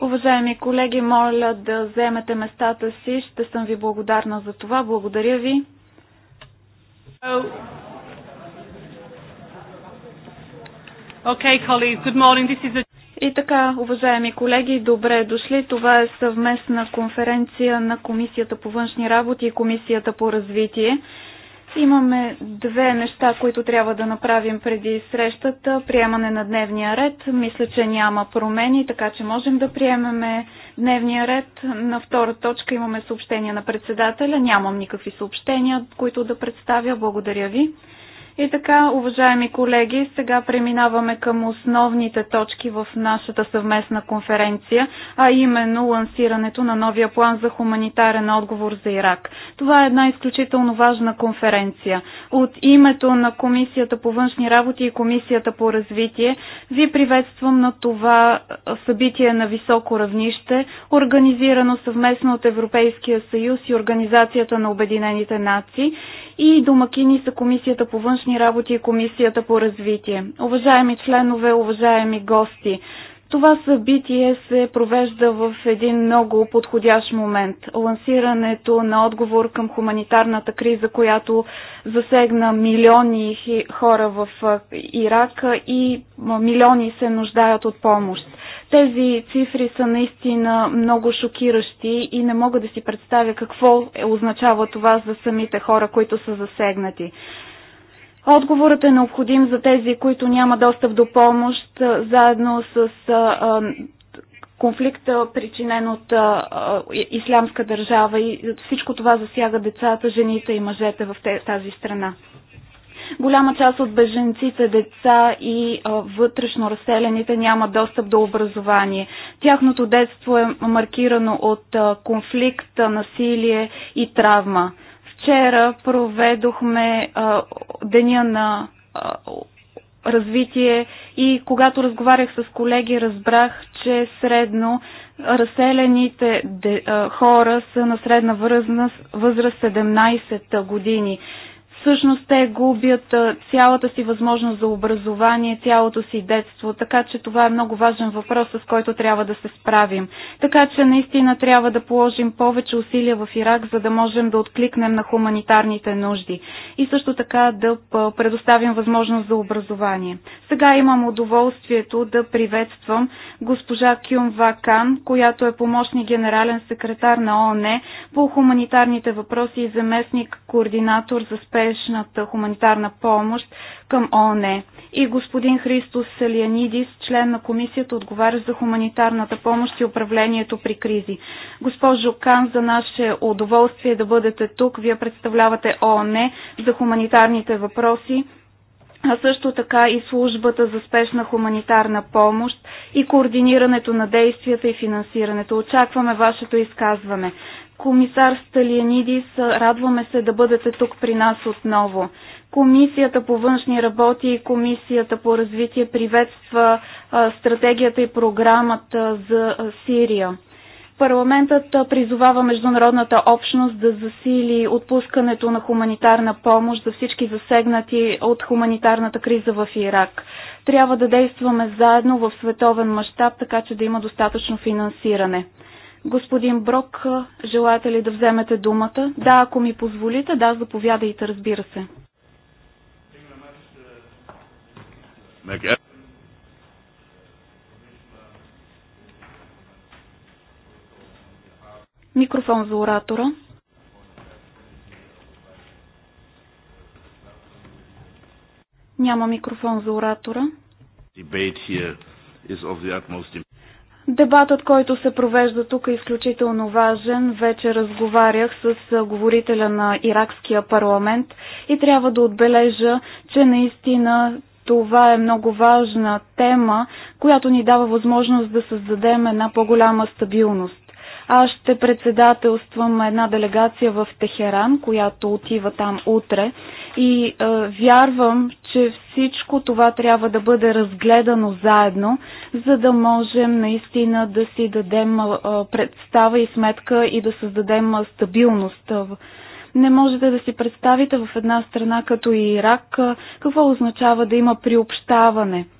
Уважаеми колеги, моля да вземете местата си. Ще съм ви благодарна за това. Благодаря ви. Okay, colleagues, good morning. This is a... И така, уважаеми колеги, добре дошли. Това е съвместна конференция на Комисията по външни работи и Комисията по развитие. Имаме две неща, които трябва да направим преди срещата. Приемане на дневния ред. Мисля, че няма промени, така че можем да приемеме дневния ред. На втора точка имаме съобщения на председателя. Нямам никакви съобщения, които да представя. Благодаря ви. И така, уважаеми колеги, сега преминаваме към основните точки в нашата съвместна конференция, а именно лансирането на новия план за хуманитарен отговор за Ирак. Това е една изключително важна конференция. От името на Комисията по външни работи и Комисията по развитие ви приветствам на това събитие на високо равнище, организирано съвместно от Европейския съюз и Организацията на Обединените нации и домакини са Комисията по външни работи и Комисията по развитие. Уважаеми членове, уважаеми гости, това събитие се провежда в един много подходящ момент. Лансирането на отговор към хуманитарната криза, която засегна милиони хора в Ирак и милиони се нуждаят от помощ. Тези цифри са наистина много шокиращи и не мога да си представя какво е означава това за самите хора, които са засегнати. Отговорът е необходим за тези, които няма достъп до помощ, заедно с конфликта, причинен от а, ислямска държава и всичко това засяга децата, жените и мъжете в тази страна. Голяма част от беженците, деца и вътрешно разселените няма достъп до образование. Тяхното детство е маркирано от конфликт, насилие и травма. Вчера проведохме а, деня на а, развитие и когато разговарях с колеги, разбрах, че средно разселените де, а, хора са на средна възраст, възраст 17 години всъщност те губят цялата си възможност за образование, цялото си детство, така че това е много важен въпрос, с който трябва да се справим. Така че наистина трябва да положим повече усилия в Ирак, за да можем да откликнем на хуманитарните нужди и също така да предоставим възможност за образование. Сега имам удоволствието да приветствам госпожа Кюм Вакан, която е помощник генерален секретар на ООН по хуманитарните въпроси и заместник координатор за спешност спешната хуманитарна помощ към ООН. И господин Христос Салианидис, член на комисията, отговаря за хуманитарната помощ и управлението при кризи. Госпожо Кан, за наше удоволствие да бъдете тук. Вие представлявате ООН за хуманитарните въпроси а също така и службата за спешна хуманитарна помощ и координирането на действията и финансирането. Очакваме вашето изказване комисар Сталиянидис, радваме се да бъдете тук при нас отново. Комисията по външни работи и Комисията по развитие приветства стратегията и програмата за Сирия. Парламентът призовава международната общност да засили отпускането на хуманитарна помощ за всички засегнати от хуманитарната криза в Ирак. Трябва да действаме заедно в световен мащаб, така че да има достатъчно финансиране. Господин Брок, желаете ли да вземете думата? Да, ако ми позволите, да, заповядайте, разбира се. Микрофон за оратора. Няма микрофон за оратора. Дебатът, който се провежда тук е изключително важен. Вече разговарях с говорителя на иракския парламент и трябва да отбележа, че наистина това е много важна тема, която ни дава възможност да създадем една по-голяма стабилност. Аз ще председателствам една делегация в Техеран, която отива там утре и а, е, вярвам, че всичко това трябва да бъде разгледано заедно, за да можем наистина да си дадем а, е, представа и сметка и да създадем а, е, стабилност. Не можете да си представите в една страна като Ирак какво означава да има приобщаване –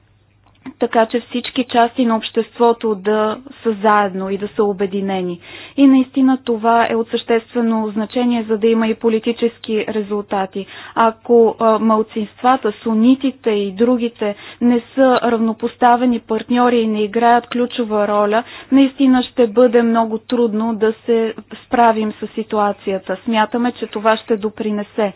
така че всички части на обществото да са заедно и да са обединени. И наистина това е от съществено значение, за да има и политически резултати. Ако малцинствата, сунитите и другите не са равнопоставени партньори и не играят ключова роля, наистина ще бъде много трудно да се справим с ситуацията. Смятаме, че това ще допринесе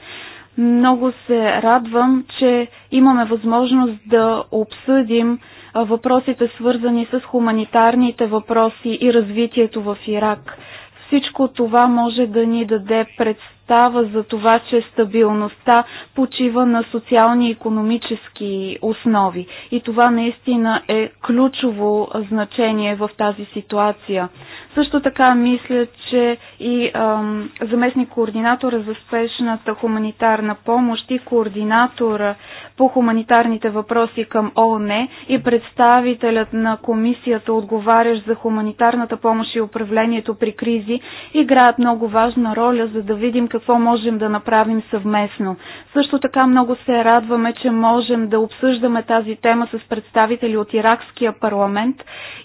много се радвам, че имаме възможност да обсъдим въпросите свързани с хуманитарните въпроси и развитието в Ирак. Всичко това може да ни даде представа за това, че стабилността почива на социални и економически основи. И това наистина е ключово значение в тази ситуация. Също така мисля, че и ам, заместник координатора за спешната хуманитарна помощ и координатора по хуманитарните въпроси към ООН и представителят на комисията, отговарящ за хуманитарната помощ и управлението при кризи, играят много важна роля, за да видим какво можем да направим съвместно. Също така много се радваме, че можем да обсъждаме тази тема с представители от Иракския парламент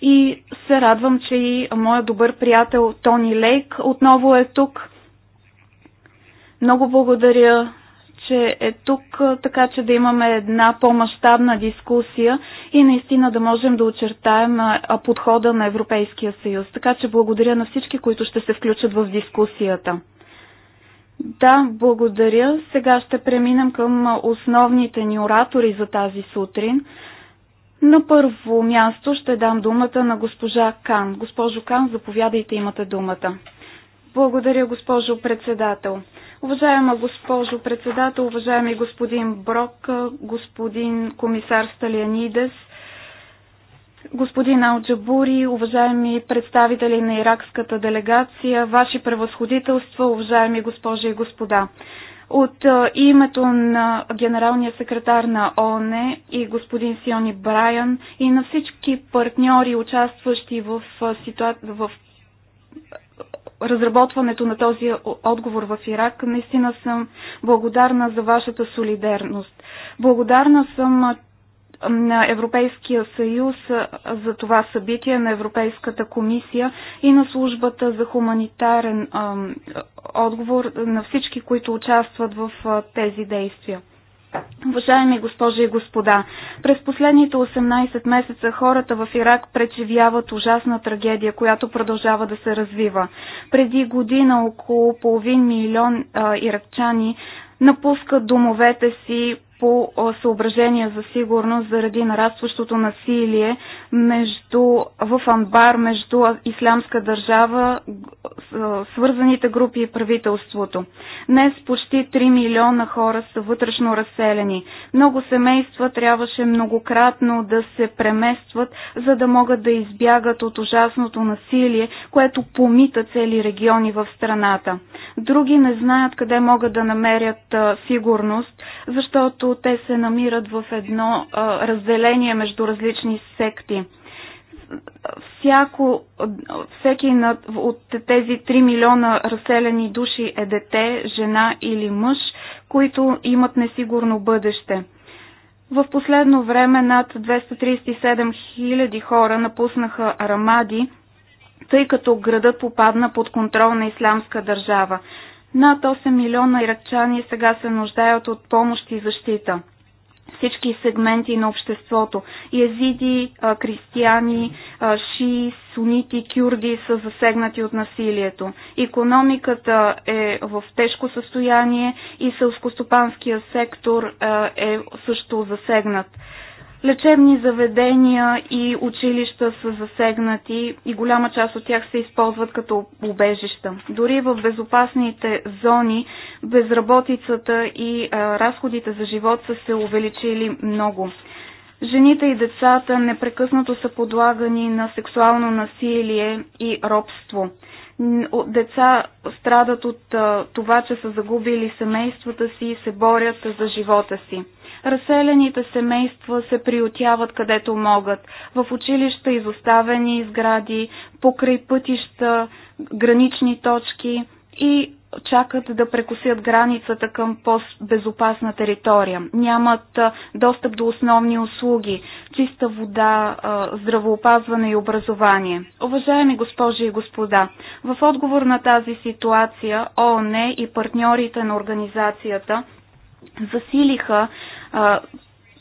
и се радвам, че и моя добър добър приятел Тони Лейк отново е тук. Много благодаря, че е тук, така че да имаме една по-масштабна дискусия и наистина да можем да очертаем подхода на Европейския съюз. Така че благодаря на всички, които ще се включат в дискусията. Да, благодаря. Сега ще преминем към основните ни оратори за тази сутрин. На първо място ще дам думата на госпожа Кан. Госпожо Кан, заповядайте, имате думата. Благодаря, госпожо председател. Уважаема госпожо председател, уважаеми господин Брок, господин комисар Сталианидес, господин Алджабури, уважаеми представители на иракската делегация, ваши превъзходителства, уважаеми госпожи и господа. От името на генералния секретар на ООН и господин Сиони Брайан и на всички партньори, участващи в, ситуа... в разработването на този отговор в Ирак, наистина съм благодарна за вашата солидарност. Благодарна съм, на Европейския съюз за това събитие, на Европейската комисия и на службата за хуманитарен отговор на всички, които участват в тези действия. Уважаеми госпожи и господа, през последните 18 месеца хората в Ирак преживяват ужасна трагедия, която продължава да се развива. Преди година около половин милион а, иракчани напускат домовете си по съображения за сигурност заради нарастващото насилие между, в Анбар между Ислямска държава, свързаните групи и правителството. Днес почти 3 милиона хора са вътрешно разселени. Много семейства трябваше многократно да се преместват, за да могат да избягат от ужасното насилие, което помита цели региони в страната. Други не знаят къде могат да намерят сигурност, защото те се намират в едно а, разделение между различни секти. Всяко, всеки от тези 3 милиона разселени души е дете, жена или мъж, които имат несигурно бъдеще. В последно време над 237 хиляди хора напуснаха Рамади, тъй като градът попадна под контрол на исламска държава. Над 8 милиона иракчани сега се нуждаят от помощ и защита. Всички сегменти на обществото – езиди, християни, шии, сунити, кюрди са засегнати от насилието. Економиката е в тежко състояние и селскостопанския сектор е също засегнат. Лечебни заведения и училища са засегнати и голяма част от тях се използват като убежища. Дори в безопасните зони безработицата и разходите за живот са се увеличили много. Жените и децата непрекъснато са подлагани на сексуално насилие и робство. Деца страдат от това, че са загубили семействата си и се борят за живота си. Разселените семейства се приютяват където могат. В училища изоставени изгради, покрай пътища, гранични точки и чакат да прекусят границата към по-безопасна територия. Нямат достъп до основни услуги, чиста вода, здравоопазване и образование. Уважаеми госпожи и господа, в отговор на тази ситуация ООН и партньорите на организацията засилиха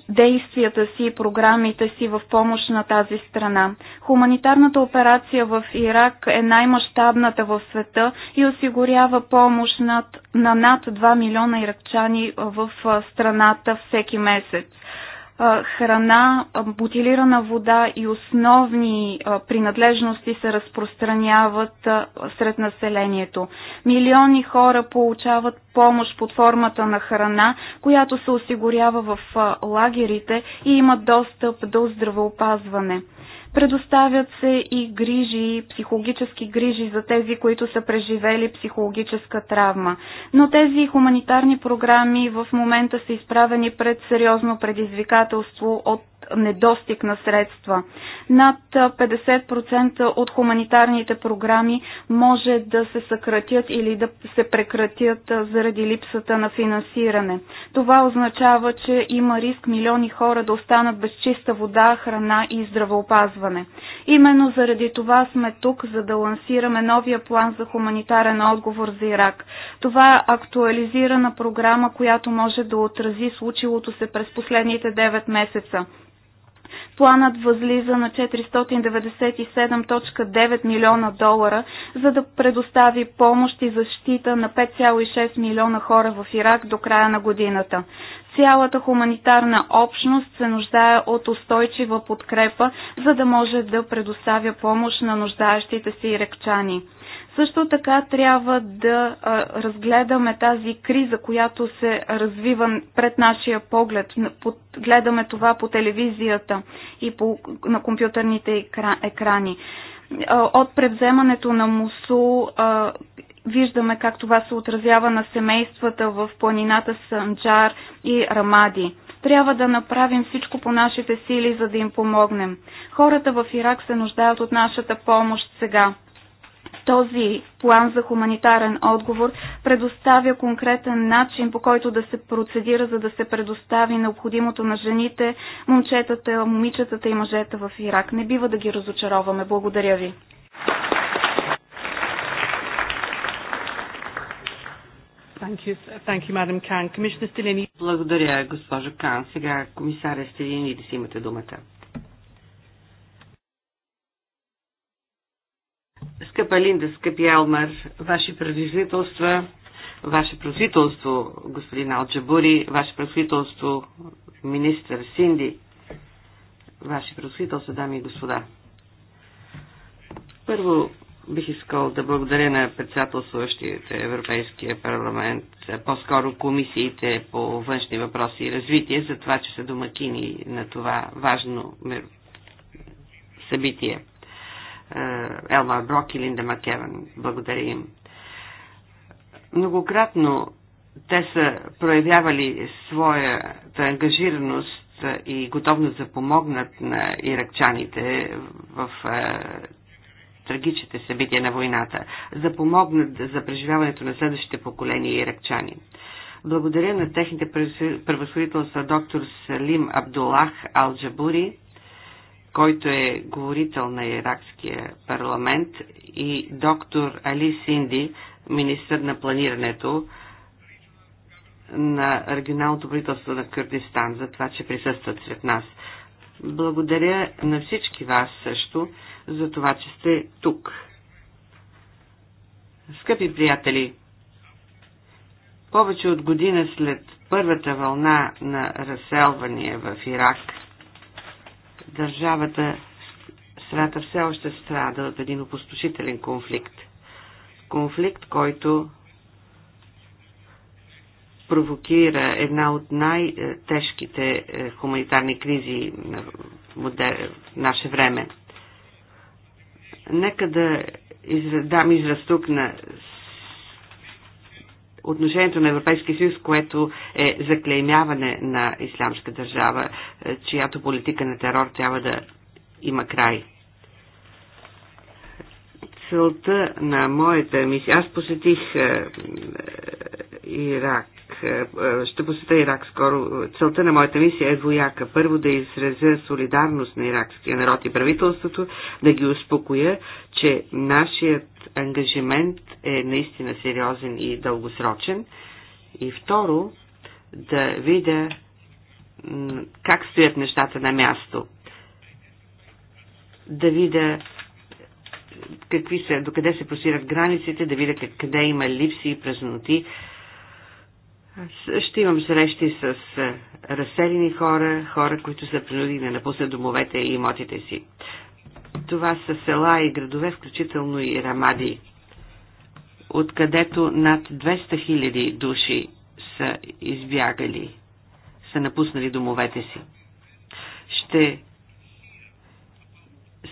действията си и програмите си в помощ на тази страна. Хуманитарната операция в Ирак е най-мащабната в света и осигурява помощ над, на над 2 милиона иракчани в страната всеки месец храна, бутилирана вода и основни принадлежности се разпространяват сред населението. Милиони хора получават помощ под формата на храна, която се осигурява в лагерите и имат достъп до здравеопазване. Предоставят се и грижи, психологически грижи за тези, които са преживели психологическа травма. Но тези хуманитарни програми в момента са изправени пред сериозно предизвикателство от недостиг на средства. Над 50% от хуманитарните програми може да се съкратят или да се прекратят заради липсата на финансиране. Това означава, че има риск милиони хора да останат без чиста вода, храна и здравеопазване изчезване. Именно заради това сме тук, за да лансираме новия план за хуманитарен отговор за Ирак. Това е актуализирана програма, която може да отрази случилото се през последните 9 месеца. Планът възлиза на 497.9 милиона долара, за да предостави помощ и защита на 5,6 милиона хора в Ирак до края на годината. Цялата хуманитарна общност се нуждае от устойчива подкрепа, за да може да предоставя помощ на нуждаещите се иракчани. Също така трябва да разгледаме тази криза, която се развива пред нашия поглед. Гледаме това по телевизията и по, на компютърните екрани от превземането на Мусул Виждаме как това се отразява на семействата в планината Санджар и Рамади. Трябва да направим всичко по нашите сили, за да им помогнем. Хората в Ирак се нуждаят от нашата помощ сега. Този план за хуманитарен отговор предоставя конкретен начин, по който да се процедира, за да се предостави необходимото на жените, момчетата, момичетата и мъжете в Ирак. Не бива да ги разочароваме. Благодаря ви. Thank you, Madam Khan. Commissioner Благодаря, госпожо Кан. Сега комисаря Стелини да си имате думата. Скъпа Линда, скъпи Алмар, ваши правителства, ваше правителство, господин Алджабури, ваше правителство, министър Синди, ваше правителство, дами и господа. Първо, Бих искал да благодаря на председателстващите Европейския парламент, по-скоро комисиите по външни въпроси и развитие, за това, че са домакини на това важно събитие. Е, Елмар Брок и Линда Макеван. Благодаря им. Многократно те са проявявали своята ангажираност и готовност да помогнат на иракчаните в е, трагичните събития на войната, за помогнат за преживяването на следващите поколения иракчани. Благодаря на техните превъзходителства доктор Салим Абдулах Алджабури, който е говорител на иракския парламент, и доктор Али Синди, министър на планирането на регионалното правителство на Кюрдистан, за това, че присъстват сред нас. Благодаря на всички вас също за това, че сте тук. Скъпи приятели, повече от година след първата вълна на разселвания в Ирак, държавата страта все още страда от един опустошителен конфликт. Конфликт, който провокира една от най-тежките е, хуманитарни кризи в наше време. Нека да дам израз тук на отношението на Европейския съюз, което е заклеймяване на ислямска държава, е, чиято политика на терор трябва да има край. Целта на моята мисия, аз посетих е, е, Ирак ще посетя Ирак скоро. Целта на моята мисия е двояка. Първо да изразя солидарност на иракския народ и правителството, да ги успокоя, че нашият ангажимент е наистина сериозен и дългосрочен. И второ, да видя как стоят нещата на място. Да видя какви са, докъде се просират границите, да видя къде има липси и празноти, ще имам срещи с е, разселени хора, хора, които са принудени да напуснат домовете и имотите си. Това са села и градове, включително и Рамади, откъдето над 200 000 души са избягали, са напуснали домовете си. Ще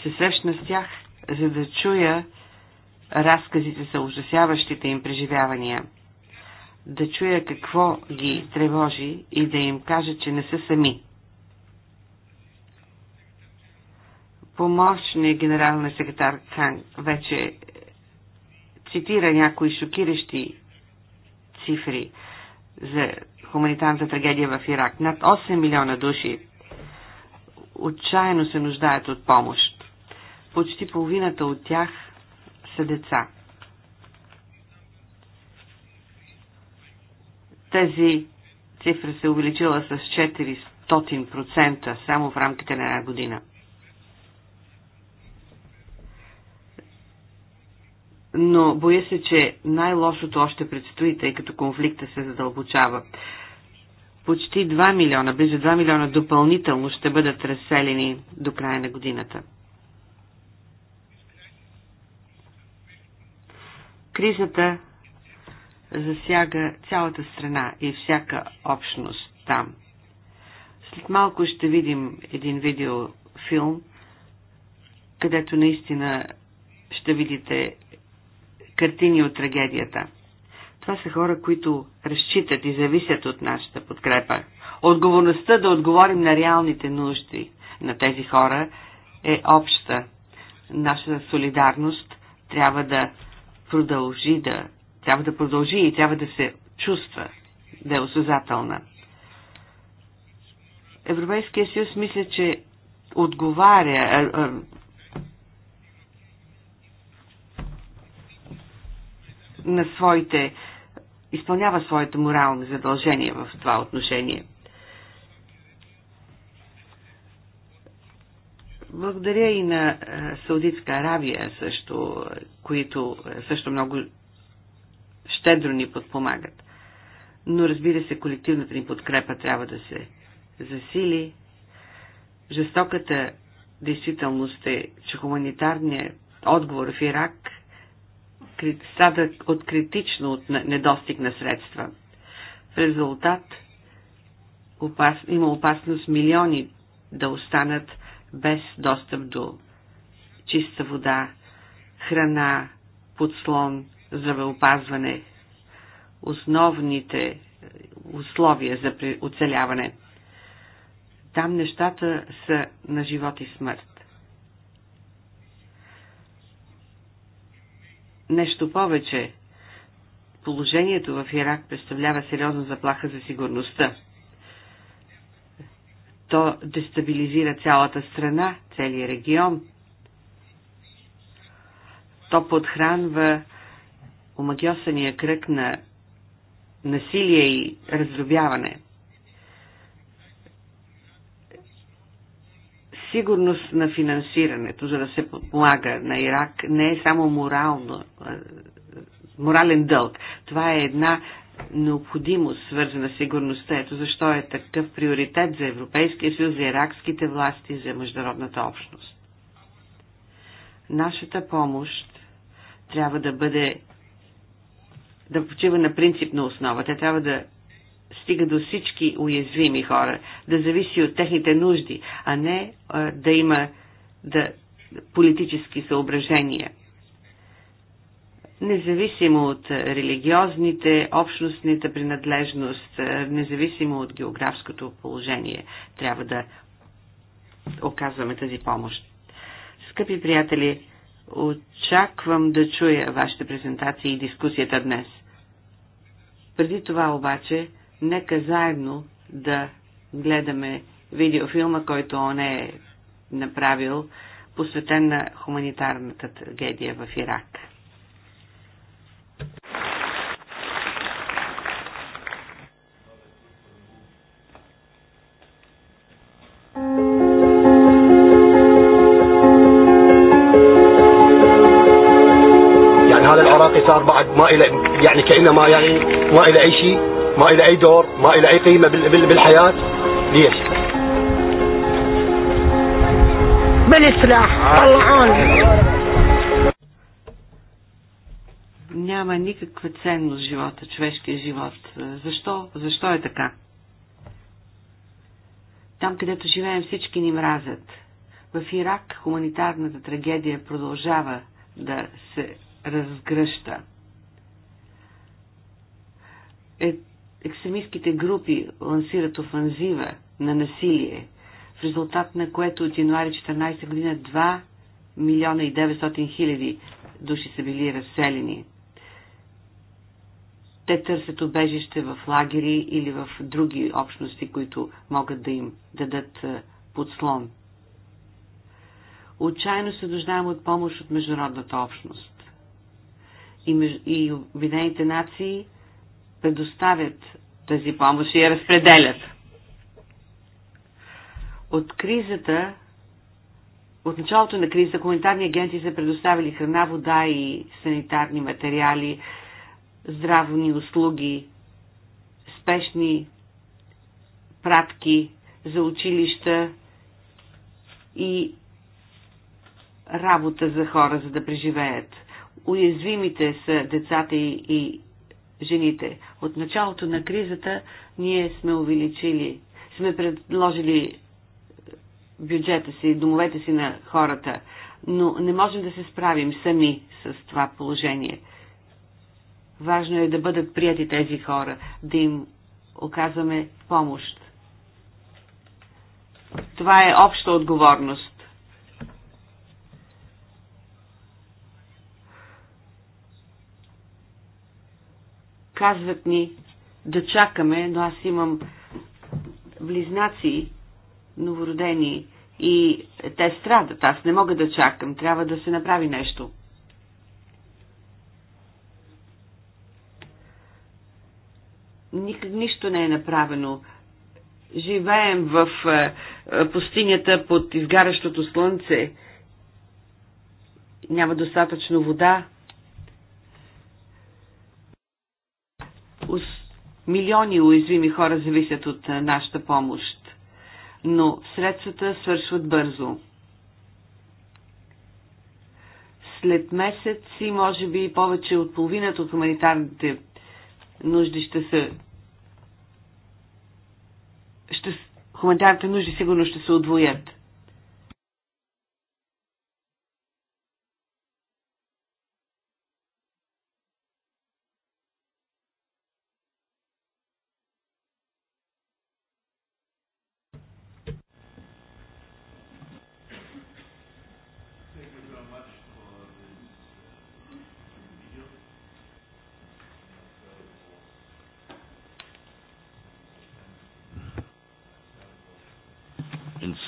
се срещна с тях, за да чуя разказите за ужасяващите им преживявания – да чуя какво ги тревожи и да им кажа, че не са сами. Помощният генерален секретар Кан вече цитира някои шокиращи цифри за хуманитарната трагедия в Ирак. Над 8 милиона души отчаяно се нуждаят от помощ. Почти половината от тях са деца. Тези цифра се увеличила с 400% само в рамките на една година. Но боя се, че най-лошото още предстои, тъй като конфликта се задълбочава. Почти 2 милиона, близо 2 милиона допълнително ще бъдат разселени до края на годината. Кризата засяга цялата страна и всяка общност там. След малко ще видим един видеофилм, където наистина ще видите картини от трагедията. Това са хора, които разчитат и зависят от нашата подкрепа. Отговорността да отговорим на реалните нужди на тези хора е обща. Нашата солидарност трябва да продължи да трябва да продължи и трябва да се чувства, да е осъзнателна. Европейския съюз мисля, че отговаря, а, а, на своите, изпълнява своите морални задължения в това отношение. Благодаря и на Саудитска Аравия също, които също много щедро ни подпомагат. Но разбира се, колективната ни подкрепа трябва да се засили. Жестоката действителност е, че хуманитарният отговор в Ирак страда от критично от недостиг на средства. В резултат опас, има опасност милиони да останат без достъп до чиста вода, храна, подслон, здравеопазване, основните условия за оцеляване. Там нещата са на живот и смърт. Нещо повече, положението в Ирак представлява сериозна заплаха за сигурността. То дестабилизира цялата страна, целият регион. То подхранва омагиосания кръг на насилие и раздробяване. Сигурност на финансирането, за да се подполага на Ирак, не е само морално, морален дълг. Това е една необходимост, свързана с сигурността. Ето защо е такъв приоритет за Европейския съюз, за иракските власти, за международната общност. Нашата помощ трябва да бъде да почива на принципна основа. Тя трябва да стига до всички уязвими хора, да зависи от техните нужди, а не а, е, да има да, политически съображения. Независимо от религиозните, общностните принадлежност, е, независимо от географското положение, трябва да оказваме тази помощ. Скъпи приятели, очаквам да чуя вашите презентации и дискусията днес. Преди това обаче, нека заедно да гледаме видеофилма, който он е направил, посветен на хуманитарната трагедия в Ирак. كأنه ما يعني ما إلى أي شيء ما إلى أي دور ما إلى أي قيمة بالحياة ليش بالسلاح طلعون няма никаква ценност живота, човешкия живот. Защо? Защо е така? Там, където живеем, всички ни мразят. В Ирак хуманитарната трагедия продължава да се разгръща е, екстремистските групи лансират офанзива на насилие, в резултат на което от януари 14 година 2 милиона и 900 хиляди души са били разселени. Те търсят обежище в лагери или в други общности, които могат да им дадат е, подслон. Отчаяно се нуждаем от помощ от международната общност. И, меж... и Обединените нации – предоставят тази помощ и я разпределят. От кризата, от началото на кризата, хуманитарни агенции са предоставили храна, вода и санитарни материали, здравни услуги, спешни пратки за училища и работа за хора, за да преживеят. Уязвимите са децата и, и жените. От началото на кризата ние сме увеличили, сме предложили бюджета си, домовете си на хората, но не можем да се справим сами с това положение. Важно е да бъдат прияти тези хора, да им оказваме помощ. Това е обща отговорност. Казват ни да чакаме, но аз имам близнаци, новородени и те страдат. Аз не мога да чакам. Трябва да се направи нещо. Никак нищо не е направено. Живеем в е, е, пустинята под изгарящото слънце. Няма достатъчно вода. милиони уязвими хора зависят от нашата помощ, но средствата свършват бързо. След месеци, може би повече от половината от хуманитарните нужди ще са ще, хуманитарните нужди сигурно ще се удвоят.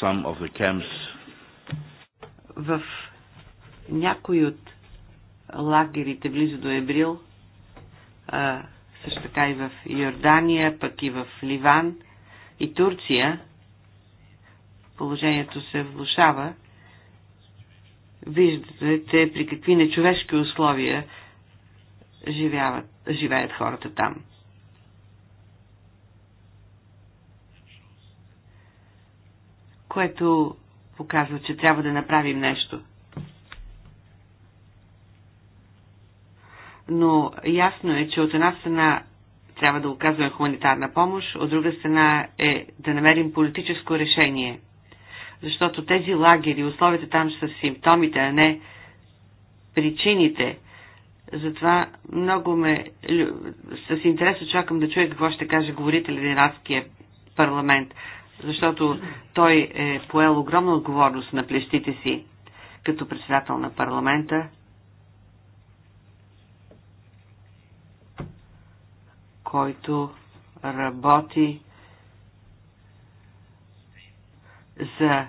some of the camps. В някои от лагерите близо до Ебрил, а, също така и в Йордания, пък и в Ливан и Турция, положението се влушава. Виждате при какви нечовешки условия живяват, живеят хората там. което показва, че трябва да направим нещо. Но ясно е, че от една страна трябва да оказваме хуманитарна помощ, от друга страна е да намерим политическо решение. Защото тези лагери, условията там са симптомите, а не причините. Затова много ме... С интерес очаквам да чуя какво ще каже говорителя на Иранския парламент защото той е поел огромна отговорност на плещите си като председател на парламента, който работи за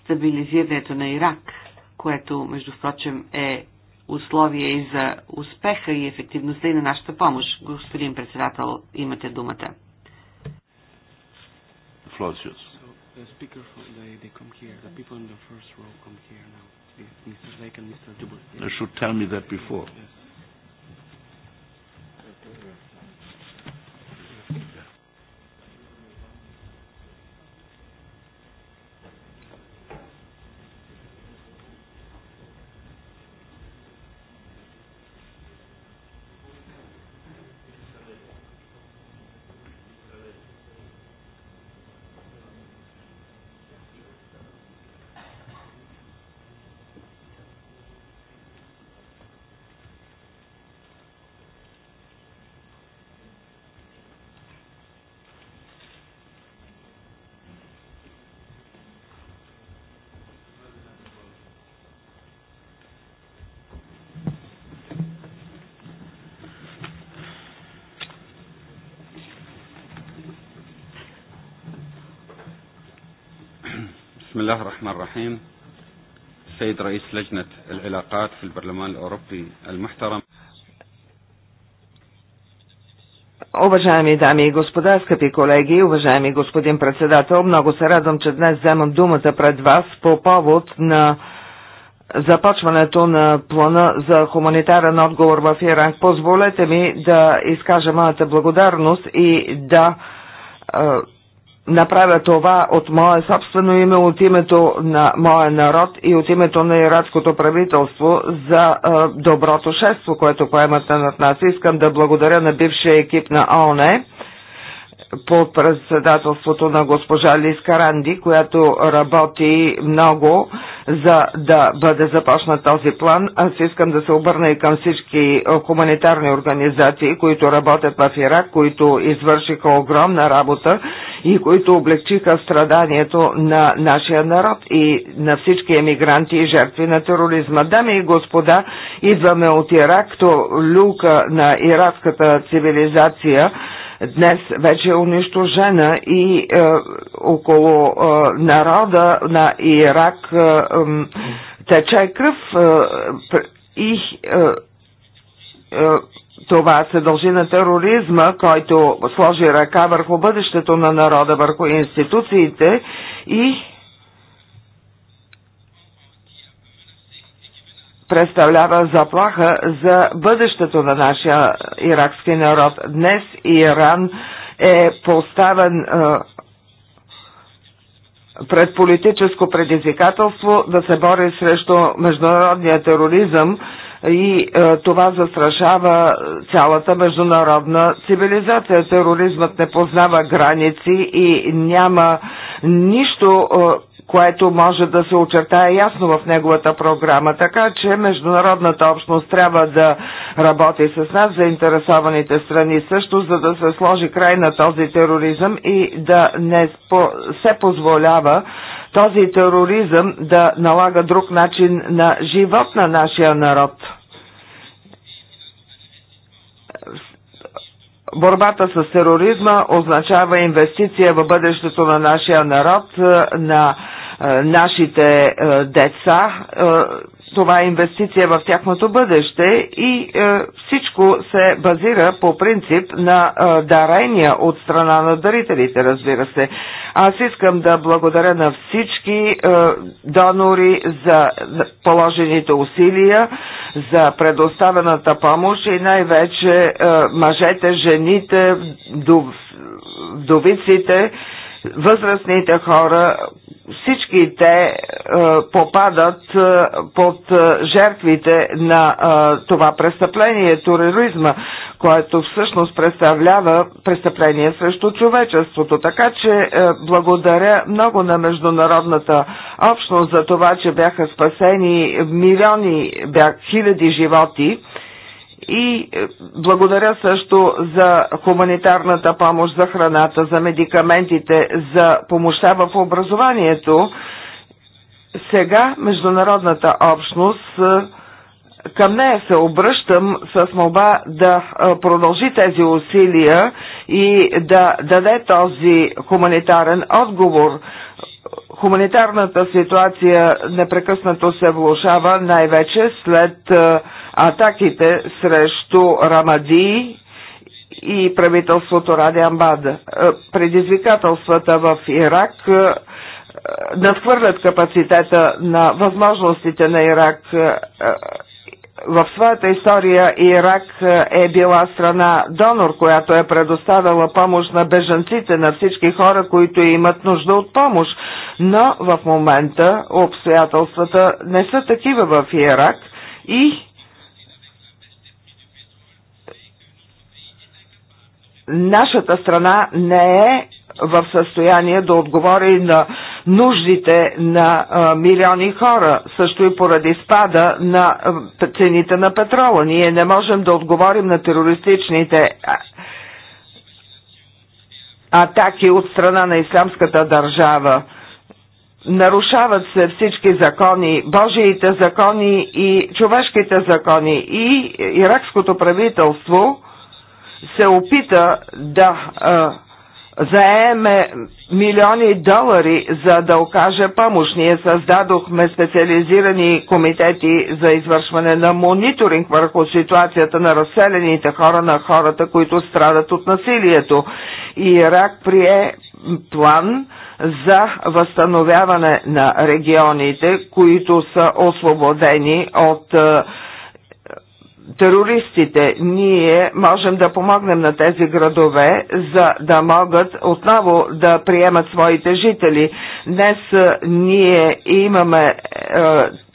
стабилизирането на Ирак, което, между впрочем, е условие и за успеха и ефективността и на нашата помощ. Господин председател, имате думата floor is yours. So the speaker, from the, they come here. The people in the first row come here now. Mr. Lake and Mr. Dubois. They should tell me that before. Yes. الله الرحمن الرحيم السيد رئيس لجنة العلاقات في البرلمان الأوروبي المحترم Уважаеми дами и господа, скъпи колеги, уважаеми господин председател, много се радвам, че днес вземам думата пред вас по повод на започването на плана за хуманитарен отговор в Иран. Позволете ми да изкажа моята благодарност и да е, направя това от мое собствено име, от името на моя народ и от името на иратското правителство за е, доброто шество, което поемате над нас. Искам да благодаря на бившия екип на ОНЕ по председателството на госпожа Лис Каранди, която работи много за да бъде започнат този план. Аз искам да се обърна и към всички хуманитарни организации, които работят в Ирак, които извършиха огромна работа и които облегчиха страданието на нашия народ и на всички емигранти и жертви на тероризма. Дами и господа, идваме от Ирак, то люка на иракската цивилизация днес вече е унищожена и е, около е, народа на Ирак е, тече кръв е, и е, е, това се дължи на тероризма, който сложи ръка върху бъдещето на народа, върху институциите и представлява заплаха за бъдещето на нашия иракски народ. Днес Иран е поставен е, пред политическо предизвикателство да се бори срещу международния тероризъм и е, това застрашава цялата международна цивилизация. Тероризмът не познава граници и няма нищо. Е, което може да се очертае ясно в неговата програма. Така че международната общност трябва да работи с нас, заинтересованите страни също, за да се сложи край на този тероризъм и да не се позволява този тероризъм да налага друг начин на живот на нашия народ. Борбата с тероризма означава инвестиция в бъдещето на нашия народ, на е, нашите е, деца е, това е инвестиция в тяхното бъдеще и е, всичко се базира по принцип на е, дарения от страна на дарителите, разбира се. Аз искам да благодаря на всички е, донори за положените усилия, за предоставената помощ и най-вече е, мъжете, жените, вдовиците. Дов, възрастните хора, всички те е, попадат е, под е, жертвите на е, това престъпление, тероризма, което всъщност представлява престъпление срещу човечеството. Така че е, благодаря много на международната общност за това, че бяха спасени милиони, бях хиляди животи и е, благодаря също за хуманитарната помощ, за храната, за медикаментите, за помощта в образованието. Сега международната общност е, към нея се обръщам с молба да е, продължи тези усилия и да даде този хуманитарен отговор. Хуманитарната ситуация непрекъснато се влушава, най-вече след атаките срещу Рамади и правителството Ради Амбад. Е, предизвикателствата в Ирак е, надхвърлят капацитета на възможностите на Ирак. Е, в своята история Ирак е била страна донор, която е предоставила помощ на бежанците, на всички хора, които имат нужда от помощ. Но в момента обстоятелствата не са такива в Ирак и нашата страна не е в състояние да отговори на нуждите на а, милиони хора, също и поради спада на а, цените на петрола. Ние не можем да отговорим на терористичните атаки от страна на ислямската държава. Нарушават се всички закони, Божиите закони и човешките закони. И иракското правителство се опита да заеме милиони долари, за да окаже помощ. Ние създадохме специализирани комитети за извършване на мониторинг върху ситуацията на разселените хора, на хората, които страдат от насилието. И Ирак прие план за възстановяване на регионите, които са освободени от терористите. Ние можем да помогнем на тези градове, за да могат отново да приемат своите жители. Днес ние имаме е,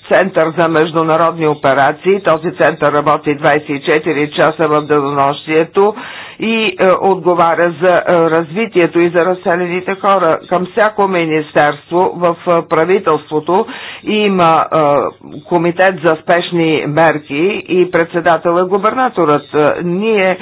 център за международни операции. Този център работи 24 часа в денонощието и е, отговаря за е, развитието и за разселените хора. Към всяко министерство в е, правителството има е, комитет за спешни мерки и председател е губернаторът. Е, ние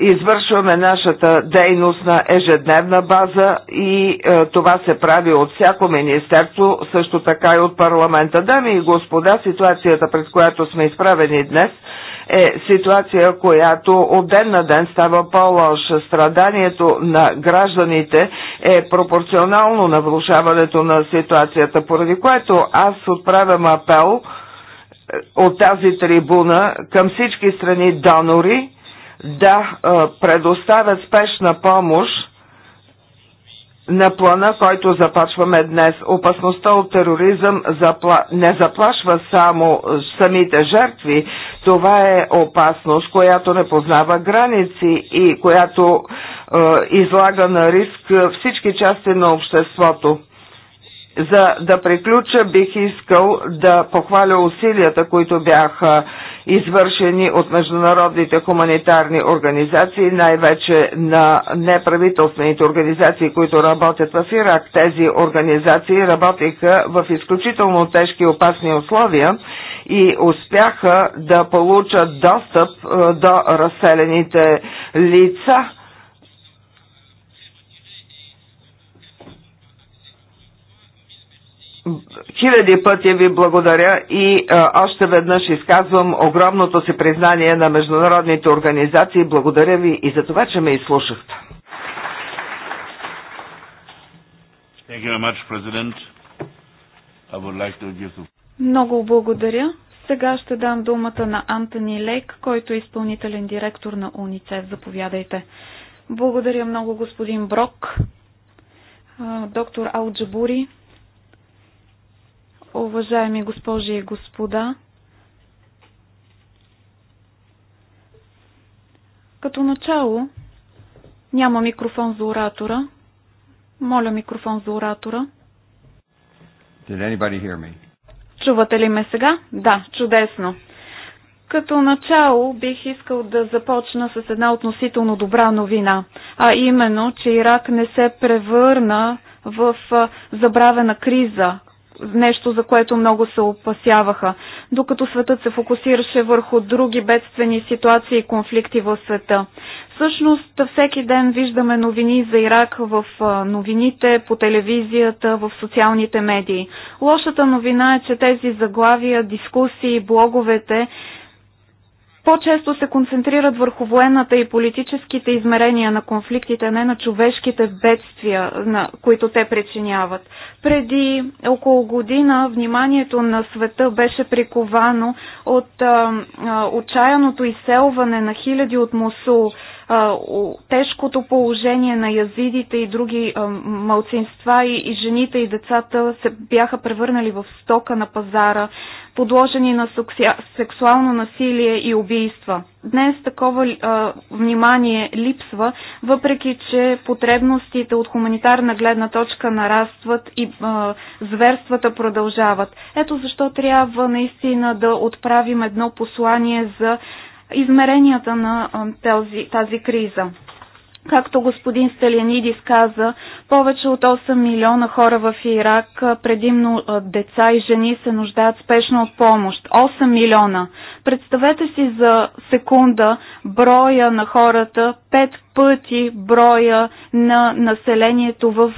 извършваме нашата дейност на ежедневна база и е, това се прави от всяко министерство, също така и от парламента. Дами и господа, ситуацията, пред която сме изправени днес, е ситуация, която от ден на ден става по-лоша. Страданието на гражданите е пропорционално на влушаването на ситуацията, поради което аз отправям апел е, от тази трибуна към всички страни донори да е, предоставят спешна помощ на плана, който започваме днес. Опасността от тероризъм запла... не заплашва само самите жертви. Това е опасност, която не познава граници и която е, излага на риск всички части на обществото. За да приключа, бих искал да похваля усилията, които бяха извършени от международните хуманитарни организации, най-вече на неправителствените организации, които работят в Ирак. Тези организации работиха в изключително тежки и опасни условия и успяха да получат достъп е, до разселените лица Хиляди пъти ви благодаря и а, още веднъж изказвам огромното си признание на международните организации. Благодаря ви и за това, че ме изслушахте. Много благодаря. Сега ще дам думата на Антони Лейк, който е изпълнителен директор на УНИЦЕФ. Заповядайте. Благодаря много, господин Брок, доктор Алджабури, Уважаеми госпожи и господа, като начало няма микрофон за оратора. Моля микрофон за оратора. Did anybody hear me? Чувате ли ме сега? Да, чудесно. Като начало бих искал да започна с една относително добра новина, а именно, че Ирак не се превърна в забравена криза, нещо, за което много се опасяваха. Докато светът се фокусираше върху други бедствени ситуации и конфликти в света. Всъщност всеки ден виждаме новини за Ирак в новините, по телевизията, в социалните медии. Лошата новина е, че тези заглавия, дискусии, блоговете по-често се концентрират върху военната и политическите измерения на конфликтите, а не на човешките бедствия, на които те причиняват. Преди около година вниманието на света беше приковано от а, а, отчаяното изселване на хиляди от Мусул тежкото положение на язидите и други малцинства и, и жените и децата се бяха превърнали в стока на пазара, подложени на сексуално насилие и убийства. Днес такова а, внимание липсва, въпреки че потребностите от хуманитарна гледна точка нарастват и а, зверствата продължават. Ето защо трябва наистина да отправим едно послание за измеренията на тази, тази криза. Както господин Сталянидис каза, повече от 8 милиона хора в Ирак, предимно деца и жени, се нуждаят спешно от помощ. 8 милиона. Представете си за секунда броя на хората, 5 пъти броя на населението в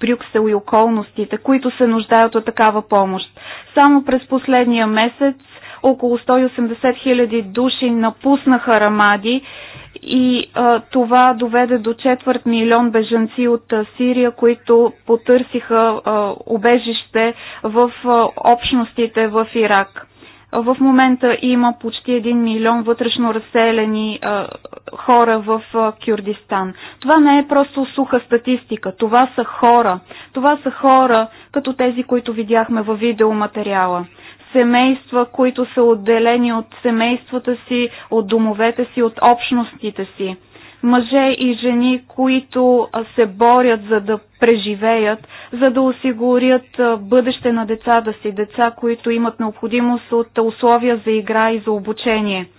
Брюксел и околностите, които се нуждаят от такава помощ. Само през последния месец около 180 хиляди души напуснаха Рамади и а, това доведе до четвърт милион бежанци от а, Сирия, които потърсиха а, убежище в а, общностите в Ирак. В момента има почти 1 милион вътрешно разселени а, хора в а, Кюрдистан. Това не е просто суха статистика, това са хора. Това са хора, като тези, които видяхме във видеоматериала семейства, които са отделени от семействата си, от домовете си, от общностите си. Мъже и жени, които се борят за да преживеят, за да осигурят бъдеще на децата си, деца, които имат необходимост от условия за игра и за обучение –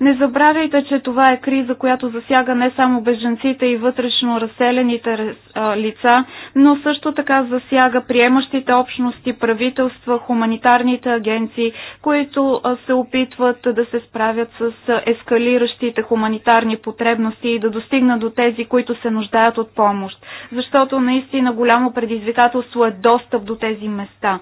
не забравяйте, че това е криза, която засяга не само беженците и вътрешно разселените лица, но също така засяга приемащите общности, правителства, хуманитарните агенции, които се опитват да се справят с ескалиращите хуманитарни потребности и да достигнат до тези, които се нуждаят от помощ. Защото наистина голямо предизвикателство е достъп до тези места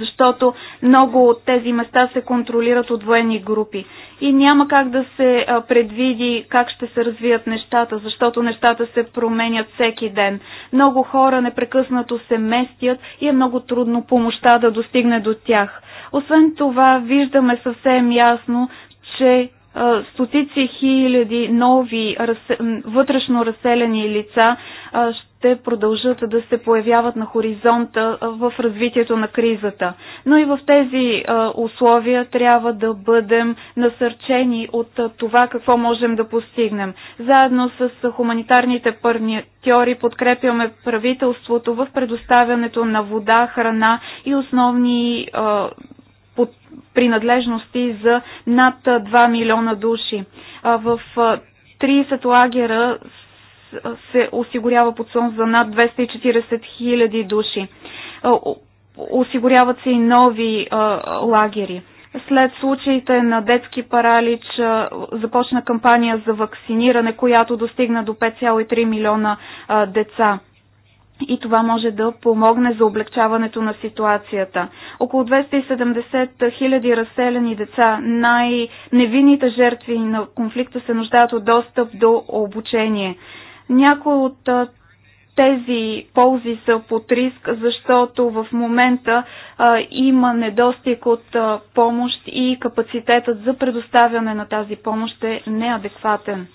защото много от тези места се контролират от военни групи. И няма как да се предвиди как ще се развият нещата, защото нещата се променят всеки ден. Много хора непрекъснато се местят и е много трудно помощта да достигне до тях. Освен това, виждаме съвсем ясно, че стотици хиляди нови вътрешно разселени лица те продължат да се появяват на хоризонта в развитието на кризата. Но и в тези условия трябва да бъдем насърчени от това какво можем да постигнем. Заедно с хуманитарните партньори подкрепяме правителството в предоставянето на вода, храна и основни принадлежности за над 2 милиона души. В 30 лагера се осигурява подслон за над 240 хиляди души. Осигуряват се и нови лагери. След случаите на детски паралич започна кампания за вакциниране, която достигна до 5,3 милиона деца и това може да помогне за облегчаването на ситуацията. Около 270 хиляди разселени деца, най-невинните жертви на конфликта се нуждаят от достъп до обучение. Някои от тези ползи са под риск, защото в момента а, има недостиг от а, помощ и капацитетът за предоставяне на тази помощ е неадекватен.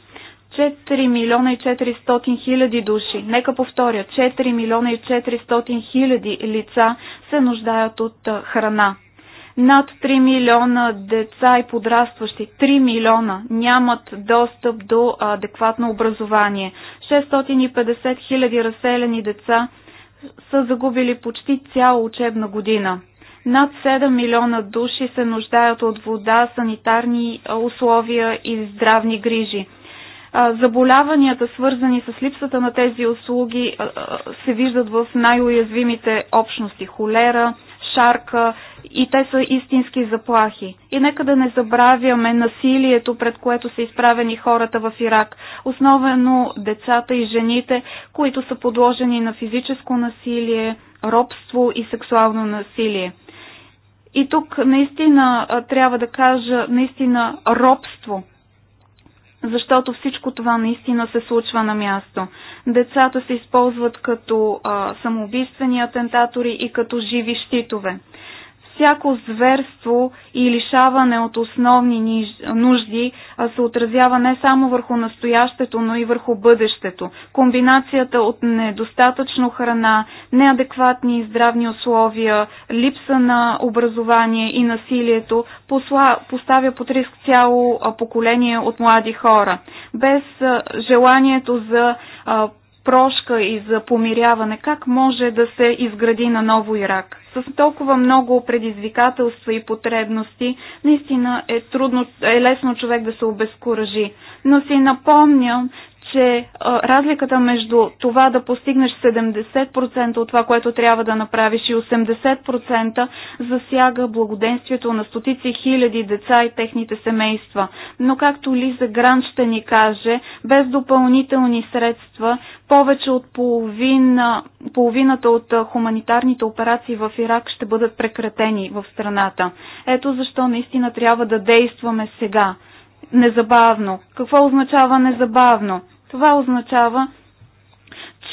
4 милиона и 400 хиляди души, нека повторя, 4 милиона и 400 хиляди лица се нуждаят от храна. Над 3 милиона деца и подрастващи, 3 милиона, нямат достъп до адекватно образование. 650 хиляди разселени деца са загубили почти цяла учебна година. Над 7 милиона души се нуждаят от вода, санитарни условия и здравни грижи. Заболяванията, свързани с липсата на тези услуги, се виждат в най-уязвимите общности холера, шарка и те са истински заплахи. И нека да не забравяме насилието, пред което са изправени хората в Ирак, основено децата и жените, които са подложени на физическо насилие, робство и сексуално насилие. И тук наистина трябва да кажа наистина робство защото всичко това наистина се случва на място. Децата се използват като а, самоубийствени атентатори и като живи щитове всяко зверство и лишаване от основни нужди се отразява не само върху настоящето, но и върху бъдещето. Комбинацията от недостатъчно храна, неадекватни и здравни условия, липса на образование и насилието поставя под риск цяло поколение от млади хора. Без желанието за прошка и за помиряване, как може да се изгради на ново Ирак? С толкова много предизвикателства и потребности, наистина е трудно, е лесно човек да се обезкуражи. Но си напомням, че а, е, разликата между това да постигнеш 70% от това, което трябва да направиш и 80% засяга благоденствието на стотици хиляди деца и техните семейства. Но както Лиза Гран ще ни каже, без допълнителни средства, повече от половина, е, половината от е, хуманитарните операции в Ирак ще бъдат прекратени в страната. Ето защо наистина трябва да действаме сега незабавно. Какво означава незабавно? Това означава,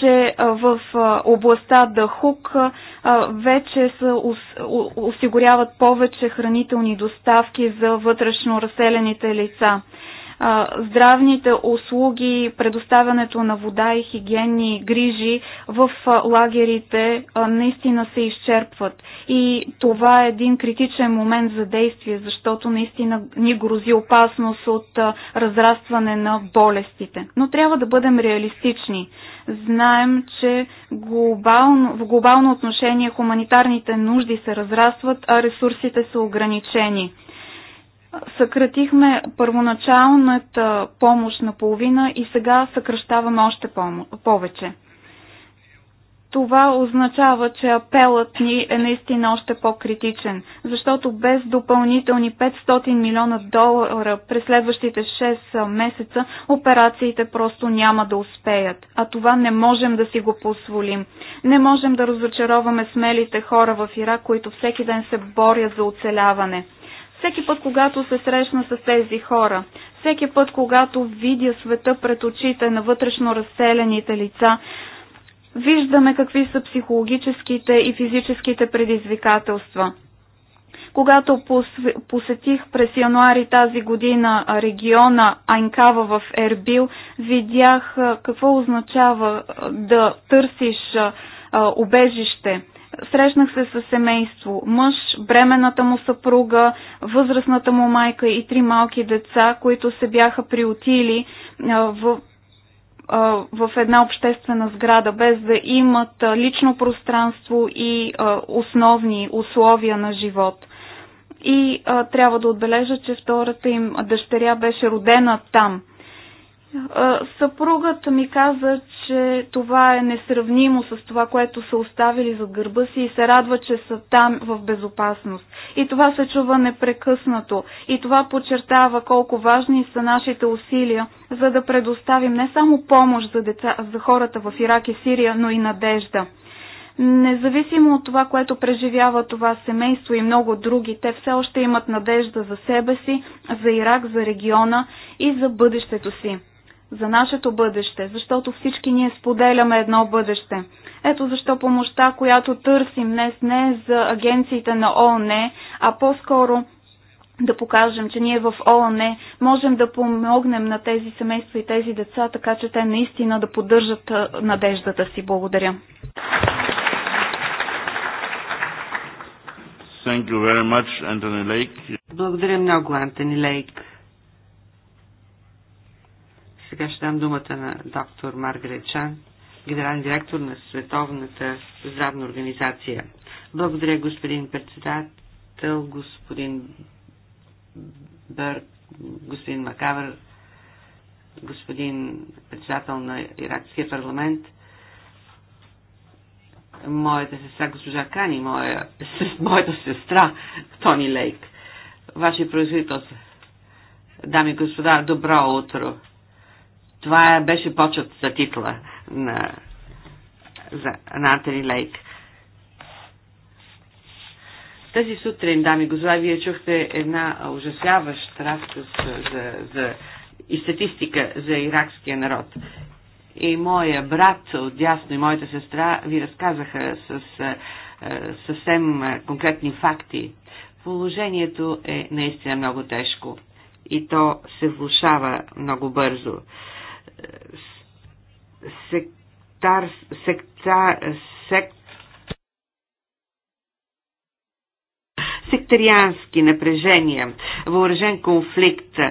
че в областта Дахук вече се осигуряват повече хранителни доставки за вътрешно разселените лица здравните услуги, предоставянето на вода и хигиенни грижи в лагерите наистина се изчерпват. И това е един критичен момент за действие, защото наистина ни грози опасност от разрастване на болестите. Но трябва да бъдем реалистични. Знаем, че глобално, в глобално отношение хуманитарните нужди се разрастват, а ресурсите са ограничени съкратихме първоначалната помощ на половина и сега съкръщаваме още повече. Това означава, че апелът ни е наистина още по-критичен, защото без допълнителни 500 милиона долара през следващите 6 месеца операциите просто няма да успеят. А това не можем да си го позволим. Не можем да разочароваме смелите хора в Ирак, които всеки ден се борят за оцеляване. Всеки път, когато се срещна с тези хора, всеки път, когато видя света пред очите на вътрешно разселените лица, виждаме какви са психологическите и физическите предизвикателства. Когато посетих през януари тази година региона Айнкава в Ербил, видях какво означава да търсиш убежище. Срещнах се с семейство. Мъж, бременната му съпруга, възрастната му майка и три малки деца, които се бяха приотили в, в една обществена сграда, без да имат лично пространство и основни условия на живот. И трябва да отбележа, че втората им дъщеря беше родена там. Съпругът ми каза, че това е несравнимо с това, което са оставили за гърба си и се радва, че са там в безопасност. И това се чува непрекъснато. И това подчертава колко важни са нашите усилия, за да предоставим не само помощ за, деца, за хората в Ирак и Сирия, но и надежда. Независимо от това, което преживява това семейство и много други, те все още имат надежда за себе си, за Ирак, за региона и за бъдещето си за нашето бъдеще, защото всички ние споделяме едно бъдеще. Ето защо помощта, която търсим днес не е за агенциите на ООН, а по-скоро да покажем, че ние в ООН можем да помогнем на тези семейства и тези деца, така че те наистина да поддържат надеждата си. Благодаря. Thank you very much, Anthony Lake. Благодаря много, Антони Лейк. Сега ще дам думата на доктор Маргарет Чан, генерален директор на Световната здравна организация. Благодаря, господин председател, господин Бър, господин Макавър, господин председател на Иракския парламент, моята сестра госпожа Кани, моя, моята сестра Тони Лейк, ваши производителства. Дами и господа, добро утро! Това е, беше почет за титла на, за, на Антони Лейк. Тази сутрин, дами и господа, вие чухте една ужасяваща разказ за, за, и статистика за иракския народ. И моя брат от дясно и моята сестра ви разказаха с съвсем конкретни факти. Положението е наистина много тежко и то се влушава много бързо сектар, секта, сект, сектариански напрежения, въоръжен конфликт е,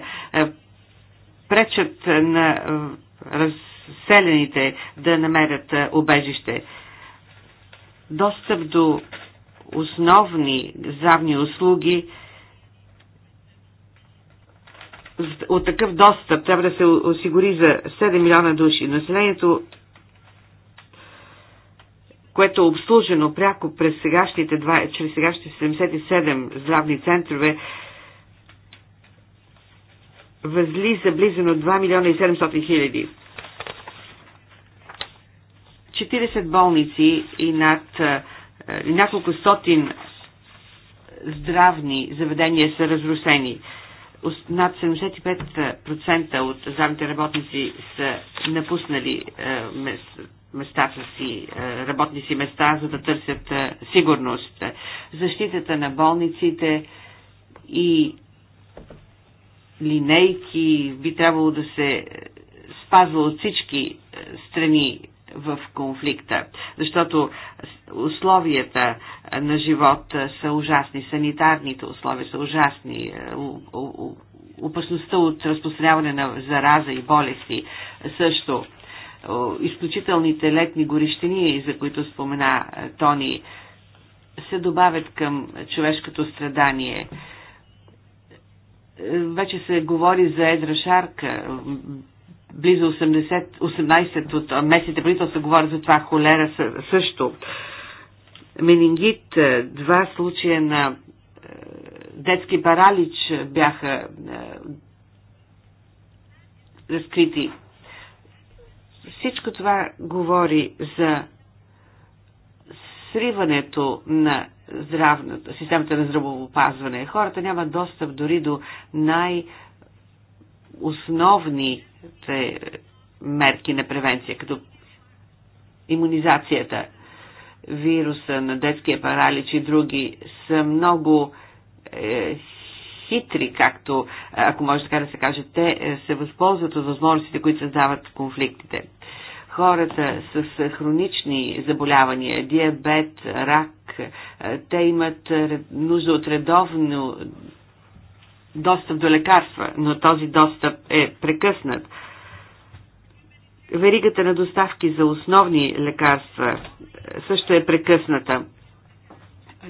пречат на е, разселените да намерят обежище. Е, Достъп до основни здравни услуги от такъв достъп трябва да се осигури за 7 милиона души. Населението, което е обслужено пряко през сегашните, чрез сегашните 77 здравни центрове, възлиза близо на 2 милиона и 700 хиляди. 40 болници и над и няколко стотин здравни заведения са разрушени над 75% от здравните работници са напуснали е, местата си, е, работни си места, за да търсят е, сигурност. Защитата на болниците и линейки би трябвало да се спазва от всички страни в конфликта, защото условията на живот са ужасни, санитарните условия са ужасни, е, опасността от разпространяване на зараза и болести също, е, изключителните летни горещини, за които спомена е, Тони, се добавят към човешкото страдание вече се говори за едра шарка, близо 80, 18 от местните правителства говорят за това, холера също. Менингит, е, два случая на е, детски паралич бяха е, разкрити. Всичко това говори за сриването на здравната, системата на здравоопазване. Хората нямат достъп дори до най- основни те мерки на превенция, като иммунизацията, вируса на детския паралич и други са много е, хитри, както, е, ако може така да се каже, те е, се възползват от възможностите, които създават конфликтите. Хората с е, хронични заболявания, диабет, рак, те имат нужда от редовно достъп до лекарства, но този достъп е прекъснат. Веригата на доставки за основни лекарства също е прекъсната.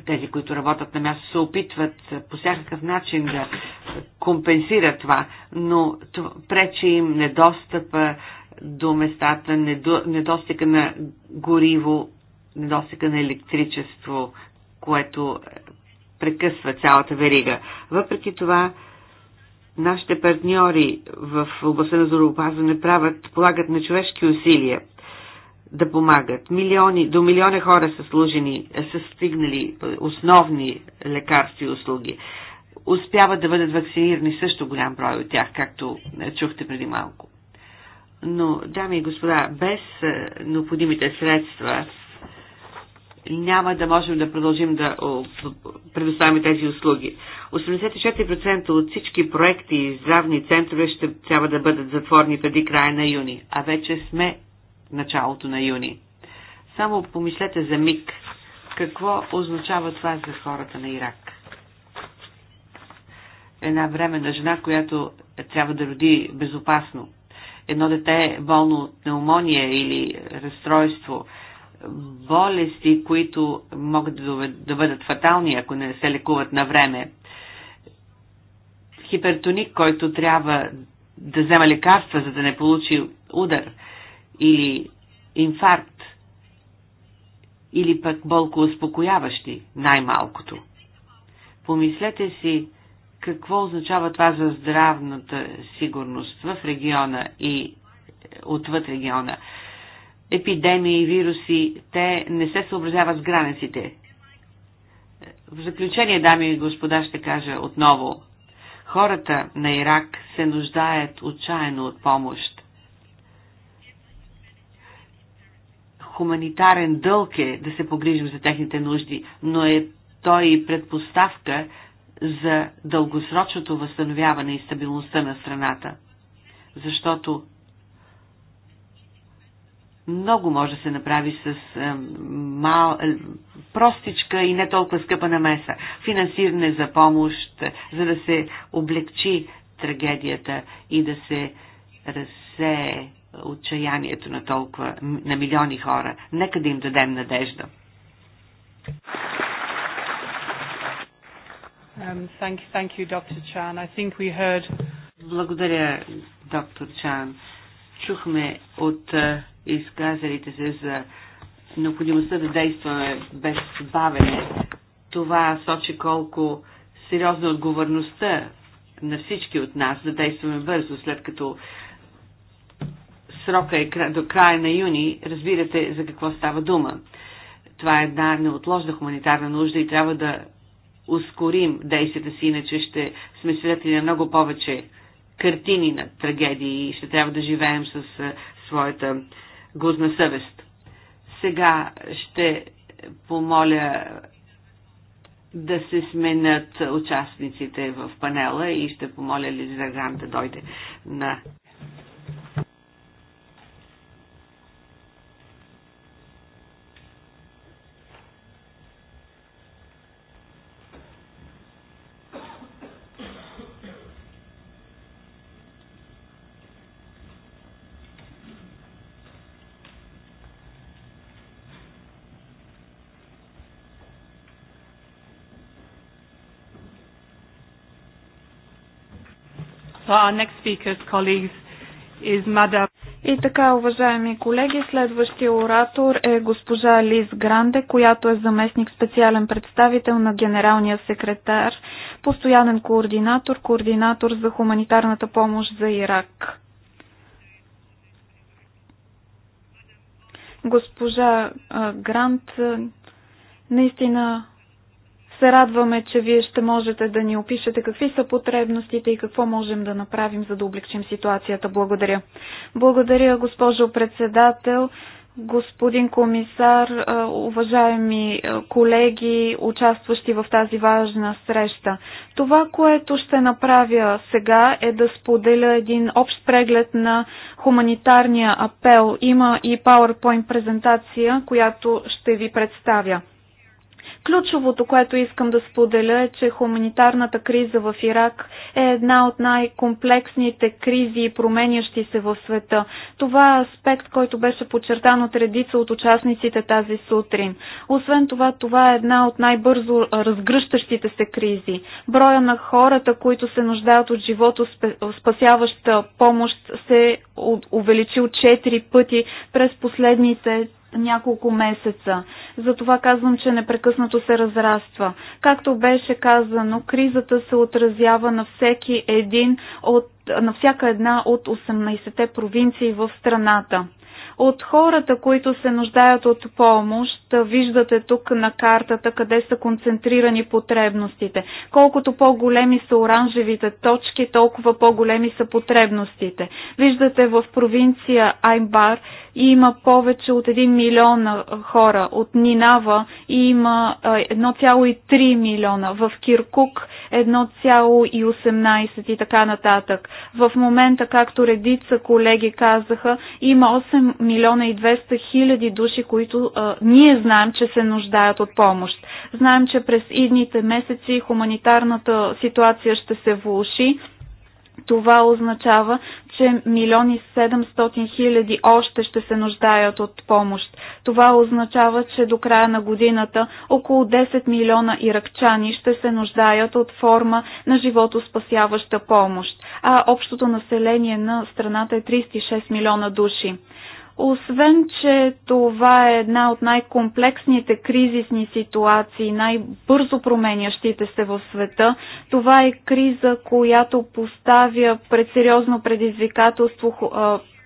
Тези, които работят на място, се опитват по всякакъв начин да компенсират това, но пречи им недостъпа до местата, недостига на гориво, недостига на електричество, което прекъсва цялата верига. Въпреки това, нашите партньори в областта на здравеопазване правят, полагат на човешки усилия да помагат. Милиони, до милиони хора са служени, са стигнали основни лекарства и услуги. Успяват да бъдат вакцинирани също голям брой от тях, както чухте преди малко. Но, дами и господа, без е, необходимите средства няма да можем да продължим да предоставяме тези услуги. 84% от всички проекти и здравни центрове ще трябва да бъдат затворни преди края на юни, а вече сме началото на юни. Само помислете за миг какво означава това за хората на Ирак. Една на жена, която трябва да роди безопасно. Едно дете е болно от пневмония или разстройство – болести, които могат да бъдат фатални, ако не се лекуват на време. Хипертоник, който трябва да взема лекарства, за да не получи удар или инфаркт, или пък болко успокояващи, най-малкото. Помислете си какво означава това за здравната сигурност в региона и отвъд региона епидемии и вируси, те не се съобразяват с границите. В заключение, дами и господа, ще кажа отново. Хората на Ирак се нуждаят отчаяно от помощ. Хуманитарен дълг е да се погрижим за техните нужди, но е той и предпоставка за дългосрочното възстановяване и стабилността на страната. Защото много може да се направи с мал, е, простичка и не толкова скъпа намеса. Финансиране за помощ, за да се облегчи трагедията и да се разсее отчаянието на толкова, на милиони хора. Нека да им дадем надежда. Um, thank, thank you, Dr. Chan. I think we heard... Благодаря, доктор Чан. Чухме от изказалите се за необходимостта да действаме без бавене. Това сочи колко сериозна е отговорността на всички от нас да действаме бързо, след като срока е до края на юни, разбирате за какво става дума. Това е една неотложна хуманитарна нужда и трябва да ускорим действията си, иначе ще сме свидетели на много повече картини на трагедии и ще трябва да живеем с своята гузна съвест. Сега ще помоля да се сменят участниците в панела и ще помоля Лизагран да дойде на И така, уважаеми колеги, следващия оратор е госпожа Лиз Гранде, която е заместник специален представител на генералния секретар, постоянен координатор, координатор за хуманитарната помощ за Ирак. Госпожа Грант наистина се радваме, че вие ще можете да ни опишете какви са потребностите и какво можем да направим, за да облегчим ситуацията. Благодаря. Благодаря, госпожо председател, господин комисар, уважаеми колеги, участващи в тази важна среща. Това, което ще направя сега е да споделя един общ преглед на хуманитарния апел. Има и PowerPoint презентация, която ще ви представя. Ключовото, което искам да споделя е, че хуманитарната криза в Ирак е една от най-комплексните кризи и променящи се в света. Това е аспект, който беше подчертан от редица от участниците тази сутрин. Освен това, това е една от най-бързо разгръщащите се кризи. Броя на хората, които се нуждаят от живото спасяваща помощ се увеличил 4 пъти през последните няколко месеца. Затова казвам, че непрекъснато се разраства. Както беше казано, кризата се отразява на всеки един от, на всяка една от 18-те провинции в страната. От хората, които се нуждаят от помощ, виждате тук на картата къде са концентрирани потребностите. Колкото по-големи са оранжевите точки, толкова по-големи са потребностите. Виждате в провинция Аймбар и има повече от 1 милион хора. От Нинава има 1,3 милиона. В Киркук 1,18 и така нататък. В момента, както редица колеги казаха, има 8 милиона и 200 хиляди души, които а, ние знаем, че се нуждаят от помощ. Знаем, че през идните месеци хуманитарната ситуация ще се влуши това означава, че милиони 700 хиляди още ще се нуждаят от помощ. Това означава, че до края на годината около 10 милиона иракчани ще се нуждаят от форма на животоспасяваща помощ, а общото население на страната е 36 милиона души. Освен, че това е една от най-комплексните кризисни ситуации, най-бързо променящите се в света, това е криза, която поставя пред сериозно предизвикателство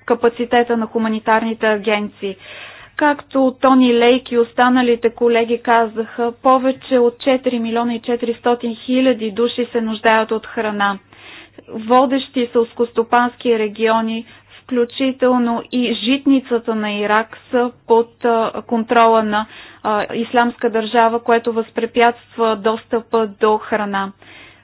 капацитета на хуманитарните агенции. Както Тони Лейк и останалите колеги казаха, повече от 4 милиона и 400 хиляди души се нуждаят от храна водещи сълскостопански региони включително и житницата на Ирак са под контрола на Исламска държава, което възпрепятства достъпа до храна.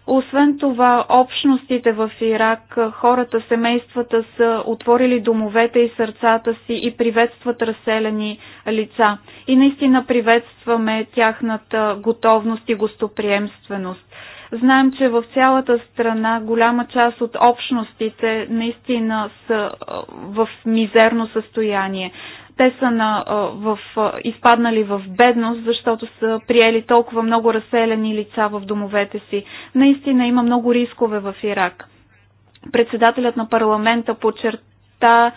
Освен това, общностите в Ирак, хората, семействата са отворили домовете и сърцата си и приветстват разселени лица. И наистина приветстваме тяхната готовност и гостоприемственост. Знаем, че в цялата страна голяма част от общностите наистина са в мизерно състояние. Те са на, в, изпаднали в бедност, защото са приели толкова много разселени лица в домовете си. Наистина има много рискове в Ирак. Председателят на парламента подчерта, Та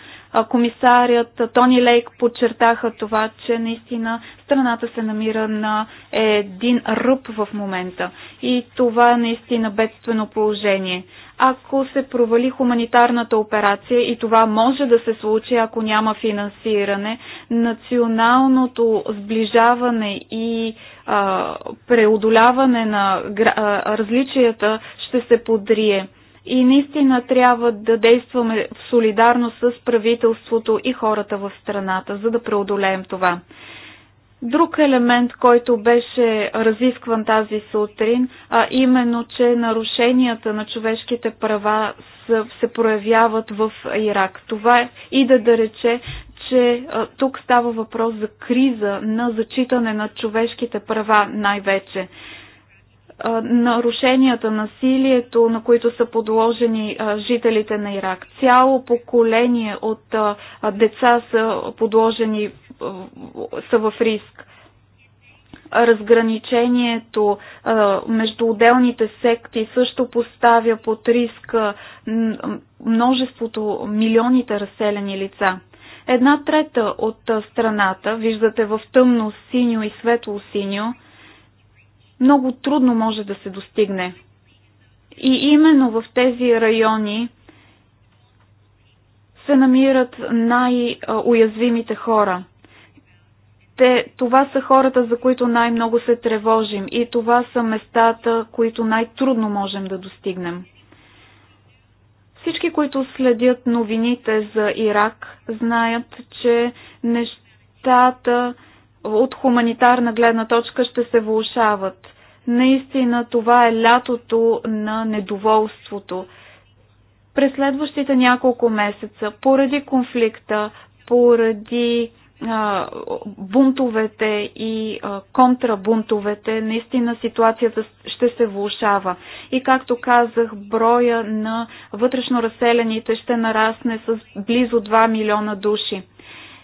комисарят Тони Лейк подчертаха това, че наистина страната се намира на един ръб в момента. И това е наистина бедствено положение. Ако се провали хуманитарната операция, и това може да се случи, ако няма финансиране, националното сближаване и а, преодоляване на а, различията ще се подрие и наистина трябва да действаме в солидарност с правителството и хората в страната, за да преодолеем това. Друг елемент, който беше разискван тази сутрин, а именно, че нарушенията на човешките права се проявяват в Ирак. Това е и да да рече, че тук става въпрос за криза на зачитане на човешките права най-вече нарушенията, насилието, на които са подложени жителите на Ирак. Цяло поколение от деца са подложени, са в риск. Разграничението между отделните секти също поставя под риск множеството, милионите разселени лица. Една трета от страната, виждате в тъмно синьо и светло синьо, много трудно може да се достигне. И именно в тези райони се намират най-уязвимите хора. Те, това са хората, за които най-много се тревожим и това са местата, които най-трудно можем да достигнем. Всички, които следят новините за Ирак, знаят, че нещата от хуманитарна гледна точка ще се влушават. Наистина това е лятото на недоволството. През следващите няколко месеца, поради конфликта, поради а, бунтовете и а, контрабунтовете, наистина ситуацията ще се влушава. И както казах, броя на вътрешно разселените ще нарасне с близо 2 милиона души.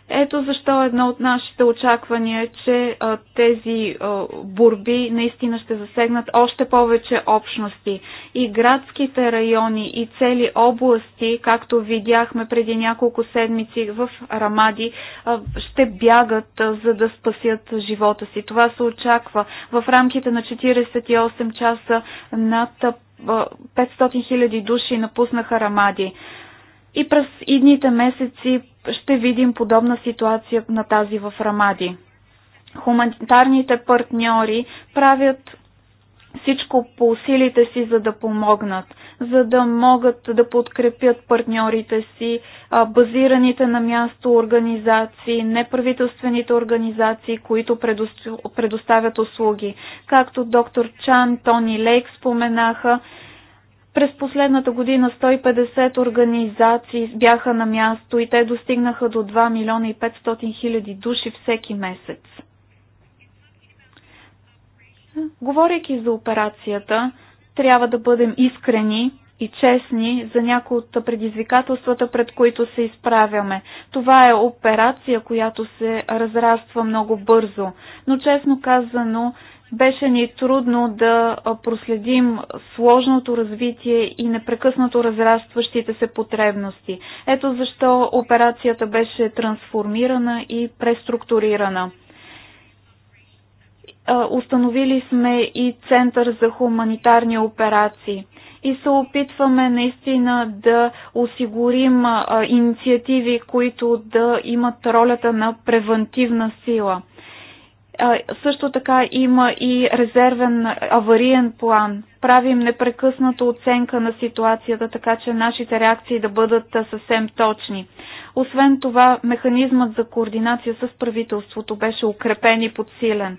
Ето защо едно от нашите очаквания е, че а, тези а, борби наистина ще засегнат още повече общности. И градските райони, и цели области, както видяхме преди няколко седмици в Рамади, а, ще бягат, а, за да спасят живота си. Това се очаква. В рамките на 48 часа над 500 000 души напуснаха Рамади. И през идните месеци ще видим подобна ситуация на тази в Рамади. Хуманитарните партньори правят всичко по силите си, за да помогнат, за да могат да подкрепят партньорите си, базираните на място организации, неправителствените организации, които предоставят услуги. Както доктор Чан, Тони Лейк споменаха, през последната година 150 организации бяха на място и те достигнаха до 2 милиона и 500 хиляди души всеки месец. Говорейки за операцията, трябва да бъдем искрени и честни за някои от предизвикателствата, пред които се изправяме. Това е операция, която се разраства много бързо, но честно казано беше ни трудно да проследим сложното развитие и непрекъснато разрастващите се потребности. Ето защо операцията беше трансформирана и преструктурирана. Установили сме и Център за хуманитарни операции и се опитваме наистина да осигурим инициативи, които да имат ролята на превентивна сила – също така има и резервен авариен план. Правим непрекъснато оценка на ситуацията, така че нашите реакции да бъдат съвсем точни. Освен това, механизмът за координация с правителството беше укрепен и подсилен.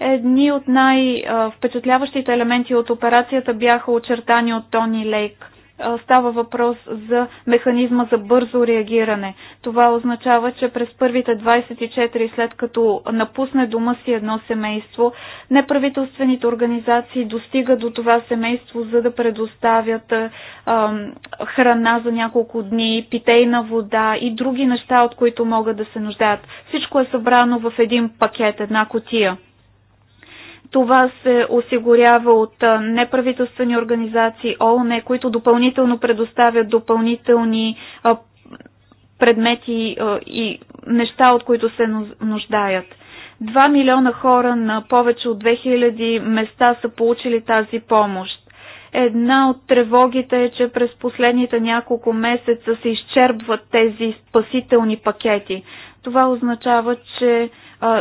Едни от най-впечатляващите елементи от операцията бяха очертани от Тони Лейк – става въпрос за механизма за бързо реагиране. Това означава, че през първите 24 след като напусне дома си едно семейство, неправителствените организации достигат до това семейство, за да предоставят храна за няколко дни, питейна вода и други неща, от които могат да се нуждаят. Всичко е събрано в един пакет, една котия. Това се осигурява от неправителствени организации, ООН, които допълнително предоставят допълнителни предмети и неща, от които се нуждаят. Два милиона хора на повече от 2000 места са получили тази помощ. Една от тревогите е, че през последните няколко месеца се изчерпват тези спасителни пакети. Това означава, че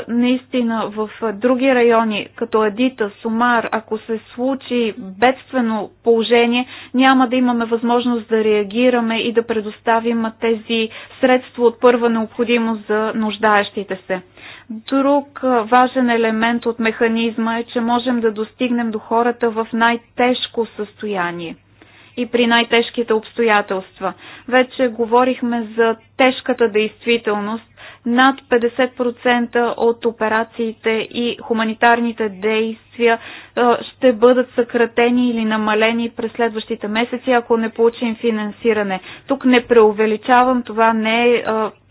наистина в други райони, като Адита, Сумар, ако се случи бедствено положение, няма да имаме възможност да реагираме и да предоставим тези средства от първа необходимост за нуждаещите се. Друг важен елемент от механизма е, че можем да достигнем до хората в най-тежко състояние и при най-тежките обстоятелства. Вече говорихме за тежката действителност над 50% от операциите и хуманитарните действия действия е, ще бъдат съкратени или намалени през следващите месеци, ако не получим финансиране. Тук не преувеличавам, това не е, е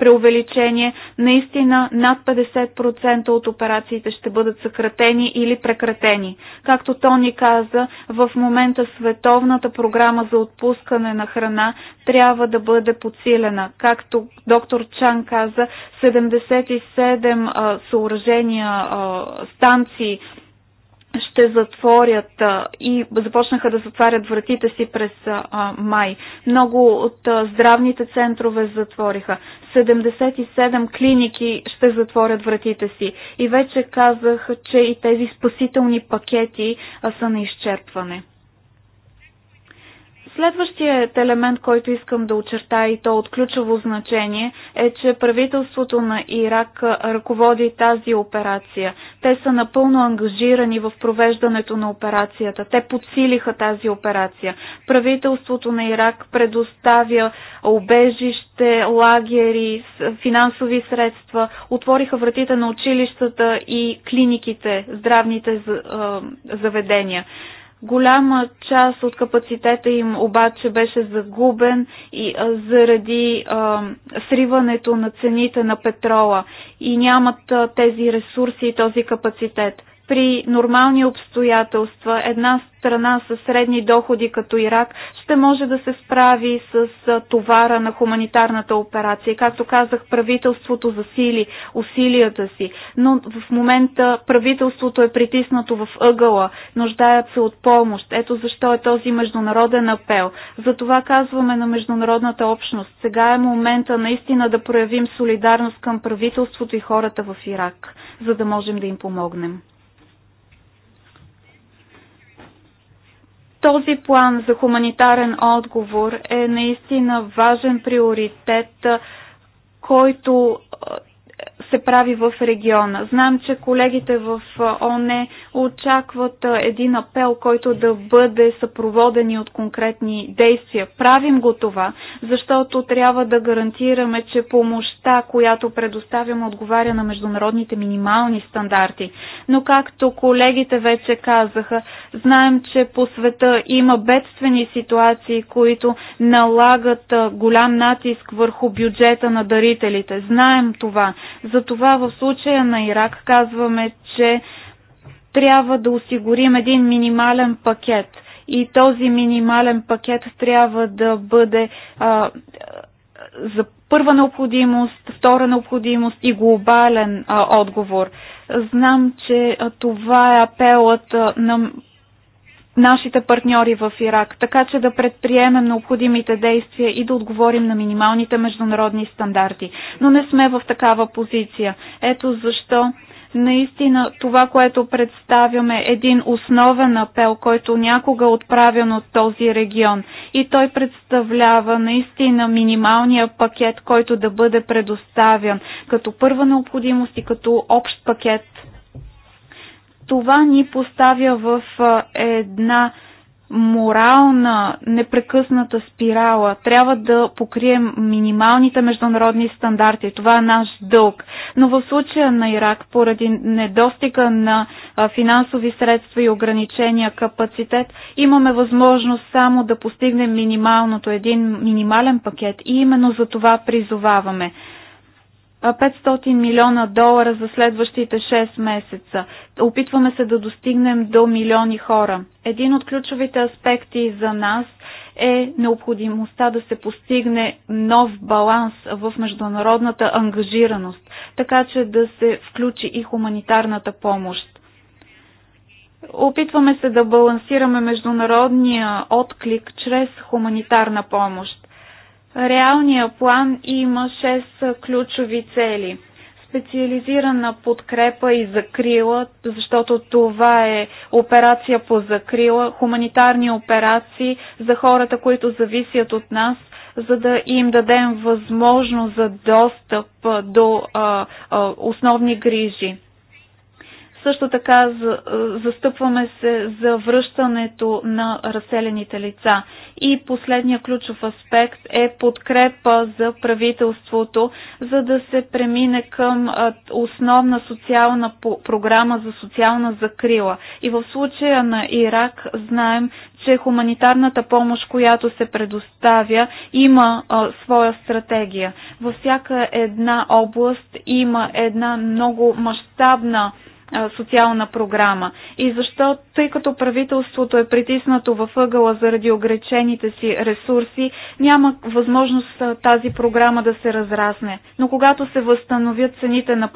преувеличение. Наистина над 50% от операциите ще бъдат съкратени или прекратени. Както Тони каза, в момента световната програма за отпускане на храна трябва да бъде подсилена. Както доктор Чан каза, 77 е, съоръжения, станции, ще затворят и започнаха да затварят вратите си през май. Много от здравните центрове затвориха. 77 клиники ще затворят вратите си. И вече казах, че и тези спасителни пакети са на изчерпване. Следващият елемент, който искам да очерта и то от ключово значение е, че правителството на Ирак ръководи тази операция. Те са напълно ангажирани в провеждането на операцията. Те подсилиха тази операция. Правителството на Ирак предоставя обежище, лагери, финансови средства, отвориха вратите на училищата и клиниките, здравните заведения. Голяма част от капацитета им обаче беше загубен и а, заради а, сриването на цените на петрола и нямат а, тези ресурси и този капацитет при нормални обстоятелства една страна с средни доходи като Ирак ще може да се справи с товара на хуманитарната операция. Както казах, правителството засили усилията си, но в момента правителството е притиснато в ъгъла, нуждаят се от помощ. Ето защо е този международен апел. Затова казваме на международната общност. Сега е момента наистина да проявим солидарност към правителството и хората в Ирак, за да можем да им помогнем. Този план за хуманитарен отговор е наистина важен приоритет, който се прави в региона. Знам, че колегите в ОНЕ очакват един апел, който да бъде съпроводен от конкретни действия. Правим го това, защото трябва да гарантираме, че помощта, която предоставяме, отговаря на международните минимални стандарти. Но както колегите вече казаха, знаем, че по света има бедствени ситуации, които налагат голям натиск върху бюджета на дарителите. Знаем това. Затова в случая на Ирак казваме, че трябва да осигурим един минимален пакет. И този минимален пакет трябва да бъде а, за първа необходимост, втора необходимост и глобален а, отговор. Знам, че а, това е апелът а, на нашите партньори в Ирак, така че да предприемем необходимите действия и да отговорим на минималните международни стандарти. Но не сме в такава позиция. Ето защо наистина това, което представяме, е един основен апел, който някога е отправен от този регион. И той представлява наистина минималния пакет, който да бъде предоставен като първа необходимост и като общ пакет това ни поставя в една морална, непрекъсната спирала. Трябва да покрием минималните международни стандарти. Това е наш дълг. Но в случая на Ирак, поради недостига на финансови средства и ограничения капацитет, имаме възможност само да постигнем минималното, един минимален пакет. И именно за това призоваваме. 500 милиона долара за следващите 6 месеца. Опитваме се да достигнем до милиони хора. Един от ключовите аспекти за нас е необходимостта да се постигне нов баланс в международната ангажираност, така че да се включи и хуманитарната помощ. Опитваме се да балансираме международния отклик чрез хуманитарна помощ реалния план има 6 ключови цели. Специализирана подкрепа и закрила, защото това е операция по закрила, хуманитарни операции за хората, които зависят от нас, за да им дадем възможност за достъп до а, а, основни грижи също така застъпваме се за връщането на разселените лица. И последния ключов аспект е подкрепа за правителството, за да се премине към основна социална програма за социална закрила. И в случая на Ирак знаем, че хуманитарната помощ, която се предоставя, има а, своя стратегия. Във всяка една област има една много мащабна социална програма. И защо, тъй като правителството е притиснато във ъгъла заради ограничените си ресурси, няма възможност тази програма да се разрасне. Но когато се възстановят цените на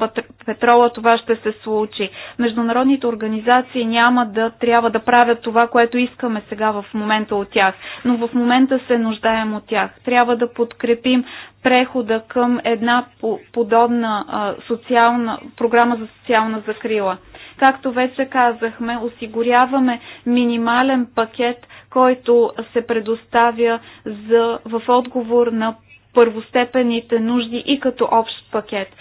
петрола, това ще се случи. Международните организации няма да трябва да правят това, което искаме сега в момента от тях. Но в момента се нуждаем от тях. Трябва да подкрепим прехода към една подобна социална програма за социална закрила сила. Както вече казахме, осигуряваме минимален пакет, който се предоставя за, в отговор на първостепените нужди и като общ пакет.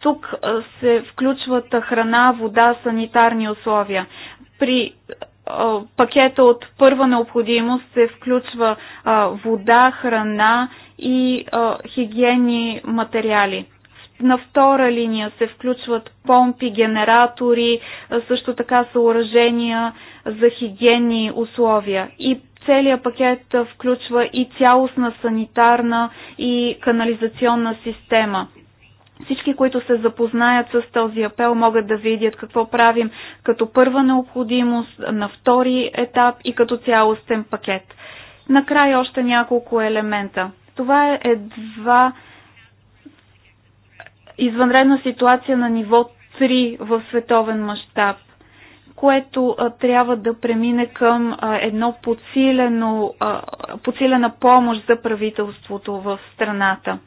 Тук се включват храна, вода, санитарни условия. При пакета от първа необходимост се включва вода, храна и хигиени материали на втора линия се включват помпи, генератори, също така съоръжения за хигиенни условия. И целият пакет включва и цялостна санитарна и канализационна система. Всички, които се запознаят с този апел, могат да видят какво правим като първа необходимост, на втори етап и като цялостен пакет. Накрая още няколко елемента. Това е едва извънредна ситуация на ниво 3 в световен мащаб, което а, трябва да премине към а, едно подсилено, а, подсилена помощ за правителството в страната.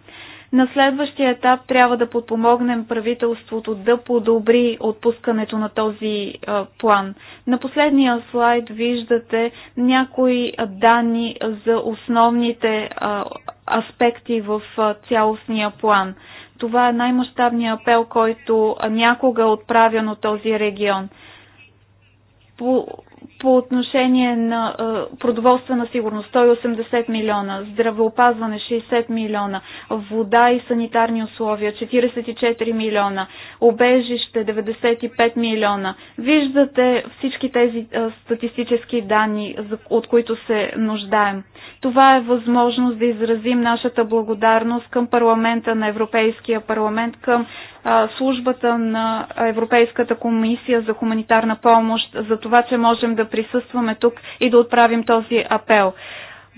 На следващия етап трябва да подпомогнем правителството да подобри отпускането на този а, план. На последния слайд виждате някои данни за основните а, аспекти в а, цялостния план. Това е най-мащабният апел, който някога е отправен от този регион. По по отношение на е, продоволство на сигурност 180 милиона, здравеопазване 60 милиона, вода и санитарни условия 44 милиона, обежище 95 милиона. Виждате всички тези а, е, статистически данни, от които се нуждаем. Това е възможност да изразим нашата благодарност към парламента на Европейския парламент, към службата на Европейската комисия за хуманитарна помощ за това, че можем да присъстваме тук и да отправим този апел.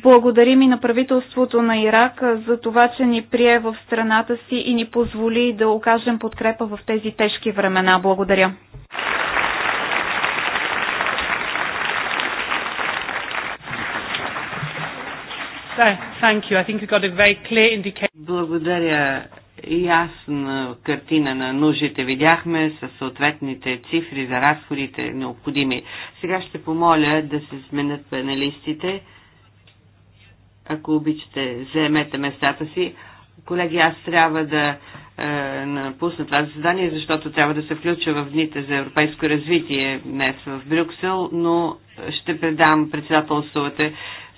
Благодарим и на правителството на Ирак за това, че ни прие в страната си и ни позволи да окажем подкрепа в тези тежки времена. Благодаря. Благодаря ясна картина на нуждите видяхме с съответните цифри за разходите необходими. Сега ще помоля да се сменят панелистите. Ако обичате, заемете местата си. Колеги, аз трябва да е, напусна това заседание, защото трябва да се включа в дните за европейско развитие днес в Брюксел, но ще предам председателствата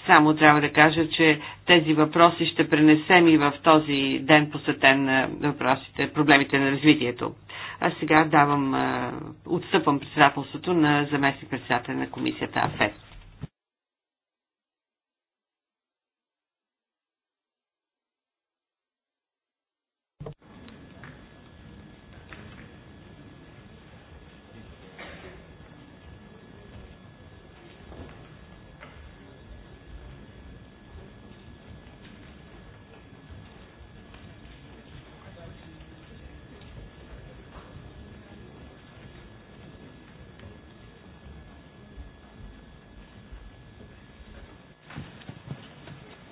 само трябва да кажа, че тези въпроси ще пренесем и в този ден посетен на въпросите, проблемите на развитието. А сега давам, отстъпвам председателството на заместник председател на комисията АФЕТ.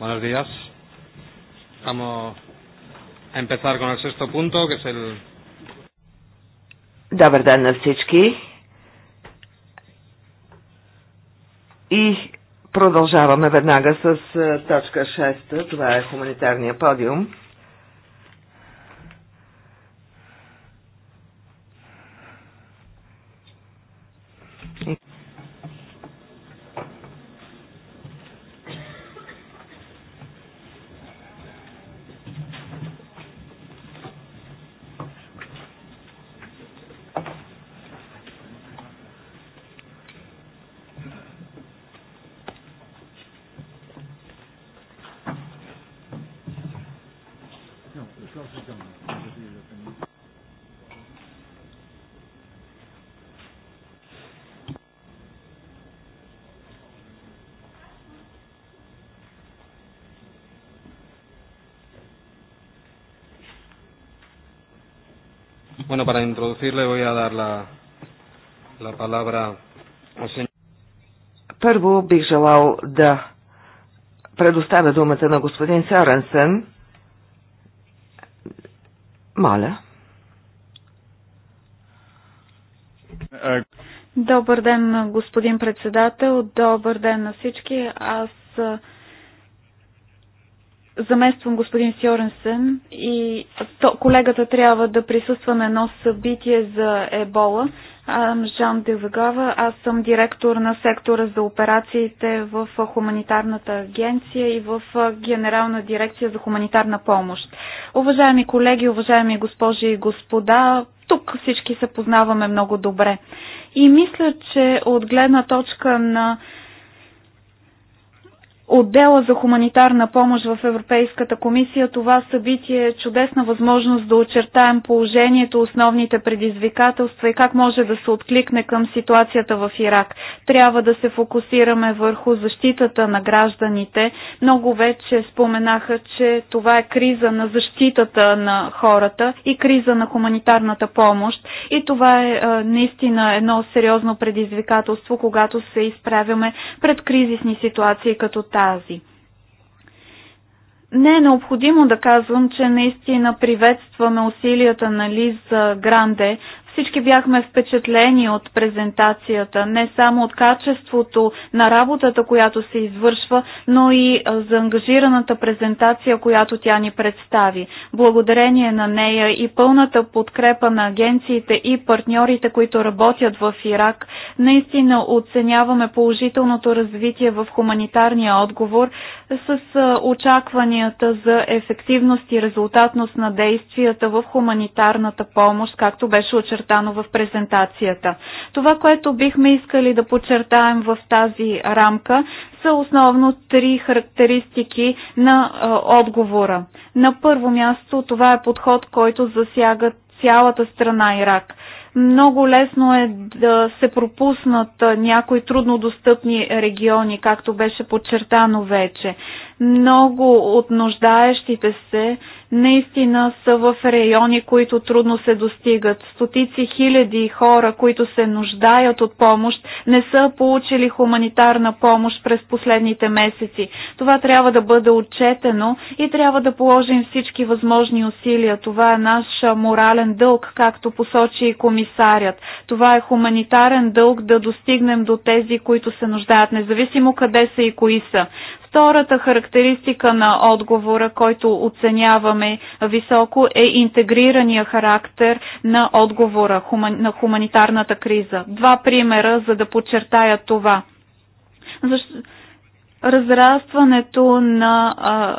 Buenos días. Vamos a empezar con el sexto punto, que es el... Добър ден na всички. И продължаваме веднага с точка 6. Това е хуманитарния подиум. para introducirle voy a dar la, la palabra al señor. Първо бих желал да предоставя думата на господин Сарансен. Моля. Добър ден, господин председател. Добър ден на всички. Аз замествам господин Сьоренсен и то, колегата трябва да присъства на едно събитие за ебола. Аз Жан Девагава, аз съм директор на сектора за операциите в Хуманитарната агенция и в Генерална дирекция за хуманитарна помощ. Уважаеми колеги, уважаеми госпожи и господа, тук всички се познаваме много добре. И мисля, че от гледна точка на отдела за хуманитарна помощ в Европейската комисия, това събитие е чудесна възможност да очертаем положението, основните предизвикателства и как може да се откликне към ситуацията в Ирак. Трябва да се фокусираме върху защитата на гражданите. Много вече споменаха, че това е криза на защитата на хората и криза на хуманитарната помощ. И това е наистина едно сериозно предизвикателство, когато се изправяме пред кризисни ситуации като тази. Не е необходимо да казвам, че наистина приветстваме усилията на Лиза Гранде всички бяхме впечатлени от презентацията, не само от качеството на работата, която се извършва, но и за ангажираната презентация, която тя ни представи. Благодарение на нея и пълната подкрепа на агенциите и партньорите, които работят в Ирак, наистина оценяваме положителното развитие в хуманитарния отговор с очакванията за ефективност и резултатност на действията в хуманитарната помощ, както беше очертано подчертано в презентацията. Това, което бихме искали да подчертаем в тази рамка, са основно три характеристики на а, отговора. На първо място това е подход, който засяга цялата страна Ирак много лесно е да се пропуснат някои труднодостъпни региони, както беше подчертано вече. Много от нуждаещите се наистина са в райони, които трудно се достигат. Стотици хиляди хора, които се нуждаят от помощ, не са получили хуманитарна помощ през последните месеци. Това трябва да бъде отчетено и трябва да положим всички възможни усилия. Това е наш морален дълг, както посочи и комисарят. Това е хуманитарен дълг да достигнем до тези, които се нуждаят, независимо къде са и кои са. Втората характеристика на отговора, който оценяваме високо, е интегрирания характер на отговора на хуманитарната криза. Два примера, за да подчертая това. Защо разрастването на а,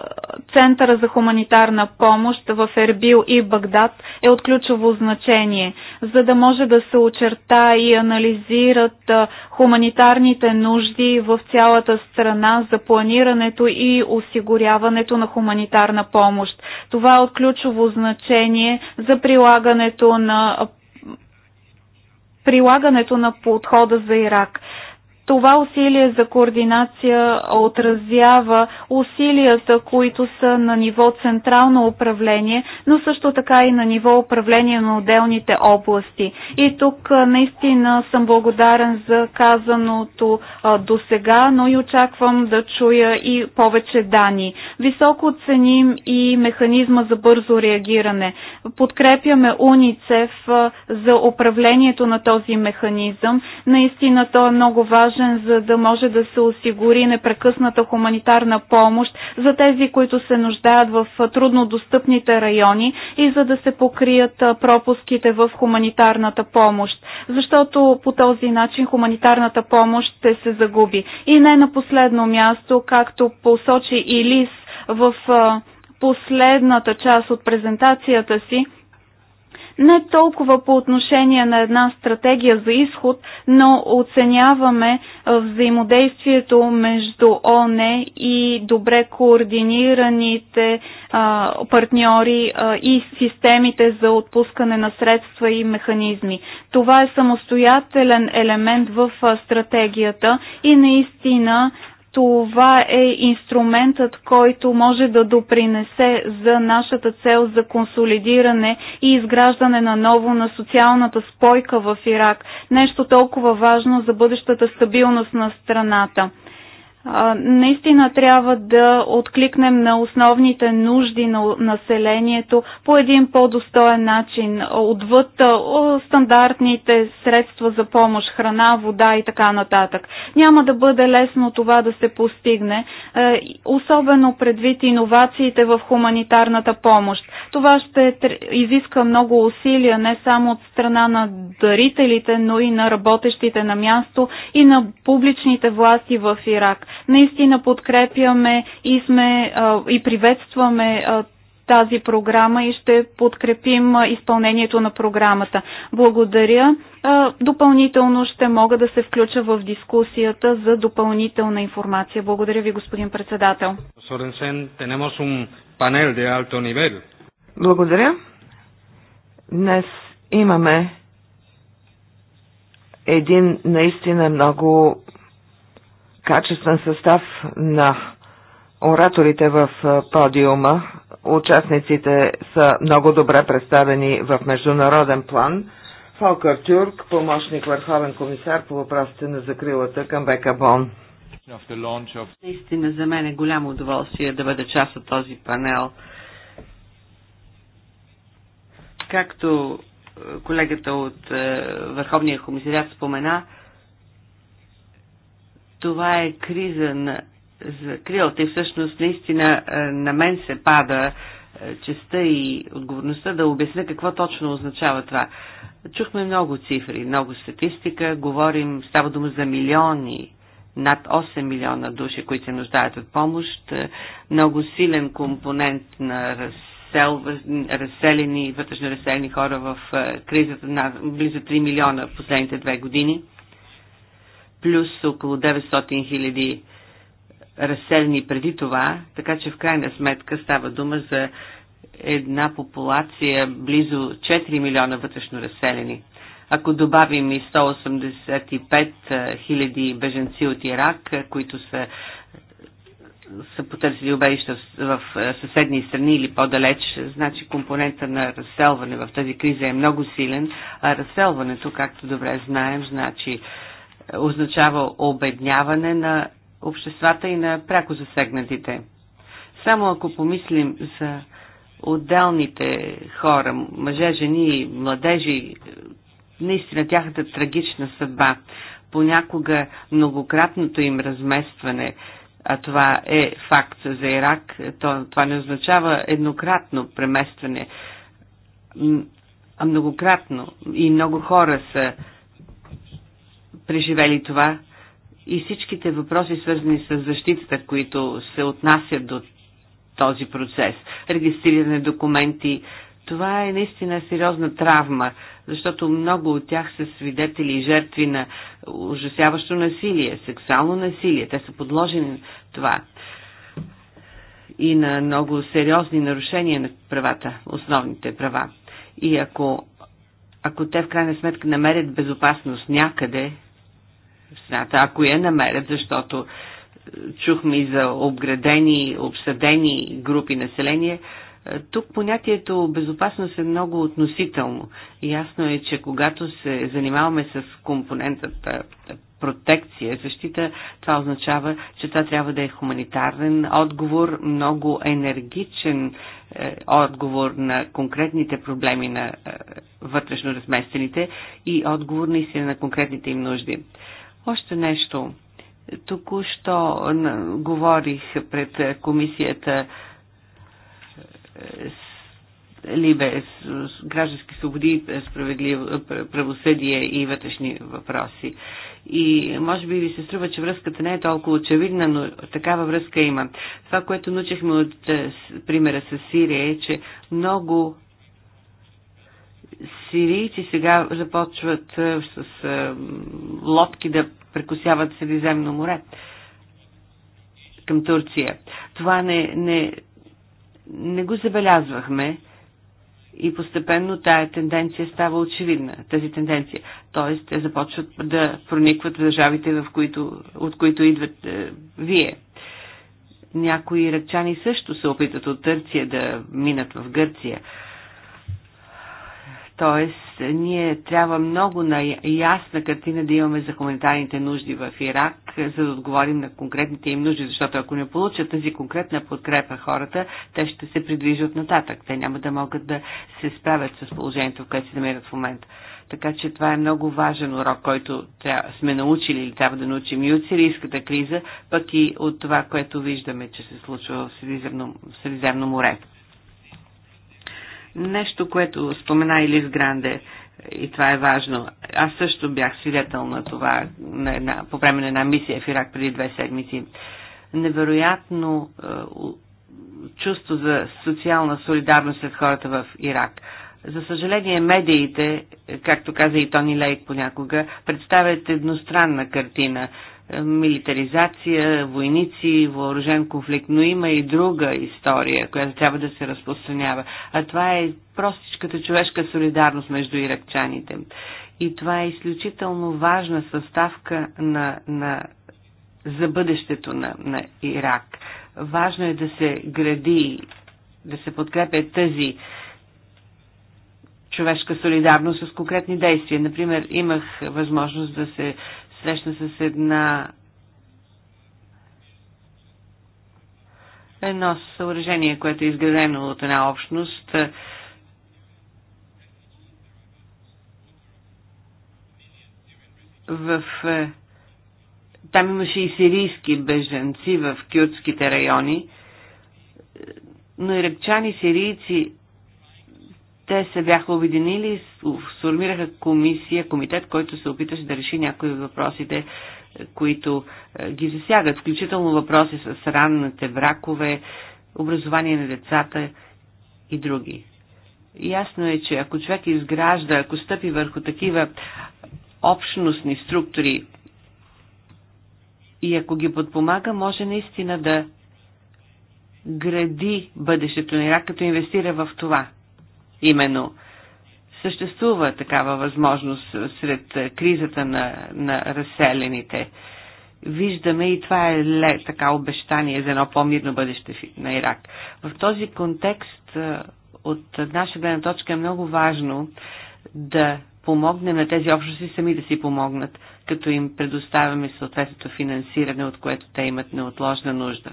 Центъра за хуманитарна помощ в Ербил и Багдад е от ключово значение, за да може да се очерта и анализират а, хуманитарните нужди в цялата страна за планирането и осигуряването на хуманитарна помощ. Това е от ключово значение за прилагането на прилагането на подхода за Ирак. Това усилие за координация отразява усилията, които са на ниво централно управление, но също така и на ниво управление на отделните области. И тук наистина съм благодарен за казаното до сега, но и очаквам да чуя и повече данни. Високо ценим и механизма за бързо реагиране. Подкрепяме УНИЦЕФ за управлението на този механизъм. Наистина то е много важно важен, за да може да се осигури непрекъсната хуманитарна помощ за тези, които се нуждаят в труднодостъпните райони и за да се покрият пропуските в хуманитарната помощ. Защото по този начин хуманитарната помощ ще се загуби. И не на последно място, както посочи Илис в последната част от презентацията си, не толкова по отношение на една стратегия за изход, но оценяваме взаимодействието между ОНЕ и добре координираните партньори и системите за отпускане на средства и механизми. Това е самостоятелен елемент в стратегията и наистина това е инструментът, който може да допринесе за нашата цел за консолидиране и изграждане на ново на социалната спойка в Ирак. Нещо толкова важно за бъдещата стабилност на страната наистина трябва да откликнем на основните нужди на населението по един по-достоен начин, отвъд стандартните средства за помощ, храна, вода и така нататък. Няма да бъде лесно това да се постигне, е, особено предвид иновациите в хуманитарната помощ. Това ще изиска много усилия не само от страна на дарителите, но и на работещите на място и на публичните власти в Ирак. Наистина подкрепяме и, сме, е, и приветстваме е, тази програма и ще подкрепим изпълнението на програмата. Благодаря. Допълнително ще мога да се включа в дискусията за допълнителна информация. Благодаря ви, господин председател. Благодаря. Днес имаме един наистина много качествен състав на ораторите в подиума, участниците са много добре представени в международен план. Фолкър Тюрк, помощник върховен комисар по въпросите на закрилата към Бека Бон. Наистина за мен е голямо удоволствие да бъда част от този панел. Както е, колегата от е, Върховния комисарят спомена, това е криза на крилата и всъщност наистина е, на мен се пада е, честа и отговорността да обясня какво точно означава това. Чухме много цифри, много статистика, говорим, става дума за милиони, над 8 милиона души, които се нуждаят от помощ, е, много силен компонент на раз разселени, вътрешно разселени хора в кризата на близо 3 милиона в последните две години, плюс около 900 хиляди 000 разселени преди това, така че в крайна сметка става дума за една популация близо 4 милиона вътрешно разселени. Ако добавим и 185 хиляди беженци от Ирак, които са, са потърсили убежища в, в съседни страни или по-далеч, значи компонента на разселване в тази криза е много силен, а разселването, както добре знаем, значи означава обедняване на обществата и на пряко засегнатите. Само ако помислим за отделните хора, мъже, жени, младежи, наистина тяхната трагична съдба, понякога многократното им разместване, а това е факт за Ирак, то, това не означава еднократно преместване, а многократно. И много хора са преживели това и всичките въпроси, свързани с защитата, които се отнасят до този процес. Регистриране документи. Това е наистина сериозна травма, защото много от тях са свидетели и жертви на ужасяващо насилие, сексуално насилие. Те са подложени на това и на много сериозни нарушения на правата, основните права. И ако, ако те в крайна сметка намерят безопасност някъде, страната, ако я намерят, защото е, чухме и за обградени, обсъдени групи население. Е, тук понятието безопасност е много относително. Ясно е, че когато се занимаваме с компонентата е, протекция, защита, това означава, че това трябва да е хуманитарен отговор, много енергичен отговор на конкретните проблеми на вътрешно разместените и отговор наистина на конкретните им нужди. Още нещо. Току-що е, говорих пред е, комисията е, Либе, граждански свободи, справедливо правосъдие и вътрешни въпроси. И може би ви се струва, че връзката не е толкова очевидна, но такава връзка има. Това, което научихме от примера с Сирия е, че много сирийци сега започват е, с е, лодки да прекусяват Средиземно море към Турция. Това не, не, не го забелязвахме и постепенно тая тенденция става очевидна, тази тенденция. Тоест, те започват да проникват в държавите, в които, от които идват е, вие. Някои ръчани също се опитат от Търция да минат в Гърция. Е, Тоест, ние трябва много на ясна картина да имаме за хуманитарните нужди в Ирак, за да отговорим на конкретните им нужди, защото ако не получат тази конкретна подкрепа хората, те ще се придвижат нататък. Те няма да могат да се справят с положението, в което се намират в момента. Така че това е много важен урок, който трябва, сме научили или трябва да научим и от сирийската криза, пък и от това, което виждаме, че се случва в Средиземно, в Средиземно море. Нещо, което спомена Илис Гранде, и това е важно. Аз също бях свидетел на това на една, по време на една мисия в Ирак преди две седмици. Невероятно е, чувство за социална солидарност сред хората в Ирак. За съжаление, медиите, е, както каза и Тони Лейк понякога, представят едностранна картина милитаризация, войници, въоръжен конфликт, но има и друга история, която трябва да се разпространява. А това е простичката човешка солидарност между иракчаните. И това е изключително важна съставка на, на, за бъдещето на, на Ирак. Важно е да се гради, да се подкрепя тази човешка солидарност с конкретни действия. Например, имах възможност да се срещна с една едно съоръжение, което е изградено от една общност. В е, там имаше и сирийски беженци в кюртските райони, но иракчани, сирийци те се бяха обединили, сформираха комисия, комитет, който се опиташе да реши някои от въпросите, които е, ги засягат, включително въпроси с ранните бракове, образование на децата и други. Ясно е, че ако човек изгражда, ако стъпи върху такива общностни структури и ако ги подпомага, може наистина да гради бъдещето на Ирак, като инвестира в това. Именно съществува такава възможност сред е, кризата на, на разселените. Виждаме и това е ле, така обещание за едно по-мирно бъдеще на Ирак. В този контекст е, от наша гледна точка е много важно да помогнем на тези общности сами да си помогнат, като им предоставяме съответното финансиране, от което те имат неотложна нужда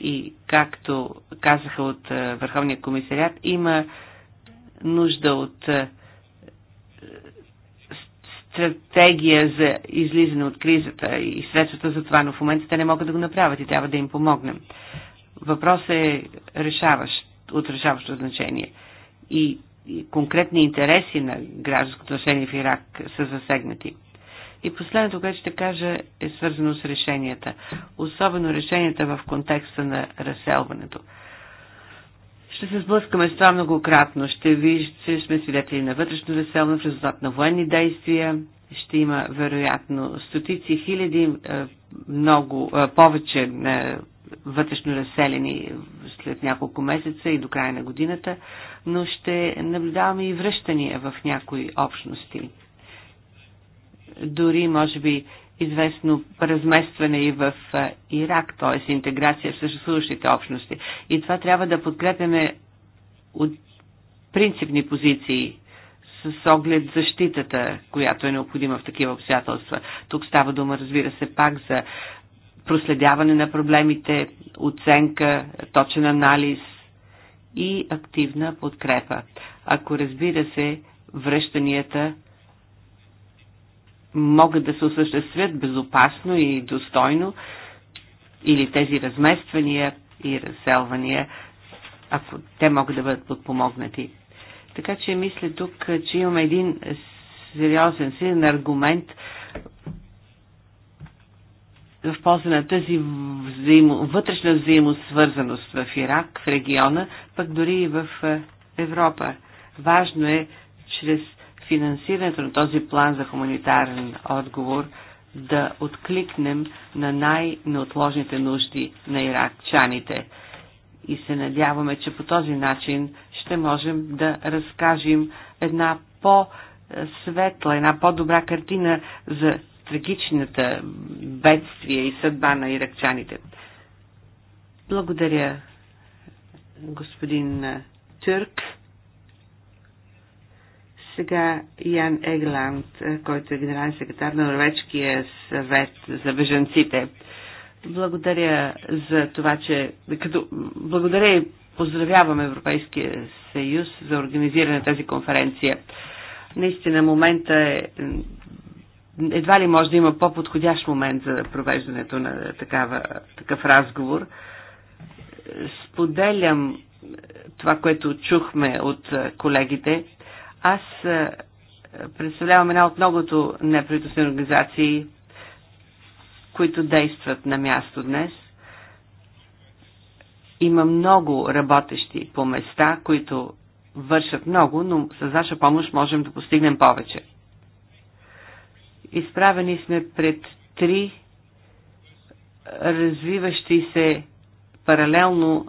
и както казаха от е, Върховния комисарят, има нужда от е, стратегия за излизане от кризата и средствата за това, но в момента те не могат да го направят и трябва да им помогнем. Въпросът е решаващ, от решаващо значение. И, и конкретни интереси на гражданското население в Ирак са засегнати. И последното, което ще кажа, е свързано с решенията. Особено решенията в контекста на разселването. Ще се сблъскаме с това многократно. Ще виждате, сме свидетели на вътрешно разселване в резултат на военни действия. Ще има, вероятно, стотици хиляди, е, много е, повече е, вътрешно разселени след няколко месеца и до края на годината, но ще наблюдаваме и връщания в някои общности дори може би известно разместване и в Ирак, т.е. интеграция в съществуващите общности. И това трябва да подкрепяме от принципни позиции с оглед защитата, която е необходима в такива обстоятелства. Тук става дума, разбира се, пак за проследяване на проблемите, оценка, точен анализ и активна подкрепа. Ако разбира се, връщанията могат да се осъществят безопасно и достойно или тези размествания и разселвания, ако те могат да бъдат подпомогнати. Така че мисля тук, че имаме един сериозен, силен аргумент в полза на тази взаимо, вътрешна взаимосвързаност в Ирак, в региона, пък дори и в е, Европа. Важно е чрез финансирането на този план за хуманитарен отговор да откликнем на най-неотложните нужди на иракчаните. И се надяваме, че по този начин ще можем да разкажем една по-светла, една по-добра картина за трагичната бедствие и съдба на иракчаните. Благодаря, господин Тюрк. Сега Ян Егланд, е, който е генерален секретар на Норвежкия съвет за бежанците. Благодаря за това, че... Като, благодаря и поздравявам Европейския съюз за организиране на тази конференция. Наистина момента е... Едва ли може да има по-подходящ момент за провеждането на такава, такъв разговор. Споделям това, което чухме от колегите, аз е, представлявам една от многото неправителствени организации, които действат на място днес. Има много работещи по места, които вършат много, но с наша помощ можем да постигнем повече. Изправени сме пред три развиващи се паралелно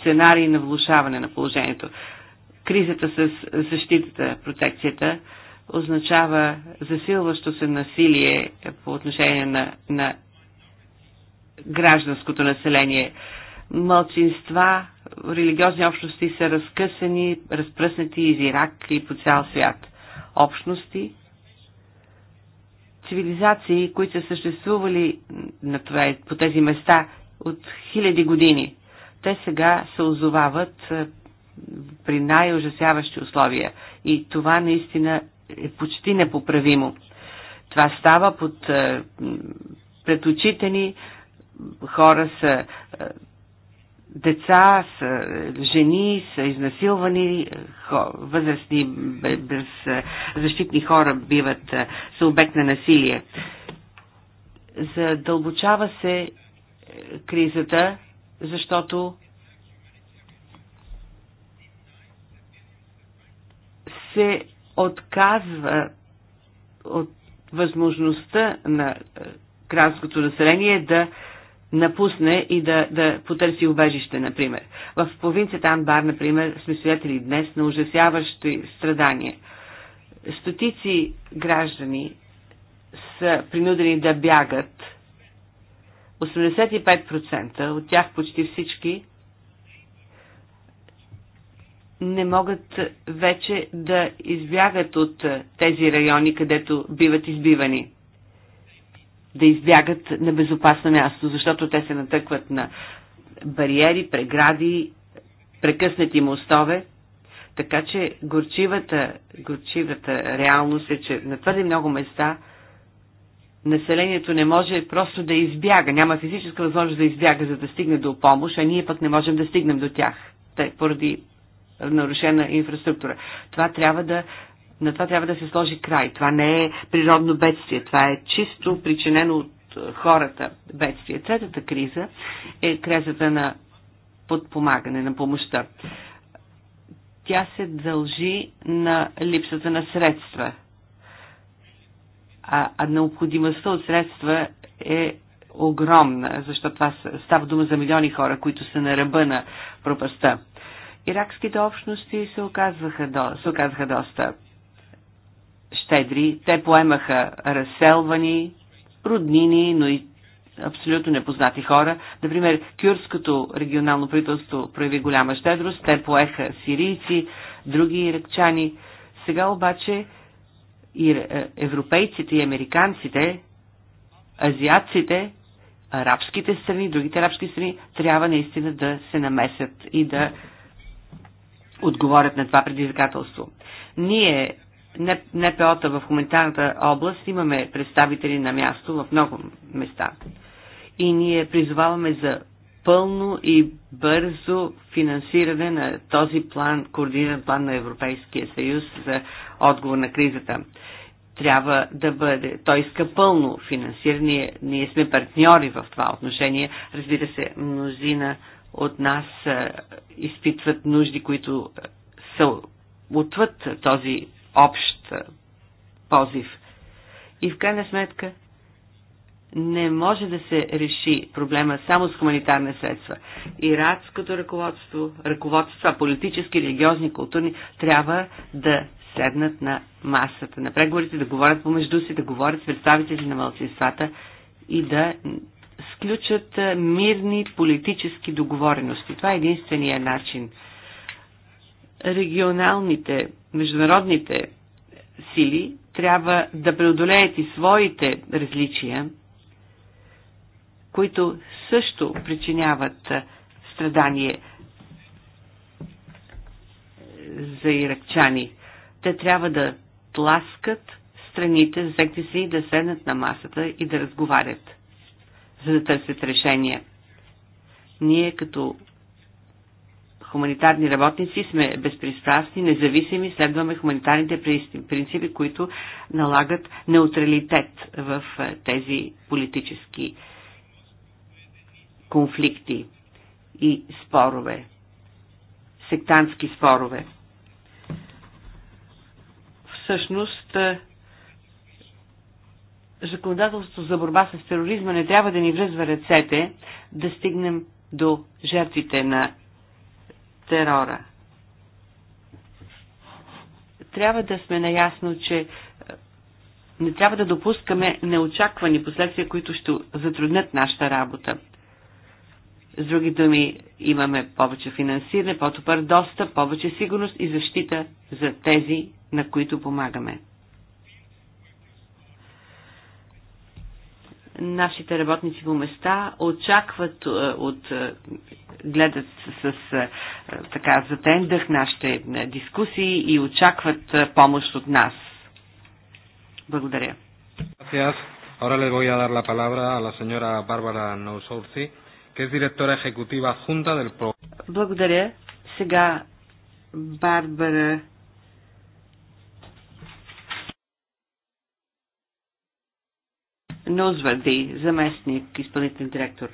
сценарии на влушаване на положението кризата с защитата, протекцията означава засилващо се насилие по отношение на, на гражданското население. Мълчинства, религиозни общности са разкъсани, разпръснати из Ирак и по цял свят. Общности, цивилизации, които са съществували на това, по тези места от хиляди години. Те сега се озовават при най-ужасяващи условия. И това наистина е почти непоправимо. Това става под, е, пред очите ни. Хора са е, деца, са жени, са изнасилвани, е, възрастни, без защитни хора биват, са обект на насилие. Задълбочава се кризата, защото се отказва от възможността на е, кралското население да напусне и да, да потърси убежище, например. В провинцията Анбар, например, сме свидетели днес на ужасяващи страдания. Стотици граждани са принудени да бягат. 85% от тях почти всички не могат вече да избягат от тези райони, където биват избивани. Да избягат на безопасно място, защото те се натъкват на бариери, прегради, прекъснати мостове. Така че горчивата, горчивата реалност е, че на твърде много места населението не може просто да избяга. Няма физическа възможност да избяга, за да стигне до помощ, а ние пък не можем да стигнем до тях. Тъй, поради нарушена инфраструктура. Това трябва да на това трябва да се сложи край. Това не е природно бедствие, това е чисто причинено от е, хората бедствие. Третата криза е кризата на подпомагане, на помощта. Тя се дължи на липсата на средства. А, а необходимостта от средства е огромна, защото това става дума за милиони хора, които са на ръба на пропаста. Иракските общности се оказваха до, се оказаха доста щедри. Те поемаха разселвани, роднини, но и абсолютно непознати хора. Например, кюрското регионално правителство прояви голяма щедрост, те поеха сирийци, други иракчани. Сега обаче и е, европейците и американците, азиатците, арабските страни, другите арабски страни трябва наистина да се намесят и да отговорят на това предизвикателство. Ние, НПО-та в хуманитарната област, имаме представители на място в много места. И ние призоваваме за пълно и бързо финансиране на този план, координиран план на Европейския съюз за отговор на кризата. Трябва да бъде. Той иска пълно финансиране. Ние сме партньори в това отношение. Разбира се, мнозина от нас изпитват нужди, които са отвъд този общ позив. И в крайна сметка не може да се реши проблема само с хуманитарни средства. Иратското ръководство, ръководства, политически, религиозни, културни, трябва да седнат на масата на преговорите, да говорят помежду си, да говорят с представители на мълцинствата и да сключат мирни политически договорености. Това е единствения начин. Регионалните, международните сили трябва да преодолеят и своите различия, които също причиняват страдание за иракчани. Те трябва да тласкат страните, взети си да седнат на масата и да разговарят за да търсят решение. Ние като хуманитарни работници сме безпристрастни, независими, следваме хуманитарните принципи, които налагат неутралитет в е, тези политически конфликти и спорове, сектантски спорове. Всъщност, е, законодателството за борба с тероризма не трябва да ни връзва ръцете да стигнем до жертвите на терора. Трябва да сме наясно, че е, не трябва да допускаме неочаквани последствия, които ще затруднят нашата работа. С други думи, имаме повече финансиране, по топър достъп, повече сигурност и защита за тези, на които помагаме. нашите работници по места очакват е, от е, гледат с, с е, така затен дъх нашите дискусии и очакват помощ от нас. Благодаря. Благодаря. Сега Барбара Нозварди, заместник изпълнителен директор.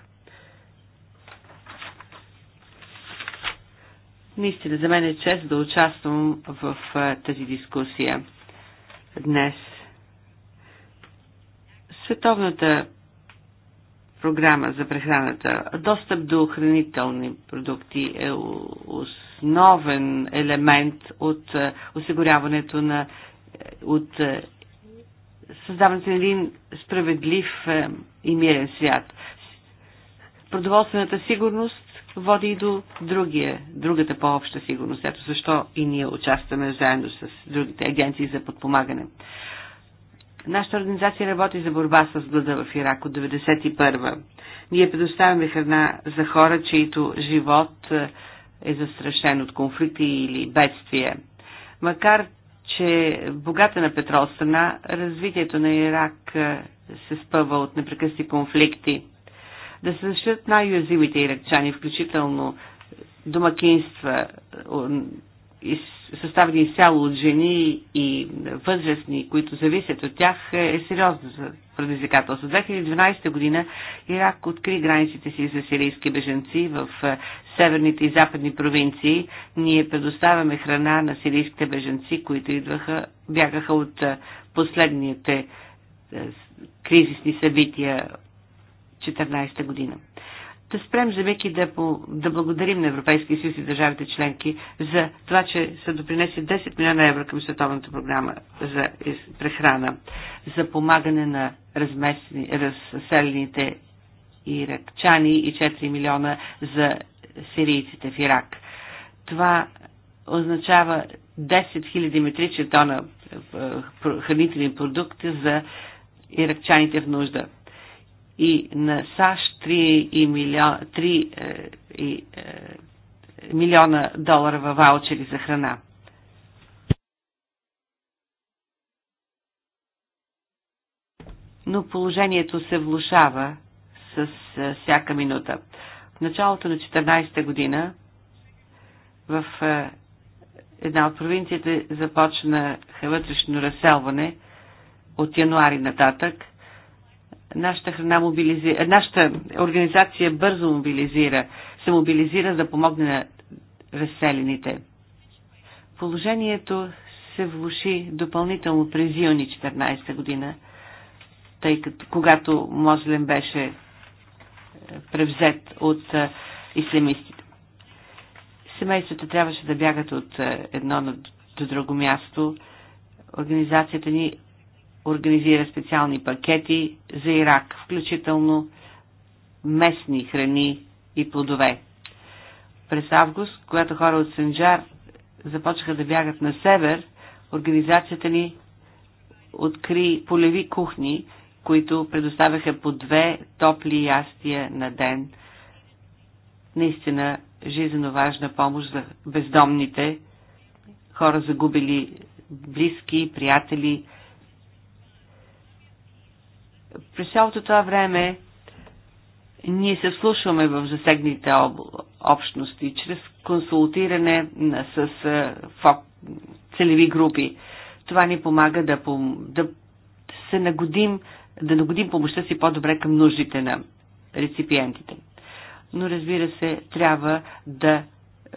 Наистина, за мен е чест да участвам в тази дискусия днес. Световната програма за прехраната, достъп до хранителни продукти е основен елемент от осигуряването на е, от създаването на един справедлив е, и мирен свят. Продоволствената сигурност води и до другия, другата по-обща сигурност. Ето защо и ние участваме заедно с другите агенции за подпомагане. Нашата организация работи за борба с глада в Ирак от 1991. Ние предоставяме храна за хора, чието живот е застрашен от конфликти или бедствия. Макар че богата на петрол страна, развитието на Ирак се спъва от непрекъсни конфликти. Да се защитят най-уязвимите иракчани, включително домакинства, съставени изцяло от жени и възрастни, които зависят от тях, е сериозно за предизвикателство. 2012 година Ирак откри границите си за сирийски беженци в е, северните и западни провинции. Ние предоставяме храна на сирийските беженци, които идваха, бягаха от е, последните е, кризисни събития 2014 година да спрем за миг и да, по, да благодарим на Европейския съюз и държавите членки за това, че са допринесли 10 милиона евро към Световната програма за прехрана, за помагане на разместни, разселените иракчани и 4 милиона за сирийците в Ирак. Това означава 10 000 метрични тона хранителни продукти за иракчаните в нужда. И на САЩ 3, милион, 3 и, е, милиона долара във ваучери за храна. Но положението се влушава с е, всяка минута. В началото на 14-та година в е, една от провинциите започна вътрешно разселване от януари нататък – Нашата, храна мобилизи... Нашата организация бързо мобилизира, се мобилизира да помогне на разселените. Положението се влуши допълнително през юни 14 година, тъй като когато Мозлен беше е, превзет от е, ислямистите. Семействата трябваше да бягат от е, едно до друго място. Организацията ни организира специални пакети за Ирак, включително местни храни и плодове. През август, когато хора от Сенджар започнаха да бягат на север, организацията ни откри полеви кухни, които предоставяха по две топли ястия на ден. Наистина жизненно важна помощ за бездомните, хора загубили близки, приятели, през цялото това време ние се вслушваме в засегните об... общности, чрез консултиране с фок... целеви групи. Това ни помага да, пом... да се нагодим, да нагодим помощта си по-добре към нуждите на реципиентите. Но разбира се, трябва да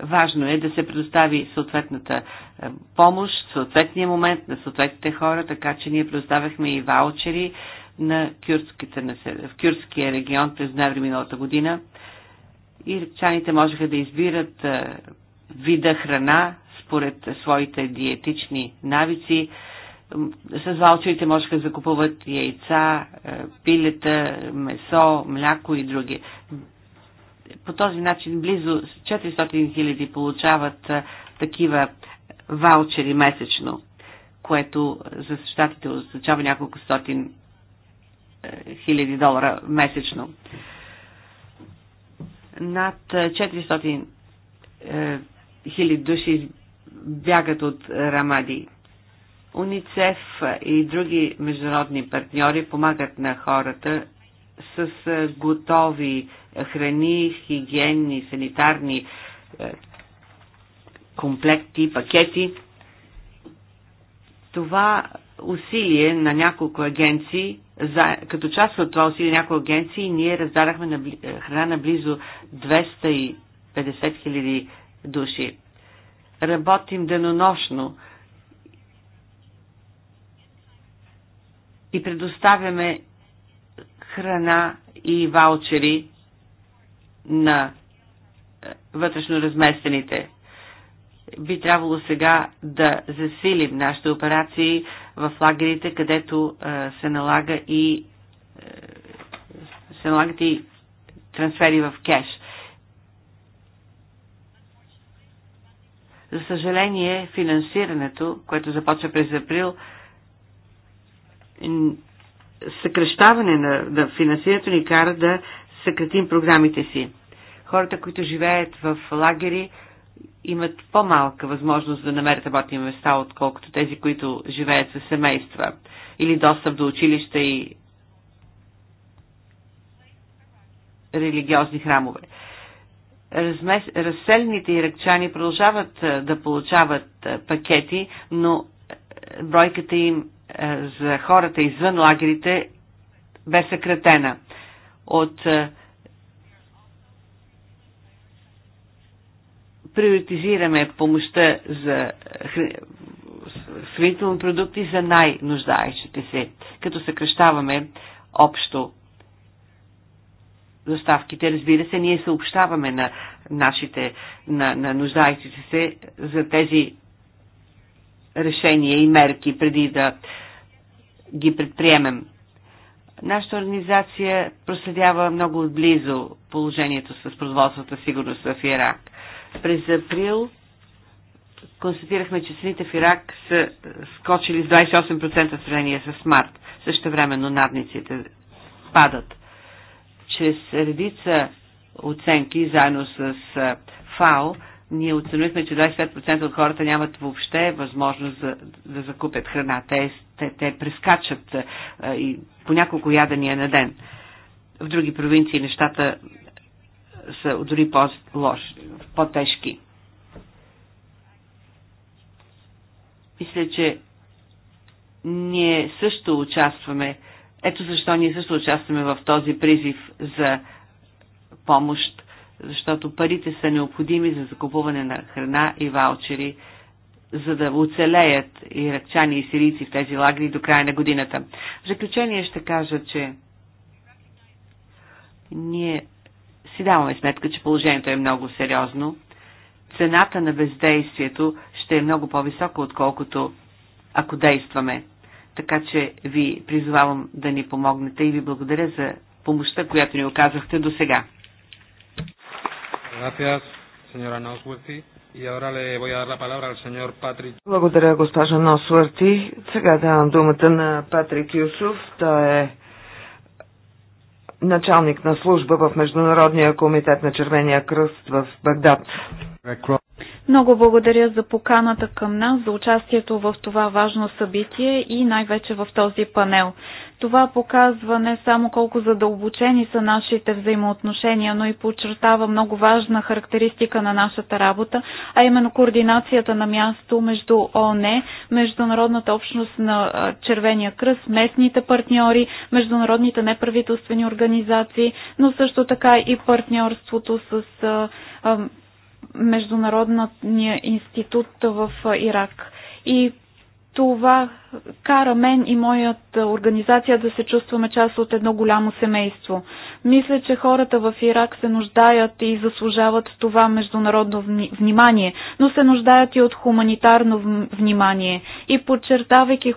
важно е да се предостави съответната е, помощ, съответния момент на съответните хора, така че ние предоставяхме и ваучери, на кюртските населения, в кюртския регион през ноември миналата година. и Иракчаните можеха да избират вида храна според своите диетични навици. С валчерите можеха да закупуват яйца, пилета, месо, мляко и други. По този начин близо 400 хиляди получават такива ваучери месечно, което за щатите означава няколко стотин хиляди долара месечно. Над 400 е, е, хиляди души бягат от Рамади. УНИЦЕФ и други международни партньори помагат на хората с е, готови храни, хигиенни, санитарни комплекти, пакети. Това усилие на няколко агенции за, като част от това усилие някои агенции, ние раздадахме на, е, храна на близо 250 хиляди души. Работим денонощно и предоставяме храна и ваучери на е, вътрешно разместените. Би трябвало сега да засилим нашите операции, в лагерите, където е, се налага и е, се налагат и трансфери в кеш. За съжаление, финансирането, което започва през април, съкръщаване на, на финансирането ни кара да съкратим програмите си. Хората, които живеят в лагери, имат по-малка възможност да намерят работни места, отколкото тези, които живеят със семейства или достъп до училища и религиозни храмове. Размес... Разселените иракчани продължават да получават пакети, но бройката им за хората извън лагерите бе съкратена от приоритизираме помощта за хранителни продукти за най-нуждаещите се, като съкръщаваме общо доставките. Разбира се, ние съобщаваме на нашите, на, на нуждаещите се за тези решения и мерки преди да ги предприемем. Нашата организация проследява много отблизо положението с производствата сигурност в Ирак. През април констатирахме, че цените в Ирак са скочили с 28% в сравнение с март. Също времено надниците падат. Чрез редица оценки, заедно с ФАО, ние оценихме, че 25% от хората нямат въобще възможност за, да закупят храна. Те, те, те прескачат а, и по няколко ядания на ден. В други провинции нещата са дори по-тежки. По Мисля, че ние също участваме, ето защо ние също участваме в този призив за помощ, защото парите са необходими за закупуване на храна и ваучери, за да оцелеят иракчани и сирийци в тези лагери до края на годината. В заключение ще кажа, че ние си даваме сметка, че положението е много сериозно. Цената на бездействието ще е много по-висока, отколкото ако действаме. Така че ви призовавам да ни помогнете и ви благодаря за помощта, която ни оказахте до сега. Благодаря, госпожа Носвърти. Сега давам думата на Патрик Юсов. Той е началник на служба в Международния комитет на Червения кръст в Багдад. Много благодаря за поканата към нас, за участието в това важно събитие и най-вече в този панел. Това показва не само колко задълбочени са нашите взаимоотношения, но и подчертава много важна характеристика на нашата работа, а именно координацията на място между ООН, Международната общност на Червения кръст, местните партньори, международните неправителствени организации, но също така и партньорството с Международния институт в Ирак. И това кара мен и моята организация да се чувстваме част от едно голямо семейство. Мисля, че хората в Ирак се нуждаят и заслужават това международно внимание, но се нуждаят и от хуманитарно внимание. И подчертавайки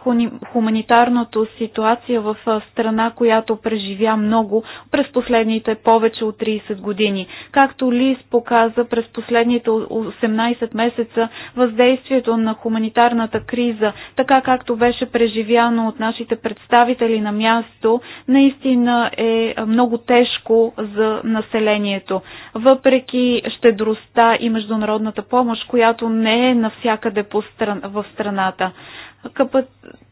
хуманитарното ситуация в страна, която преживя много през последните повече от 30 години. Както Лис показа, през последните 18 месеца въздействието на хуманитарната криза така както беше преживяно от нашите представители на място, наистина е много тежко за населението. Въпреки щедростта и международната помощ, която не е навсякъде в страната.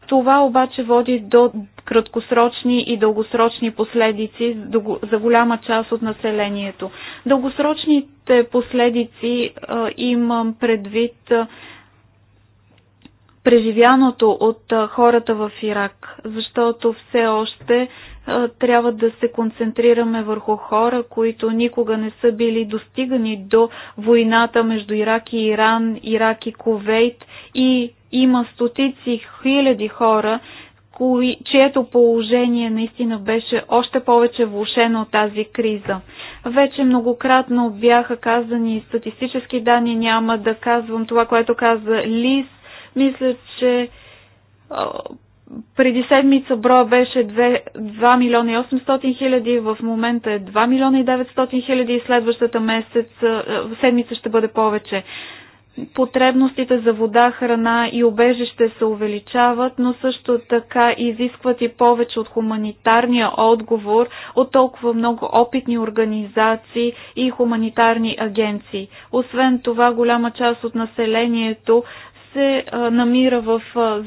Това обаче води до краткосрочни и дългосрочни последици за голяма част от населението. Дългосрочните последици имам предвид преживяното от хората в Ирак, защото все още трябва да се концентрираме върху хора, които никога не са били достигани до войната между Ирак и Иран, Ирак и Ковейт и има стотици хиляди хора, кои, чието положение наистина беше още повече влушено от тази криза. Вече многократно бяха казани статистически данни, няма да казвам това, което каза Лис, мисля, че преди седмица броя беше 2, 2 милиона и 800 хиляди, в момента е 2 милиона и 900 хиляди и следващата месец, седмица ще бъде повече. Потребностите за вода, храна и обежище се увеличават, но също така изискват и повече от хуманитарния отговор от толкова много опитни организации и хуманитарни агенции. Освен това, голяма част от населението се намира в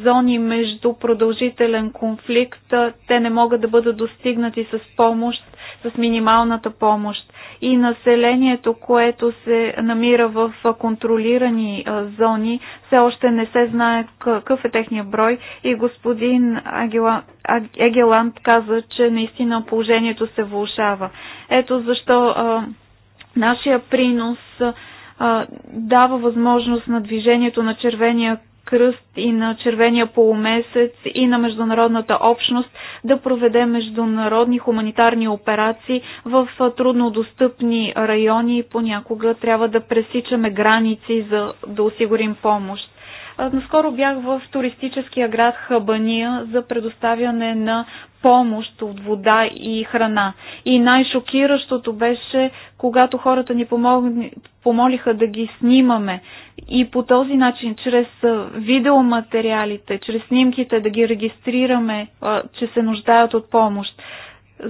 зони между продължителен конфликт, те не могат да бъдат достигнати с помощ, с минималната помощ. И населението, което се намира в контролирани зони, все още не се знае какъв е техния брой. И господин Егеланд каза, че наистина положението се влушава. Ето защо нашия принос дава възможност на движението на червения кръст и на червения полумесец и на международната общност да проведе международни хуманитарни операции в труднодостъпни райони и понякога трябва да пресичаме граници за да осигурим помощ. Наскоро бях в туристическия град Хабания за предоставяне на помощ от вода и храна. И най-шокиращото беше когато хората ни помолиха да ги снимаме и по този начин, чрез видеоматериалите, чрез снимките да ги регистрираме, че се нуждаят от помощ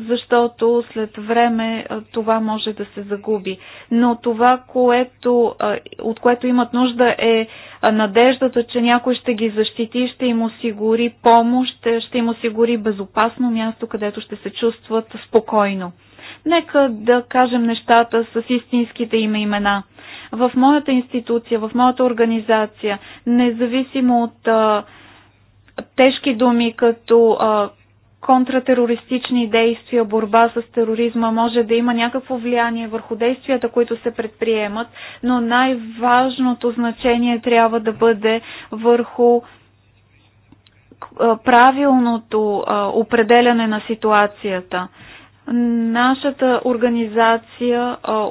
защото след време това може да се загуби. Но това, което, от което имат нужда е надеждата, че някой ще ги защити, ще им осигури помощ, ще им осигури безопасно място, където ще се чувстват спокойно. Нека да кажем нещата с истинските им имена. В моята институция, в моята организация, независимо от а, тежки думи като а, контратерористични действия, борба с тероризма може да има някакво влияние върху действията, които се предприемат, но най-важното значение трябва да бъде върху правилното определяне на ситуацията. Нашата организация а,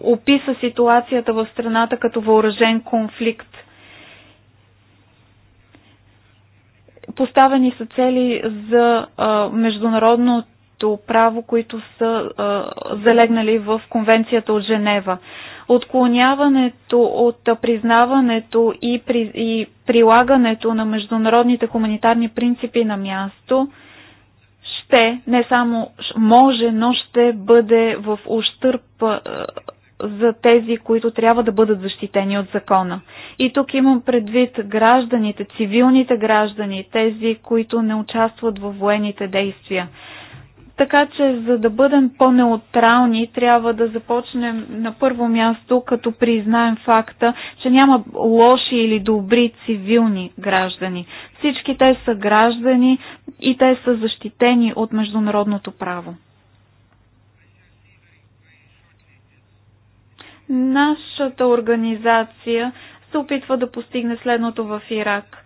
описа ситуацията в страната като въоръжен конфликт. Поставени са цели за а, международното право, които са а, залегнали в конвенцията от Женева. Отклоняването от признаването и, при, и прилагането на международните хуманитарни принципи на място – ще, не само може, но ще бъде в ущърп за тези, които трябва да бъдат защитени от закона. И тук имам предвид гражданите, цивилните граждани, тези, които не участват в военните действия. Така че, за да бъдем по-неутрални, трябва да започнем на първо място, като признаем факта, че няма лоши или добри цивилни граждани. Всички те са граждани и те са защитени от международното право. Нашата организация се опитва да постигне следното в Ирак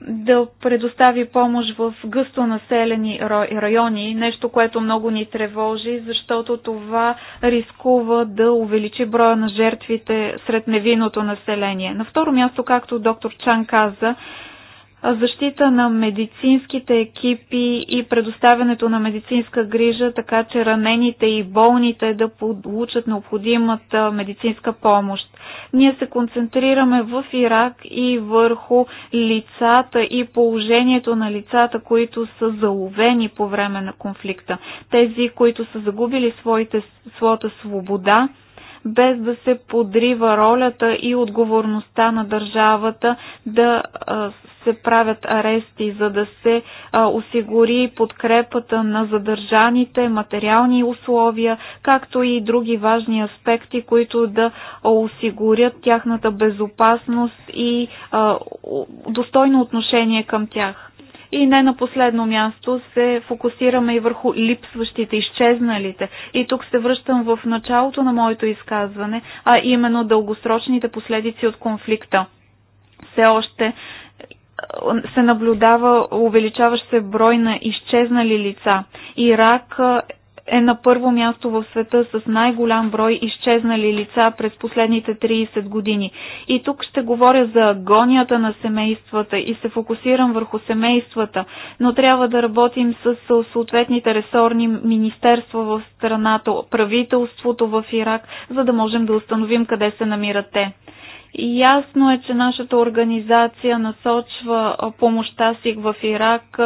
да предостави помощ в гъсто населени райони, нещо, което много ни тревожи, защото това рискува да увеличи броя на жертвите сред невинното население. На второ място, както доктор Чан каза, защита на медицинските екипи и предоставянето на медицинска грижа, така че ранените и болните да получат необходимата медицинска помощ. Ние се концентрираме в Ирак и върху лицата и положението на лицата, които са заловени по време на конфликта. Тези, които са загубили своите, своята свобода, без да се подрива ролята и отговорността на държавата да се правят арести, за да се осигури подкрепата на задържаните, материални условия, както и други важни аспекти, които да осигурят тяхната безопасност и достойно отношение към тях. И не на последно място се фокусираме и върху липсващите, изчезналите. И тук се връщам в началото на моето изказване, а именно дългосрочните последици от конфликта. Все още е, се наблюдава увеличаващ се брой на изчезнали лица. Ирак е, е на първо място в света с най-голям брой изчезнали лица през последните 30 години. И тук ще говоря за агонията на семействата и се фокусирам върху семействата, но трябва да работим с съответните ресорни министерства в страната, правителството в Ирак, за да можем да установим къде се намират те. Ясно е, че нашата организация насочва помощта си в Ирак,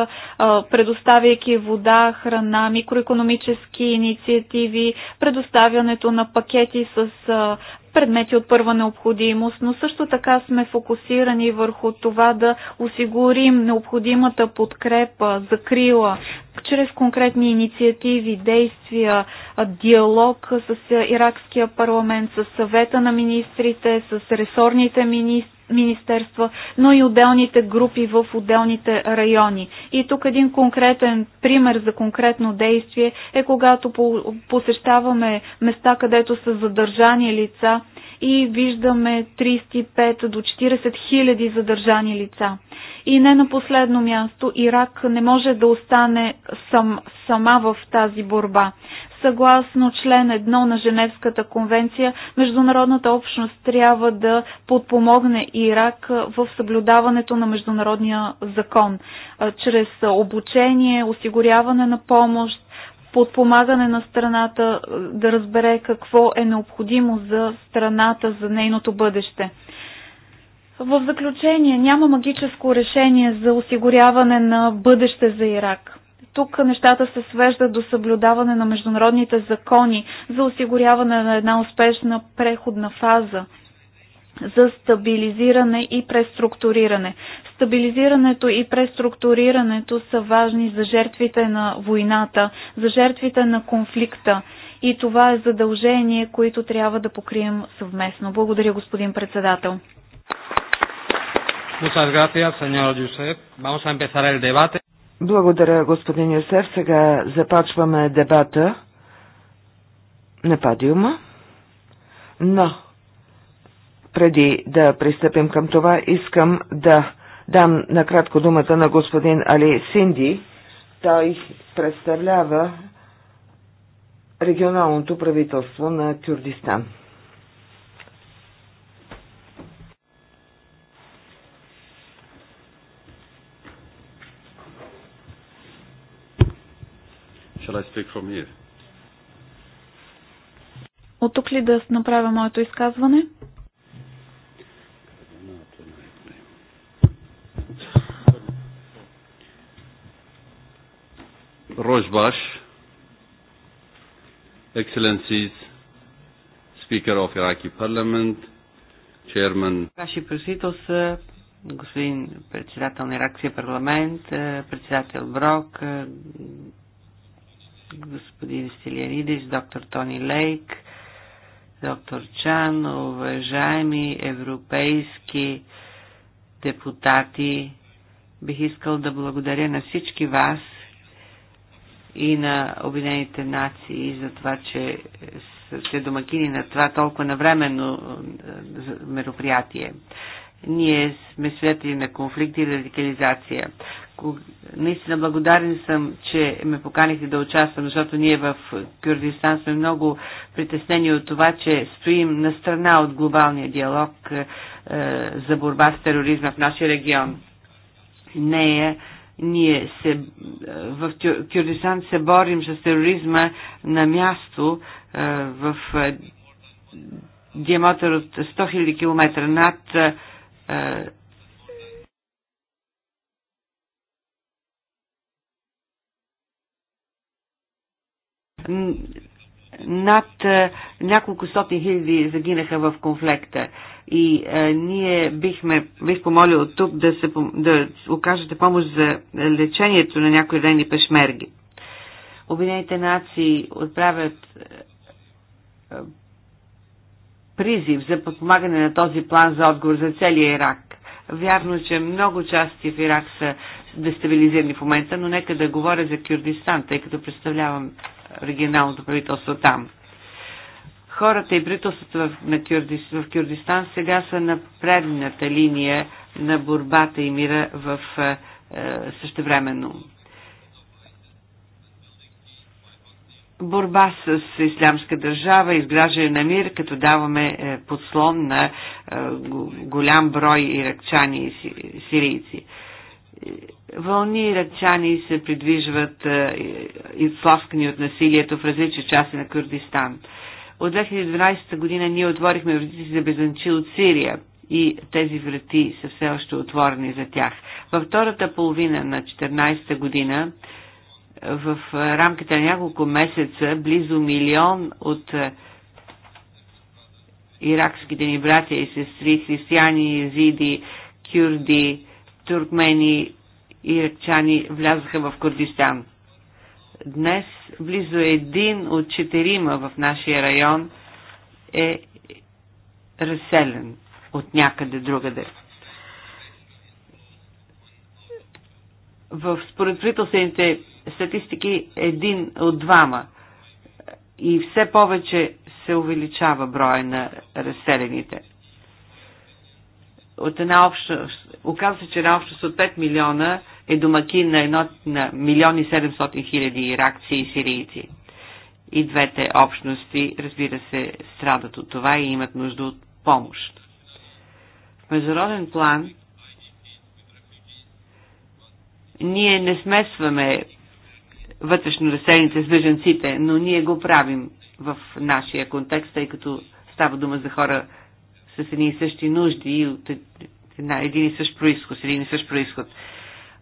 предоставяйки вода, храна, микроекономически инициативи, предоставянето на пакети с предмети от първа необходимост, но също така сме фокусирани върху това да осигурим необходимата подкрепа, закрила, чрез конкретни инициативи, действия, диалог с иракския парламент, с съвета на министрите, с ресорните министри министерства, но и отделните групи в отделните райони. И тук един конкретен пример за конкретно действие е когато посещаваме места, където са задържани лица и виждаме 35 до 40 хиляди задържани лица. И не на последно място, Ирак не може да остане сам, сама в тази борба. Съгласно член 1 на Женевската конвенция, международната общност трябва да подпомогне Ирак в съблюдаването на международния закон, чрез обучение, осигуряване на помощ, подпомагане на страната да разбере какво е необходимо за страната, за нейното бъдеще. В заключение, няма магическо решение за осигуряване на бъдеще за Ирак тук нещата се свеждат до съблюдаване на международните закони за осигуряване на една успешна преходна фаза за стабилизиране и преструктуриране. Стабилизирането и преструктурирането са важни за жертвите на войната, за жертвите на конфликта и това е задължение, което трябва да покрием съвместно. Благодаря, господин председател. Muchas gracias, señor Josep. Vamos a empezar el debate. Благодаря, господин Йосеф. Сега започваме дебата на падиума. Но, преди да пристъпим към това, искам да дам накратко думата на господин Али Синди. Той представлява регионалното правителство на Кюрдистан. Shall I speak from here? От тук ли да направя моето изказване? Рожбаш, Excellencies, Speaker of Iraqi Parliament, Chairman. Ваши правителства, господин председател на Иракския парламент, председател Брок, господин Стилианидис, доктор Тони Лейк, доктор Чан, уважаеми европейски депутати, бих искал да благодаря на всички вас и на Обединените нации за това, че сте домакини на това толкова навременно е, мероприятие. Ние сме свети на конфликт и радикализация наистина благодарен съм, че ме поканихте да участвам, защото ние в Кюрдистан сме много притеснени от това, че стоим на страна от глобалния диалог е, за борба с тероризма в нашия регион. е. ние се, е, в Кюрдистан се борим с тероризма на място е, в диаметър от 100 000 км над Над е, няколко стотин хиляди загинаха в конфликта и а, е, ние бихме, бих помолил от тук да, се, да окажете помощ за лечението на някои дени пешмерги. Обединените нации отправят а, е, призив за подпомагане на този план за отговор за целия Ирак. Вярно, че много части в Ирак са дестабилизирани в момента, но нека да говоря за Кюрдистан, тъй като представлявам регионалното правителство там. Хората и правителството в, на Кюрдис, в Кюрдистан сега са на предната линия на борбата и мира в е, е същевременно. борба с ислямска държава, изграждане на мир, като даваме е, подслон на е, голям брой иракчани и сирийци. Вълни ръчани се придвижват е, и сласкани от насилието в различни части на Курдистан. От 2012 година ние отворихме вратите за Безанчи от Сирия и тези врати са все още отворени за тях. Във втората половина на 2014 година в е, рамките на няколко месеца близо милион от е, иракските ни братя и сестри, християни, езиди, кюрди, туркмени иракчани влязаха в Курдистан. Днес близо един от четирима в нашия район е разселен от някъде другаде. В според правителствените статистики един от двама и все повече се увеличава броя на разселените от една обща, оказва се, че една общност от 5 милиона е домакин на, едно, на милион и 700 хиляди иракци и сирийци. И двете общности, разбира се, страдат от това и имат нужда от помощ. В международен план ние не смесваме вътрешно разселените с беженците, но ние го правим в нашия контекст, тъй като става дума за хора с едни и същи нужди от една, един и същ происход, един и същ происход.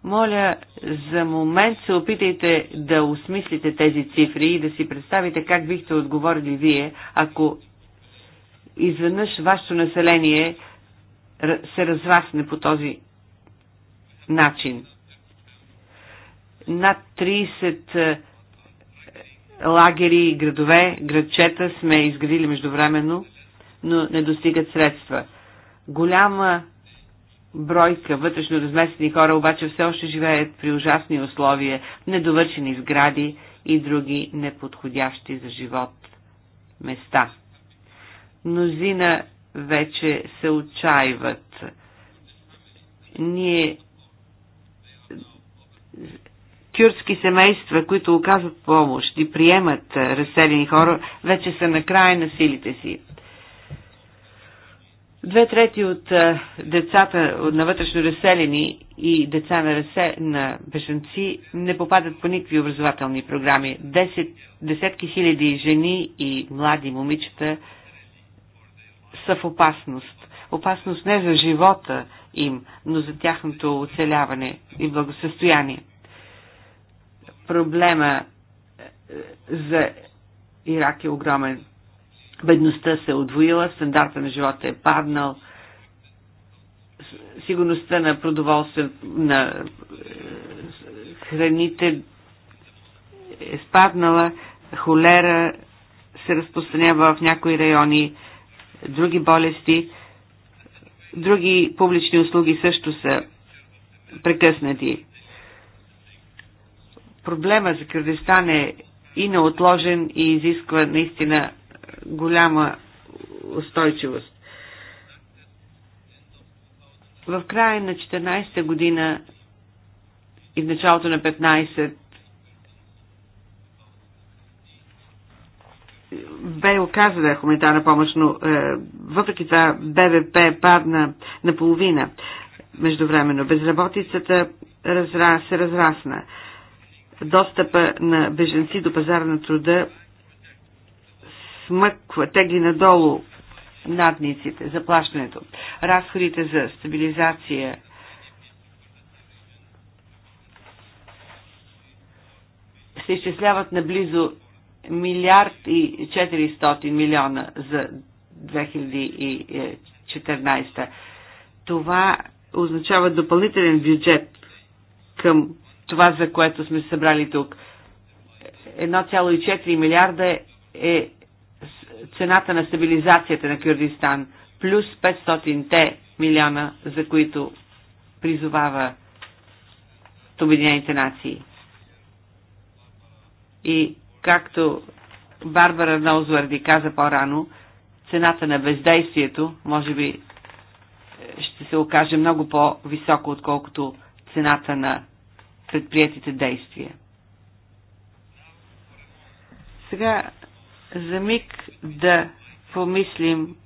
Моля, за момент се опитайте да осмислите тези цифри и да си представите как бихте отговорили вие, ако изведнъж вашето население се развасне по този начин. Над 30 е, лагери, градове, градчета сме изградили междувременно – но не достигат средства. Голяма бройка вътрешно разместени хора обаче все още живеят при ужасни условия, недовършени сгради и други неподходящи за живот места. Мнозина вече се отчаиват. Ние кюртски семейства, които оказват помощ и приемат разселени хора, вече са на края на силите си. Две трети от е, децата на вътрешно разселени и деца на, разсе, на бежанци не попадат по никакви образователни програми. Десет, десетки хиляди жени и млади момичета са в опасност. Опасност не за живота им, но за тяхното оцеляване и благосъстояние. Проблема е, за Ирак е огромен бедността се е отвоила, стандарта на живота е паднал, сигурността на продоволствие, на е, храните е спаднала, холера се разпространява в някои райони, други болести, други публични услуги също са прекъснати. Проблема за кърдистан е и неотложен и изисква наистина голяма устойчивост. В края на 14-та година и в началото на 15 бе оказана хуманитарна помощ, но е, въпреки това БВП падна наполовина междувременно. Безработицата разра, се разрасна. Достъпа на беженци до пазара на труда смъква, тегли надолу надниците, заплащането, разходите за стабилизация, се изчисляват на близо милиард и 400 милиона за 2014. Това означава допълнителен бюджет към това, за което сме събрали тук. 1,4 милиарда е цената на стабилизацията на Кюрдистан, плюс 500-те милиона, за които призовава Обединените нации. И както Барбара Нолзвърди каза по-рано, цената на бездействието, може би, е, ще се окаже много по-високо, отколкото цената на предприятите действия. Сега за миг да помислим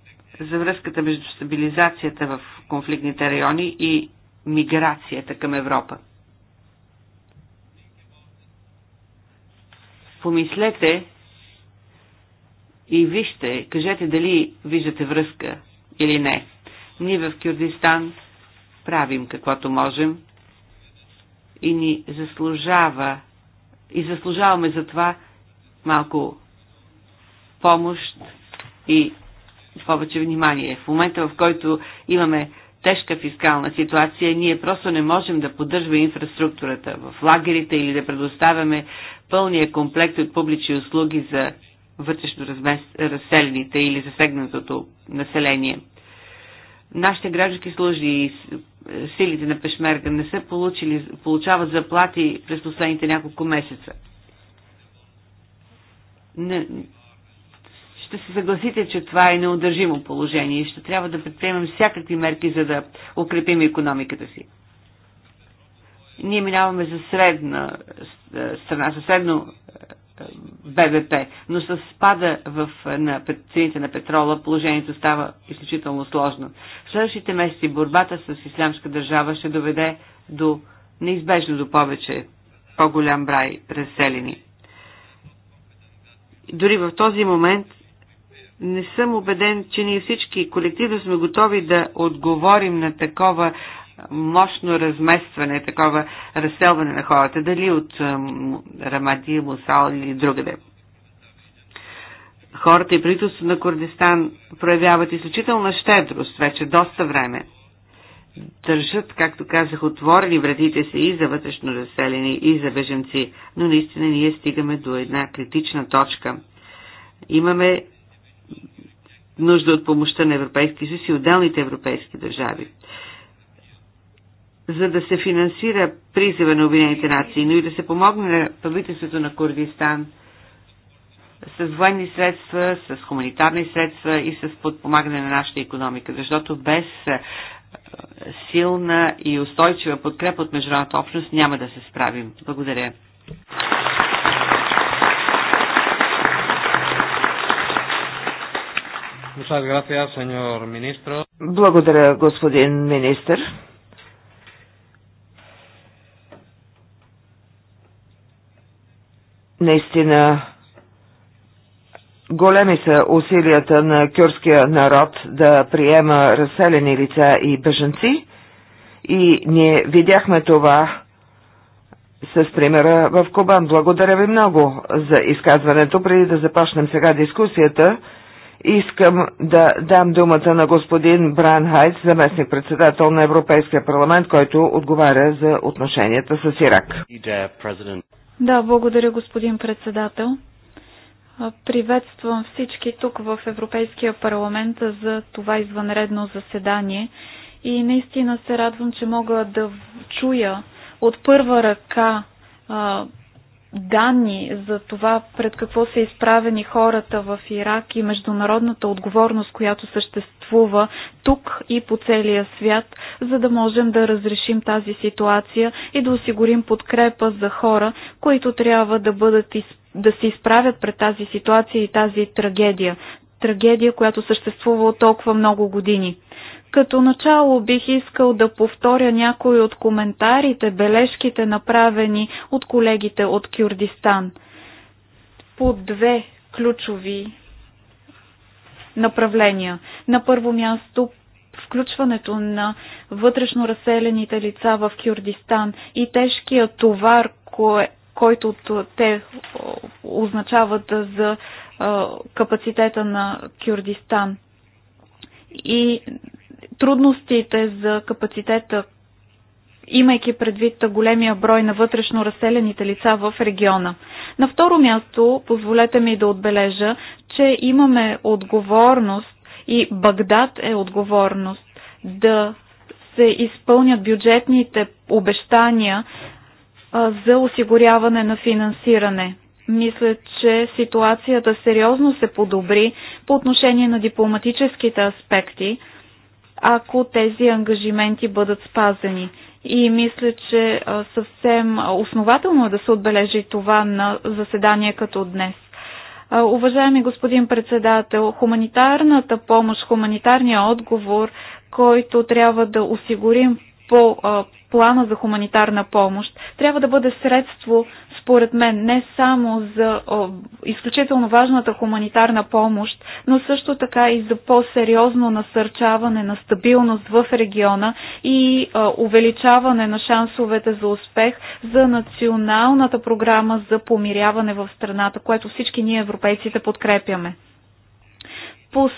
за връзката между стабилизацията в конфликтните райони и миграцията към Европа. Помислете и вижте, кажете дали виждате връзка или не. Ние в Кюрдистан правим каквото можем и ни заслужава и заслужаваме за това малко помощ и повече внимание. В момента, в който имаме тежка фискална ситуация, ние просто не можем да поддържаме инфраструктурата в лагерите или да предоставяме пълния комплект от публични услуги за вътрешно разселените или засегнатото население. Нашите граждански служби и силите на пешмерга не са получили, получават заплати през последните няколко месеца. Не, ще се съгласите, че това е неудържимо положение и ще трябва да предприемем всякакви мерки, за да укрепим економиката си. Ние минаваме за средна е, страна, за средно е, БВП, но с спада в, на цените на петрола положението става изключително сложно. В следващите месеци борбата с ислямска държава ще доведе до неизбежно до повече по-голям брай преселени. Дори в този момент не съм убеден, че ние всички колективно сме готови да отговорим на такова мощно разместване, такова разселване на хората, дали от Рамади, Мусал или другаде. Хората и правителството на Курдистан проявяват изключителна щедрост вече доста време. Държат, както казах, отворени вратите се и за вътрешно разселени, и за беженци, но наистина ние стигаме до една критична точка. Имаме нужда от помощта на Европейския съюз и отделните европейски държави. За да се финансира призива на Обединените нации, но и да се помогне на правителството на Курдистан с военни средства, с хуманитарни средства и с подпомагане на нашата економика, защото без е, силна и устойчива подкрепа от международната общност няма да се справим. Благодаря. Благодаря, господин министр. Наистина, големи са усилията на кюрския народ да приема разселени лица и бежанци и ние видяхме това с примера в Кобан. Благодаря ви много за изказването. Преди да започнем сега дискусията, Искам да дам думата на господин Бран Хайт, заместник председател на Европейския парламент, който отговаря за отношенията с Ирак. Да, благодаря господин председател. Приветствам всички тук в Европейския парламент за това извънредно заседание и наистина се радвам, че мога да чуя от първа ръка данни за това пред какво са изправени хората в Ирак и международната отговорност, която съществува тук и по целия свят, за да можем да разрешим тази ситуация и да осигурим подкрепа за хора, които трябва да, бъдат, да се изправят пред тази ситуация и тази трагедия. Трагедия, която съществува от толкова много години. Като начало бих искал да повторя някои от коментарите, бележките направени от колегите от Кюрдистан. По две ключови направления. На първо място включването на вътрешно разселените лица в Кюрдистан и тежкия товар, кое, който те означават за капацитета на Кюрдистан. И трудностите за капацитета, имайки предвид големия брой на вътрешно разселените лица в региона. На второ място, позволете ми да отбележа, че имаме отговорност и Багдад е отговорност да се изпълнят бюджетните обещания за осигуряване на финансиране. Мисля, че ситуацията сериозно се подобри по отношение на дипломатическите аспекти ако тези ангажименти бъдат спазени. И мисля, че съвсем основателно е да се отбележи това на заседание като днес. Уважаеми господин председател, хуманитарната помощ, хуманитарния отговор, който трябва да осигурим по плана за хуманитарна помощ, трябва да бъде средство според мен, не само за изключително важната хуманитарна помощ, но също така и за по-сериозно насърчаване на стабилност в региона и увеличаване на шансовете за успех за националната програма за помиряване в страната, което всички ние европейците подкрепяме. По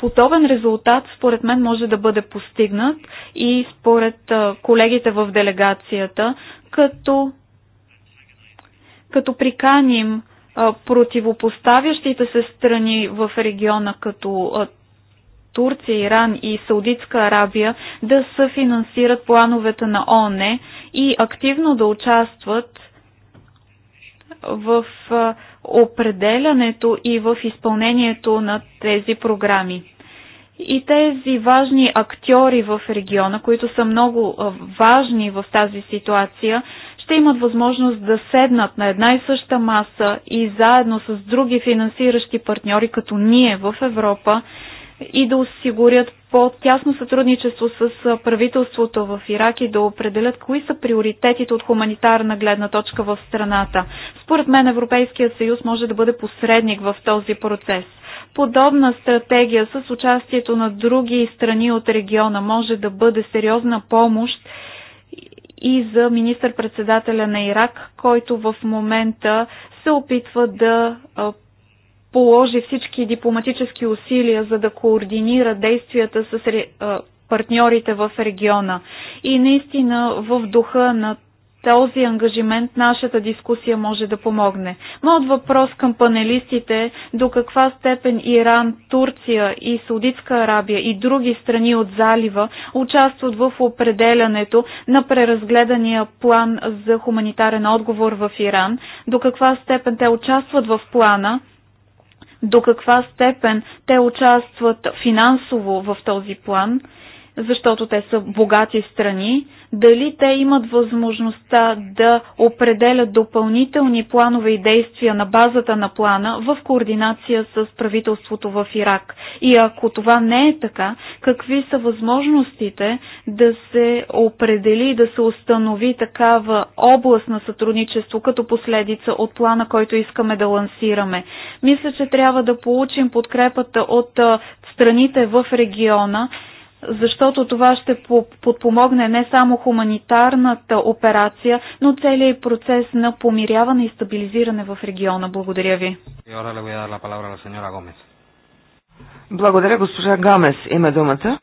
подобен резултат според мен може да бъде постигнат и според колегите в делегацията, като като приканим противопоставящите се страни в региона като Турция, Иран и Саудитска Арабия да съфинансират плановете на ООН и активно да участват в определянето и в изпълнението на тези програми. И тези важни актьори в региона, които са много важни в тази ситуация, ще имат възможност да седнат на една и съща маса и заедно с други финансиращи партньори, като ние в Европа, и да осигурят по-тясно сътрудничество с правителството в Ирак и да определят кои са приоритетите от хуманитарна гледна точка в страната. Според мен Европейския съюз може да бъде посредник в този процес. Подобна стратегия с участието на други страни от региона може да бъде сериозна помощ и за министър-председателя на Ирак, който в момента се опитва да положи всички дипломатически усилия, за да координира действията с партньорите в региона. И наистина в духа на този ангажимент нашата дискусия може да помогне. Моят въпрос към панелистите до каква степен Иран, Турция и Саудитска Арабия и други страни от залива участват в определянето на преразгледания план за хуманитарен отговор в Иран, до каква степен те участват в плана, до каква степен те участват финансово в този план – защото те са богати страни, дали те имат възможността да определят допълнителни планове и действия на базата на плана в координация с правителството в Ирак. И ако това не е така, какви са възможностите да се определи, да се установи такава област на сътрудничество като последица от плана, който искаме да лансираме? Мисля, че трябва да получим подкрепата от страните в региона защото това ще подпомогне не само хуманитарната операция, но целият процес на помиряване и стабилизиране в региона. Благодаря ви. Благодаря, госпожа Гамес. Има думата.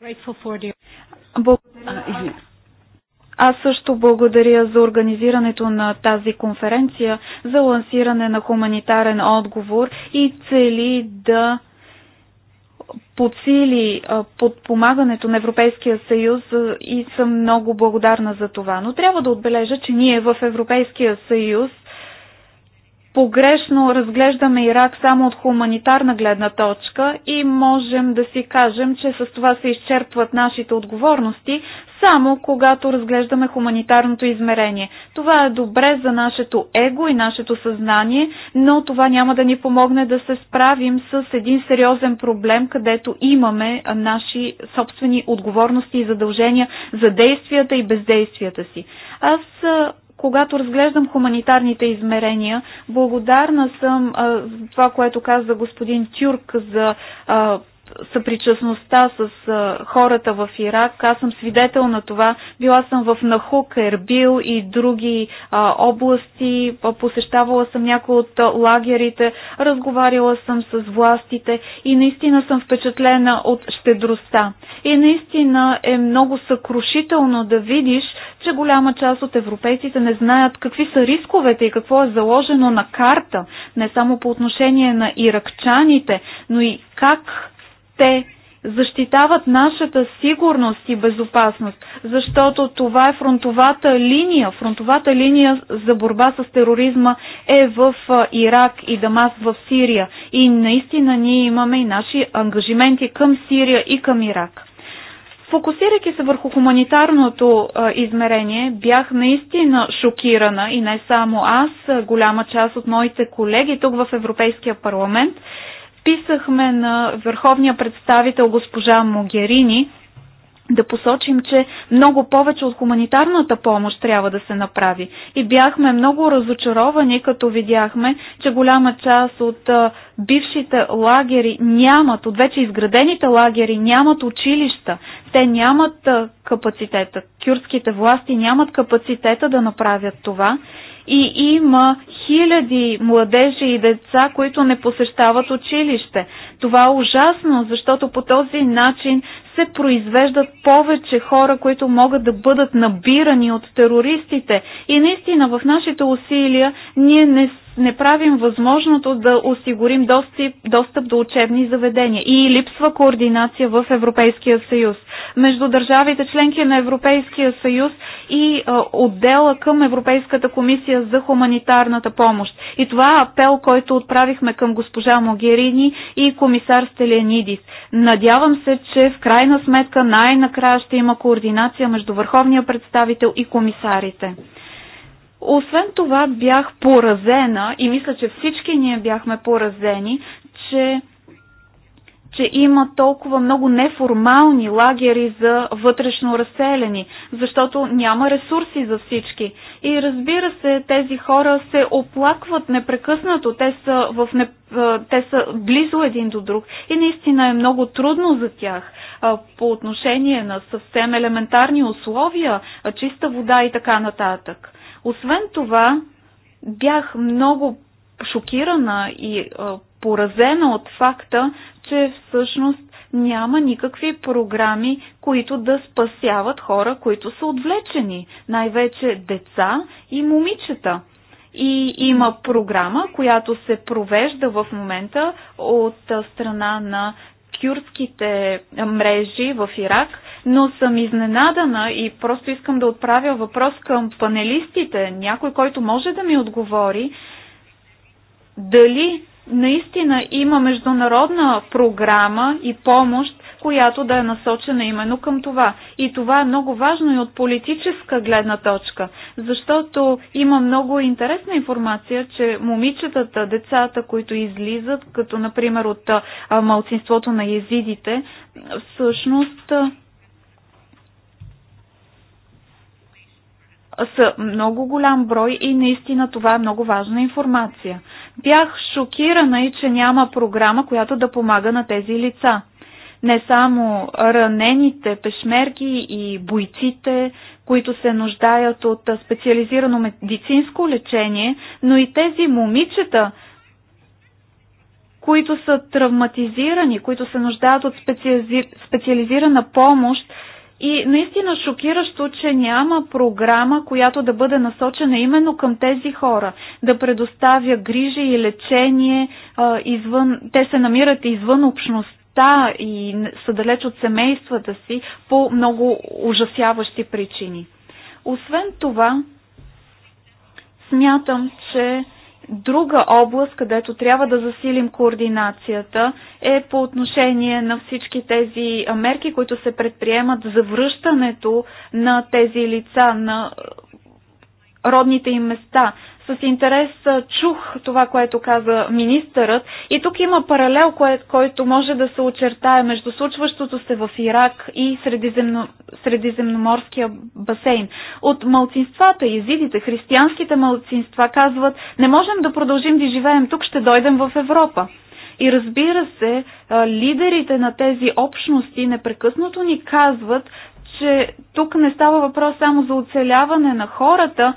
Аз също благодаря за организирането на тази конференция, за лансиране на хуманитарен отговор и цели да подсили подпомагането на Европейския съюз и съм много благодарна за това. Но трябва да отбележа, че ние в Европейския съюз погрешно разглеждаме Ирак само от хуманитарна гледна точка и можем да си кажем, че с това се изчерпват нашите отговорности, само когато разглеждаме хуманитарното измерение. Това е добре за нашето его и нашето съзнание, но това няма да ни помогне да се справим с един сериозен проблем, където имаме наши собствени отговорности и задължения за действията и бездействията си. Аз когато разглеждам хуманитарните измерения, благодарна съм а, за това, което каза господин Тюрк за а, съпричастността с а, хората в Ирак. Аз съм свидетел на това. Била съм в Нахук, Ербил и други а, области. Посещавала съм някои от лагерите. Разговаряла съм с властите и наистина съм впечатлена от щедростта. И наистина е много съкрушително да видиш, че голяма част от европейците не знаят какви са рисковете и какво е заложено на карта, не само по отношение на иракчаните, но и как те защитават нашата сигурност и безопасност, защото това е фронтовата линия. Фронтовата линия за борба с тероризма е в Ирак и Дамас в Сирия. И наистина ние имаме и наши ангажименти към Сирия и към Ирак. Фокусирайки се върху хуманитарното а, измерение, бях наистина шокирана и не само аз, голяма част от моите колеги тук в Европейския парламент, писахме на върховния представител госпожа Могерини, да посочим, че много повече от хуманитарната помощ трябва да се направи. И бяхме много разочаровани, като видяхме, че голяма част от бившите лагери нямат, от вече изградените лагери нямат училища. Те нямат капацитета. Кюрските власти нямат капацитета да направят това и има хиляди младежи и деца, които не посещават училище. Това е ужасно, защото по този начин се произвеждат повече хора, които могат да бъдат набирани от терористите. И наистина в нашите усилия ние не не правим възможното да осигурим достъп, достъп до учебни заведения и липсва координация в Европейския съюз. Между държавите членки на Европейския съюз и а, отдела към Европейската комисия за хуманитарната помощ. И това е апел, който отправихме към госпожа Могерини и комисар Стеленидис. Надявам се, че в крайна сметка най-накрая ще има координация между върховния представител и комисарите. Освен това бях поразена и мисля, че всички ние бяхме поразени, че че има толкова много неформални лагери за вътрешно разселени, защото няма ресурси за всички. И разбира се, тези хора се оплакват непрекъснато, те са, в не... те са близо един до друг и наистина е много трудно за тях по отношение на съвсем елементарни условия, чиста вода и така нататък. Освен това, бях много шокирана и е, поразена от факта, че всъщност няма никакви програми, които да спасяват хора, които са отвлечени, най-вече деца и момичета. И има програма, която се провежда в момента от страна на кюрските мрежи в Ирак но съм изненадана и просто искам да отправя въпрос към панелистите, някой, който може да ми отговори, дали наистина има международна програма и помощ, която да е насочена именно към това. И това е много важно и от политическа гледна точка, защото има много интересна информация, че момичетата, децата, които излизат, като например от малцинството на езидите, всъщност са много голям брой и наистина това е много важна информация. Бях шокирана и, че няма програма, която да помага на тези лица. Не само ранените пешмерки и бойците, които се нуждаят от специализирано медицинско лечение, но и тези момичета, които са травматизирани, които се нуждаят от специализирана помощ и наистина шокиращо, че няма програма, която да бъде насочена именно към тези хора, да предоставя грижи и лечение а, извън, те се намират извън общността и са далеч от семействата си по много ужасяващи причини. Освен това, смятам, че Друга област, където трябва да засилим координацията е по отношение на всички тези мерки, които се предприемат за връщането на тези лица на родните им места с интерес чух това, което каза министърът. И тук има паралел, който може да се очертае между случващото се в Ирак и средиземно, Средиземноморския басейн. От малцинствата, езидите, християнските малцинства казват, не можем да продължим да живеем тук, ще дойдем в Европа. И разбира се, лидерите на тези общности непрекъснато ни казват, че тук не става въпрос само за оцеляване на хората,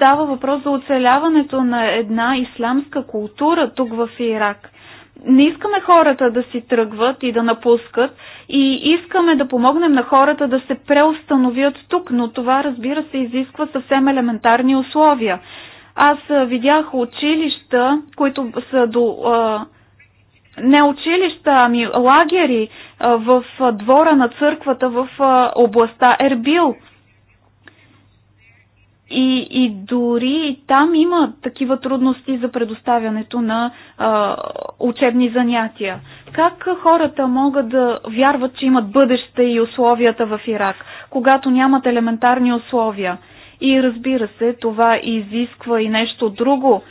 Става въпрос за оцеляването на една ислямска култура тук в Ирак. Не искаме хората да си тръгват и да напускат и искаме да помогнем на хората да се преустановят тук, но това разбира се изисква съвсем елементарни условия. Аз видях училища, които са до не училища, ами лагери в двора на църквата в областта Ербил. И, и дори там има такива трудности за предоставянето на а, учебни занятия. Как хората могат да вярват, че имат бъдеще и условията в Ирак, когато нямат елементарни условия? И разбира се, това изисква и нещо друго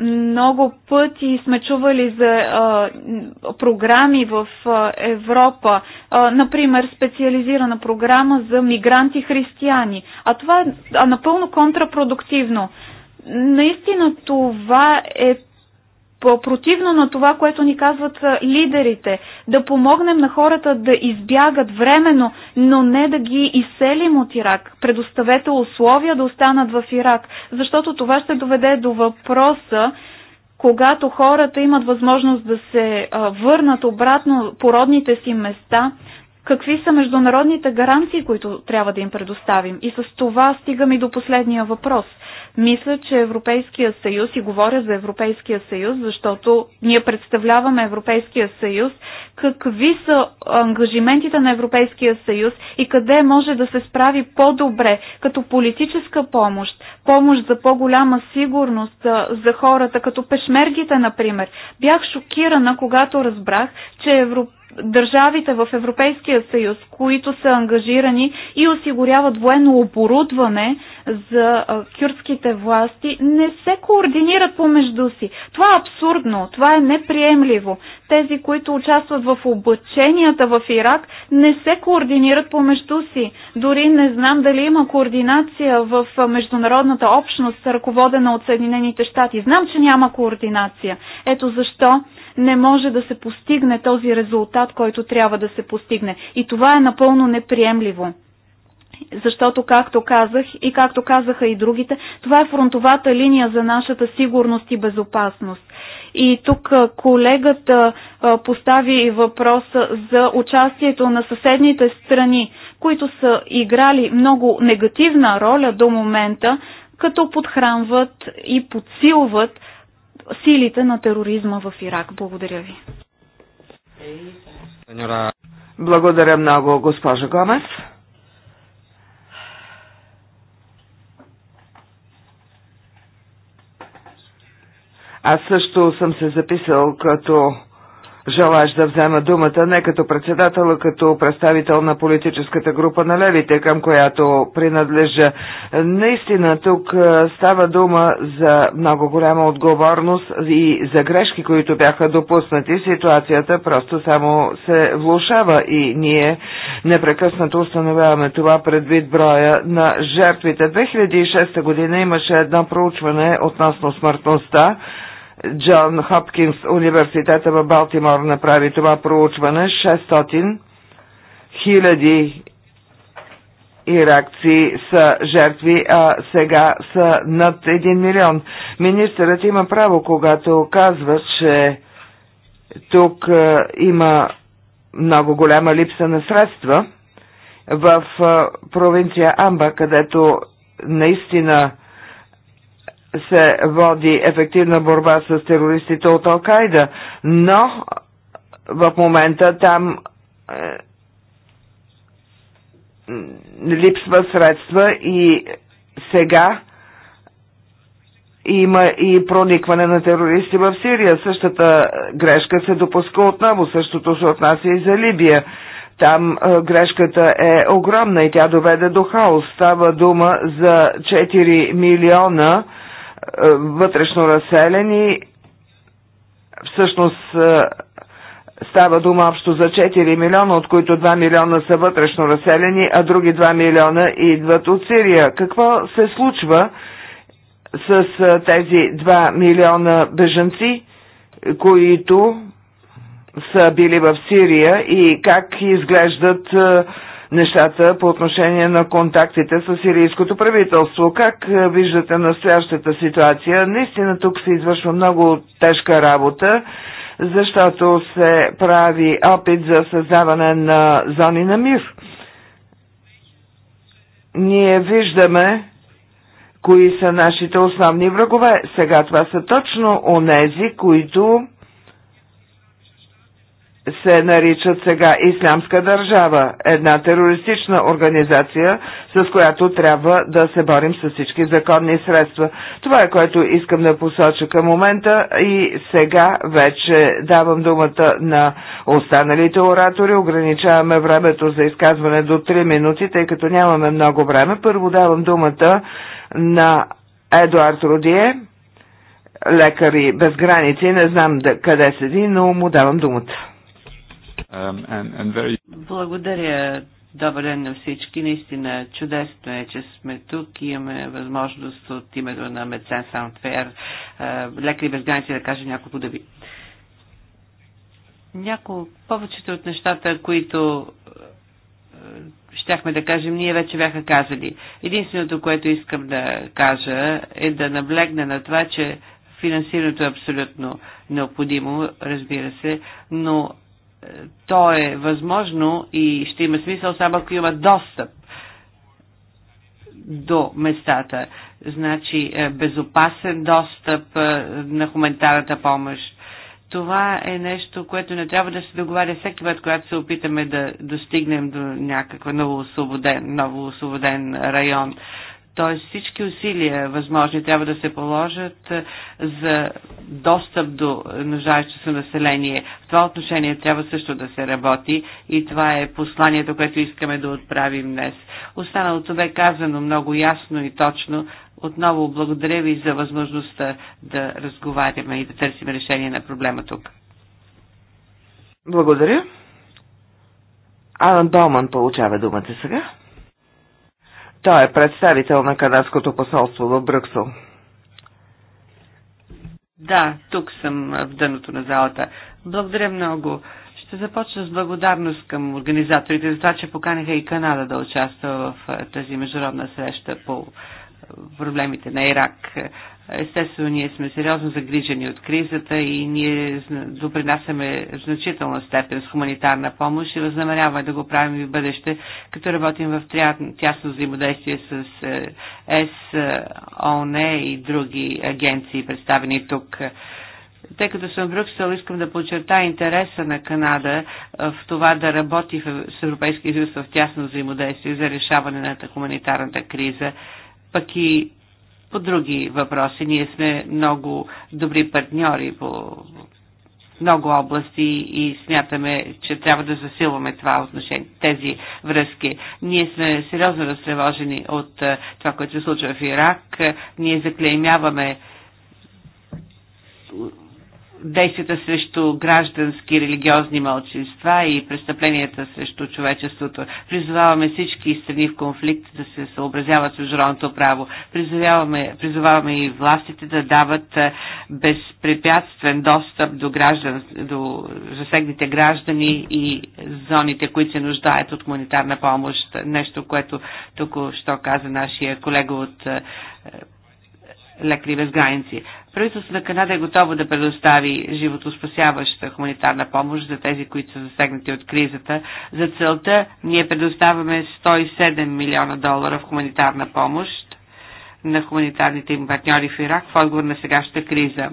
много пъти сме чували за програми в Европа, например специализирана програма за мигранти християни. А това е напълно контрапродуктивно. Наистина това е противно на това, което ни казват лидерите, да помогнем на хората да избягат временно, но не да ги изселим от Ирак. Предоставете условия да останат в Ирак, защото това ще доведе до въпроса, когато хората имат възможност да се върнат обратно по родните си места – какви са международните гаранции, които трябва да им предоставим. И с това стигам и до последния въпрос. Мисля, че Европейския съюз, и говоря за Европейския съюз, защото ние представляваме Европейския съюз, какви са ангажиментите на Европейския съюз и къде може да се справи по-добре, като политическа помощ, помощ за по-голяма сигурност за хората, като пешмергите, например. Бях шокирана, когато разбрах, че Европейския държавите в Европейския съюз, които са ангажирани и осигуряват военно оборудване за кюрдските власти, не се координират помежду си. Това е абсурдно, това е неприемливо. Тези, които участват в обученията в Ирак, не се координират помежду си. Дори не знам дали има координация в международната общност, ръководена от Съединените щати. Знам, че няма координация. Ето защо не може да се постигне този резултат, който трябва да се постигне. И това е напълно неприемливо. Защото, както казах и както казаха и другите, това е фронтовата линия за нашата сигурност и безопасност. И тук колегата постави въпроса за участието на съседните страни, които са играли много негативна роля до момента, като подхранват и подсилват силите на тероризма в Ирак. Благодаря ви. Благодаря много, госпожа Гомес. Аз също съм се записал като желаеш да взема думата не като председател, а като представител на политическата група на левите, към която принадлежа. Наистина тук е, става дума за много голяма отговорност и за грешки, които бяха допуснати. Ситуацията просто само се влушава и ние непрекъснато установяваме това предвид броя на жертвите. 2006 година имаше едно проучване относно смъртността Джон Хопкинс университета в Балтимор направи това проучване. 600 хиляди иракци са жертви, а сега са над 1 милион. Министърът има право, когато казва, че тук е, има много голяма липса на средства в е, провинция Амба, където наистина се води ефективна борба с терористите от Алкайда, но в момента там е, липсва средства и сега има и проникване на терористи в Сирия. Същата грешка се допуска отново. Същото се отнася и за Либия. Там е, грешката е огромна и тя доведе до хаос. Става дума за 4 милиона е, вътрешно разселени. Всъщност е, става дума общо за 4 милиона, от които 2 милиона са вътрешно разселени, а други 2 милиона идват от Сирия. Какво се случва с е, тези 2 милиона бежанци, които са били в Сирия и как изглеждат нещата по отношение на контактите с сирийското правителство. Как е, виждате настоящата ситуация? Наистина тук се извършва много тежка работа, защото се прави опит за създаване на зони на мир. Ние виждаме кои са нашите основни врагове. Сега това са точно онези, които се наричат сега Ислямска държава, една терористична организация, с която трябва да се борим с всички законни средства. Това е което искам да посоча към момента и сега вече давам думата на останалите оратори. Ограничаваме времето за изказване до 3 минути, тъй като нямаме много време. Първо давам думата на Едуард Родие, лекари без граници, не знам да, къде седи, но му давам думата. Um, and, and very... Благодаря. Добър ден на всички. Наистина чудесно е, че сме тук и имаме възможност от името на Медсен Сантфер, лекари без граници, да кажа няколко думи. Няколко, повечето от нещата, които щяхме да кажем, ние вече бяха казали. Единственото, което искам да кажа е да наблегна на това, че финансирането е абсолютно необходимо, разбира се, но то е възможно и ще има смисъл само ако има достъп до местата. Значи е, безопасен достъп е, на хуманитарната помощ. Това е нещо, което не трябва да се договаря всеки път, когато се опитаме да достигнем до някаква ново освободен район. Т.е. всички усилия възможни трябва да се положат е, за достъп до нуждаещо се население. В това отношение трябва също да се работи и това е посланието, което искаме да отправим днес. Останалото бе казано много ясно и точно. Отново благодаря ви за възможността да разговаряме и да търсим решение на проблема тук. Благодаря. Алан Долман получава думата сега. Той е представител на Канадското посолство в Брюксел. Да, тук съм в дъното на залата. Благодаря много. Ще започна с благодарност към организаторите за това, че поканиха и Канада да участва в тази международна среща по проблемите на Ирак. Естествено, ние сме сериозно загрижени от кризата и ние допринасяме в значителна степен с хуманитарна помощ и възнамеряваме да го правим и в бъдеще, като работим в тясно взаимодействие с ЕС, ООН и други агенции, представени тук. Тъй като съм в Брюксел, искам да подчертая интереса на Канада е, в това да работи с Европейския съюз в тясно взаимодействие за решаване на хуманитарната криза, пък и по други въпроси. Ние сме много добри партньори по много области и смятаме, че трябва да засилваме това отношение, тези връзки. Ние сме сериозно разтревожени от това, което се случва в Ирак. Ние заклеймяваме действията срещу граждански религиозни мълчинства и престъпленията срещу човечеството. Призоваваме всички страни в конфликт да се съобразяват с международното право. Призоваваме, призоваваме и властите да дават е, безпрепятствен достъп до, граждан, до засегните граждани и зоните, които се нуждаят от хуманитарна помощ. Нещо, което тук що каза нашия колега от е, лекари без граници. Правителството на Канада е готово да предостави животоспасяваща хуманитарна помощ за тези, които са засегнати от кризата. За целта ние предоставяме 107 милиона долара в хуманитарна помощ на хуманитарните им партньори в Ирак в отговор на сегашната криза.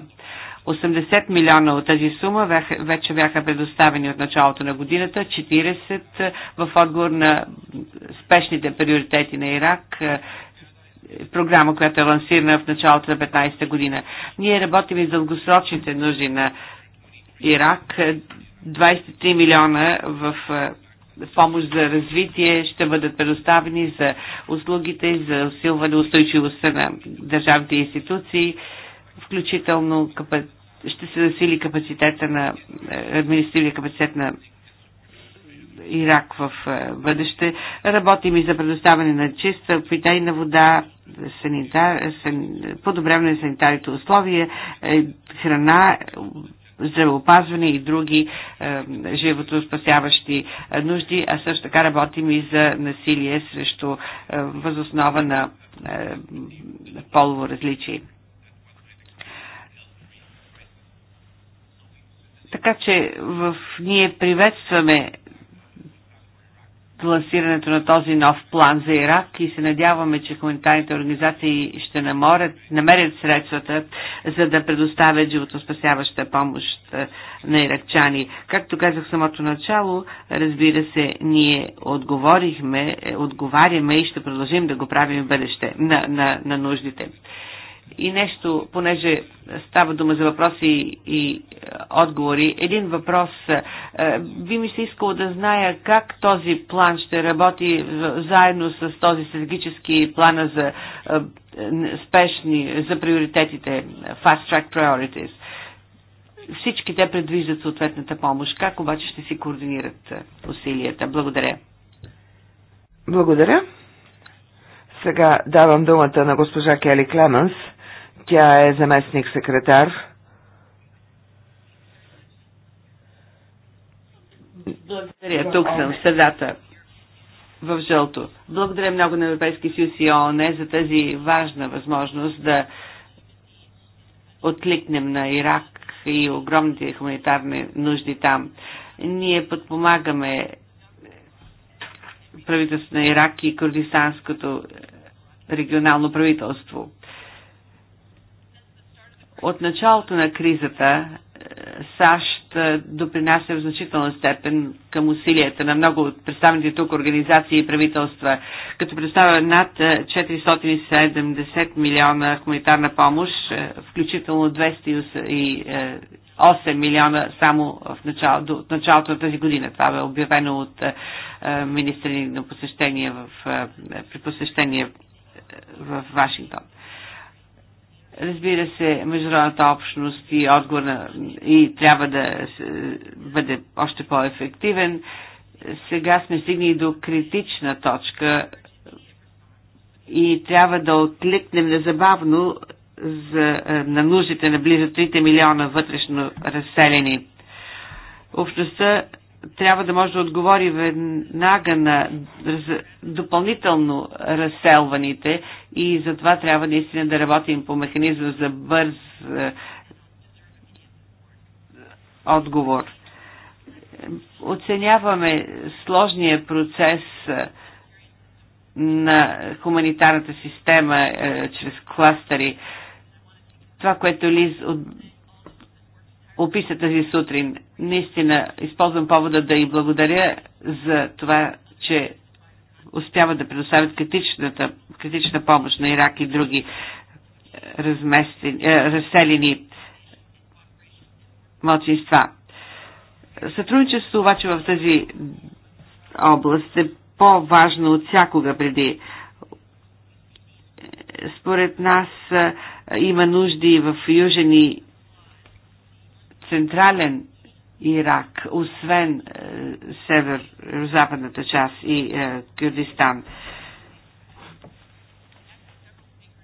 80 милиона от тази сума вече бяха предоставени от началото на годината, 40 в отговор на спешните приоритети на Ирак, програма, която е лансирана в началото на 15-та година. Ние работим и за дългосрочните нужди на Ирак. 23 милиона в помощ за развитие ще бъдат предоставени за услугите, за усилване устойчивостта на държавните институции, включително ще се засили капацитета на административния капацитет на Ирак в е, бъдеще. Работим и за предоставяне на чиста питейна вода, санитар, сан, подобряване на санитарите условия, е, храна, здравеопазване и други е, животоспасяващи е, нужди, а също така работим и за насилие срещу е, възоснова на е, полово различие. Така че в, ние приветстваме лансирането на този нов план за Ирак и се надяваме, че хуманитарните организации ще наморят, намерят средствата, за да предоставят животоспасяваща помощ е, на иракчани. Както казах в самото начало, разбира се, ние отговорихме, е, отговаряме и ще продължим да го правим в бъдеще на, на, на нуждите. И нещо, понеже става дума за въпроси и е, отговори, един въпрос е, би ми се искало да зная как този план ще работи заедно с този стратегически плана за е, спешни, за приоритетите, Fast Track Priorities. Всички те предвиждат съответната помощ. Как обаче ще си координират е, усилията? Благодаря. Благодаря. Сега давам думата на госпожа Кели Клеменс. Тя е заместник секретар Благодаря. Тук съм, в средата, в жълто. Благодаря много на Европейския съюз и ООН за тази важна възможност да откликнем на Ирак и огромните хуманитарни нужди там. Ние подпомагаме правителството на Ирак и Курдистанското регионално правителство. От началото на кризата САЩ допринася в значителна степен към усилията на много от представените тук организации и правителства, като представя над 470 милиона хуманитарна помощ, включително 208 милиона само в началото, от началото на тази година. Това бе обявено от министри на посещение в, при посещение в Вашингтон. Разбира се, международната общност и отговор на, и трябва да бъде още по-ефективен. Сега сме стигнали до критична точка и трябва да откликнем незабавно за, е, на нуждите на близо 3 милиона вътрешно разселени. Общността трябва да може да отговори веднага на допълнително разселваните и затова трябва наистина да работим по механизъм за бърз е, отговор. Оценяваме сложния процес е, на хуманитарната система е, чрез кластери. Това, което Лиз описа тази сутрин. Наистина използвам повода да им благодаря за това, че успяват да предоставят критичната, критична помощ на Ирак и други е, е, разселени младсинства. Сътрудничеството обаче в тази област е по-важно от всякога преди. Според нас е, има нужди в Южен и Централен Ирак, освен е, север-западната част и е, Кюрдистан.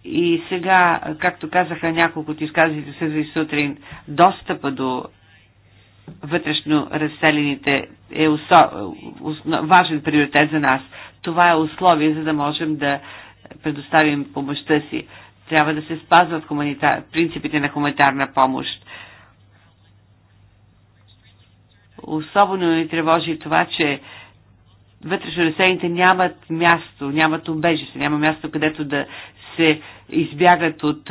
И сега, както казаха няколко от изказите се за сутрин, достъпа до вътрешно разселените е важен приоритет за нас. Това е условие, за да можем да предоставим помощта си. Трябва да се спазват хуманитар... принципите на хуманитарна помощ Особено ни тревожи това, че вътрешно населените нямат място, нямат убежище, няма място, където да се избягат от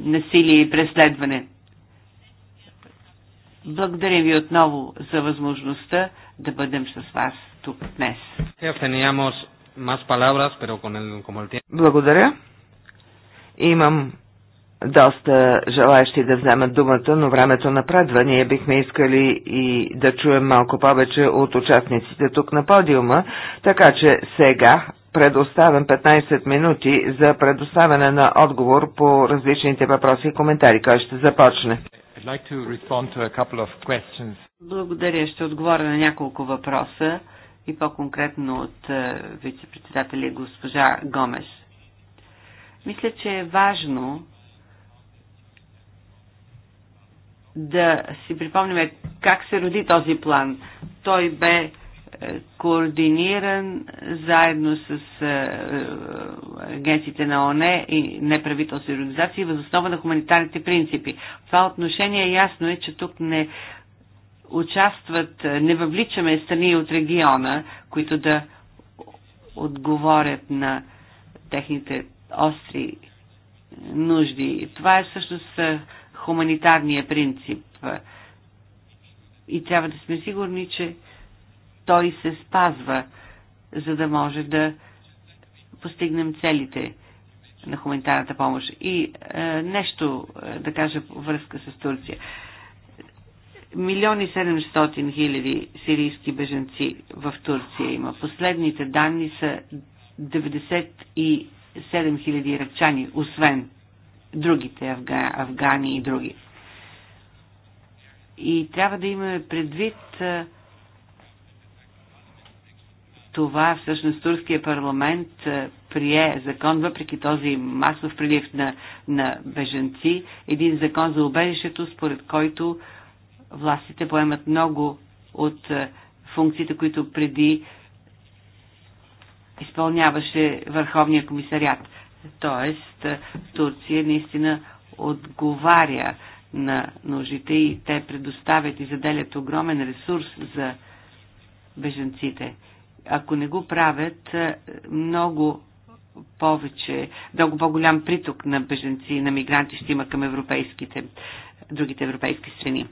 насилие и преследване. Благодарим ви отново за възможността да бъдем с вас тук днес. Благодаря. Имам доста желаящи да вземат думата, но времето напредва. Ние бихме искали и да чуем малко повече от участниците тук на подиума, така че сега предоставям 15 минути за предоставяне на отговор по различните въпроси и коментари. Кой ще започне? Благодаря. Ще отговоря на няколко въпроса и по-конкретно от е, вице-председателя госпожа Гомес. Мисля, че е важно да си припомним как се роди този план. Той бе е, координиран заедно с е, е, агенциите на ОНЕ и неправителствени организации въз основа на хуманитарните принципи. В това отношение ясно е, че тук не участват, не въвличаме страни от региона, които да отговорят на техните остри нужди. Това е всъщност хуманитарния принцип. И трябва да сме сигурни, че той се спазва, за да може да постигнем целите на хуманитарната помощ. И е, нещо е, да кажа връзка с Турция. Милиони 700 хиляди сирийски беженци в Турция има. Последните данни са 97 хиляди ръчани, освен другите афга, афгани и други. И трябва да имаме предвид това всъщност турския парламент прие закон, въпреки този масов прилив на, на беженци, един закон за убежището, според който властите поемат много от функциите, които преди изпълняваше Върховния комисарият. Тоест, е, Турция наистина отговаря на нуждите и те предоставят и заделят огромен ресурс за беженците. Ако не го правят, е, много повече, много по-голям приток на беженци, на мигранти ще има към европейските, другите европейски страни.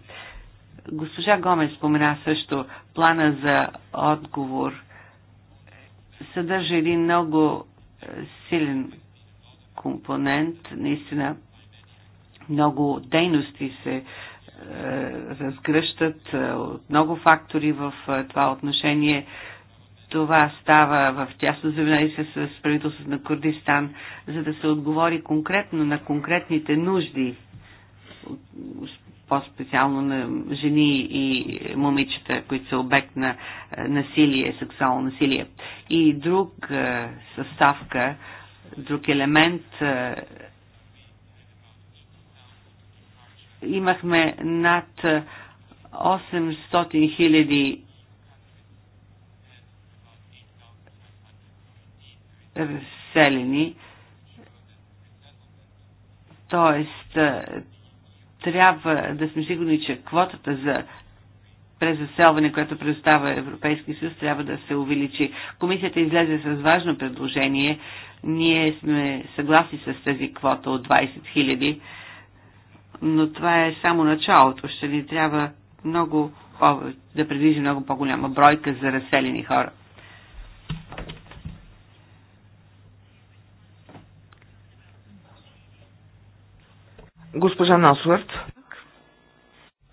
Госпожа Гомес спомена също плана за отговор. Съдържа един много е, силен компонент. Наистина много дейности се е, разгръщат е, от много фактори в е, това отношение. Това става в тясно взаимодействие с правителството на Курдистан, за да се отговори конкретно на конкретните нужди, по-специално на жени и момичета, които са обект на насилие, сексуално насилие. И друг съставка друг елемент. Е, имахме над 800 хиляди разселени, Тоест, е, трябва да сме сигурни, че квотата за презаселване, което предоставя Европейски съюз, трябва да се увеличи. Комисията излезе с важно предложение ние сме съгласни с тази квота от 20 000, но това е само началото. Ще ни трябва много да предвижи много по-голяма бройка за разселени хора. Госпожа Носвърт.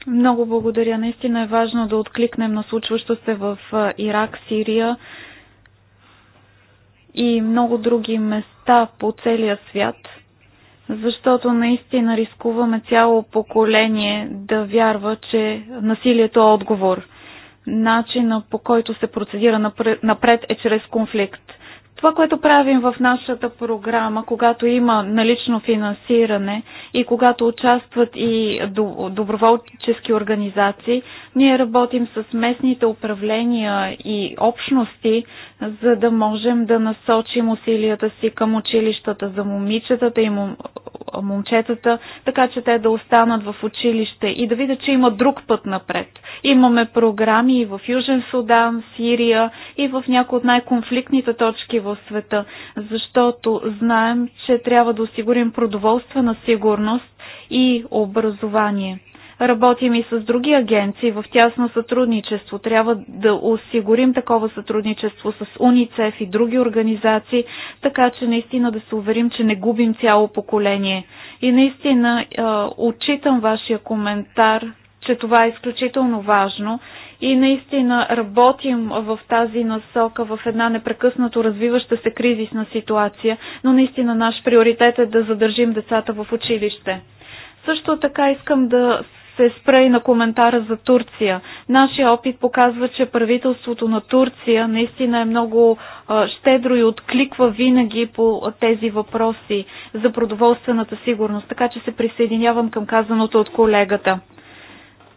Много благодаря. Наистина е важно да откликнем на случващо се в Ирак, Сирия и много други места по целия свят, защото наистина рискуваме цяло поколение да вярва, че насилието е отговор. Начина по който се процедира напред е чрез конфликт. Това, което правим в нашата програма, когато има налично финансиране и когато участват и доброволчески организации, ние работим с местните управления и общности, за да можем да насочим усилията си към училищата за момичетата и момчетата, така че те да останат в училище и да видят, че има друг път напред. Имаме програми и в Южен Судан, Сирия и в някои от най-конфликтните точки в света, защото знаем, че трябва да осигурим продоволствена сигурност и образование. Работим и с други агенции в тясно сътрудничество. Трябва да осигурим такова сътрудничество с УНИЦЕФ и други организации, така че наистина да се уверим, че не губим цяло поколение. И наистина е, отчитам вашия коментар, че това е изключително важно и наистина работим в тази насока, в една непрекъснато развиваща се кризисна ситуация, но наистина наш приоритет е да задържим децата в училище. Също така искам да се спра и на коментара за Турция. Нашия опит показва, че правителството на Турция наистина е много щедро и откликва винаги по тези въпроси за продоволствената сигурност, така че се присъединявам към казаното от колегата.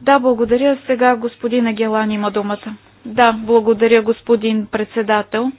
Да, благодаря. Сега господин Агелан има думата. Да, благодаря господин председател.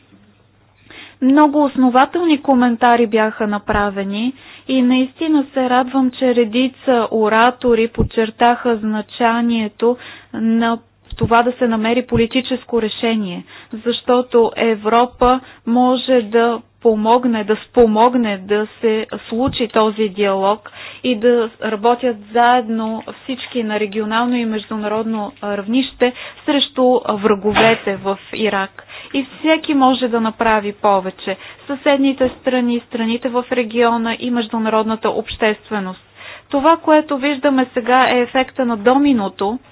Много основателни коментари бяха направени и наистина се радвам, че редица оратори подчертаха значението на това да се намери политическо решение, защото Европа може да помогне, да спомогне да се случи този диалог и да работят заедно всички на регионално и международно равнище срещу враговете в Ирак. И всеки може да направи повече. Съседните страни, страните в региона и международната общественост. Това, което виждаме сега е ефекта на доминото –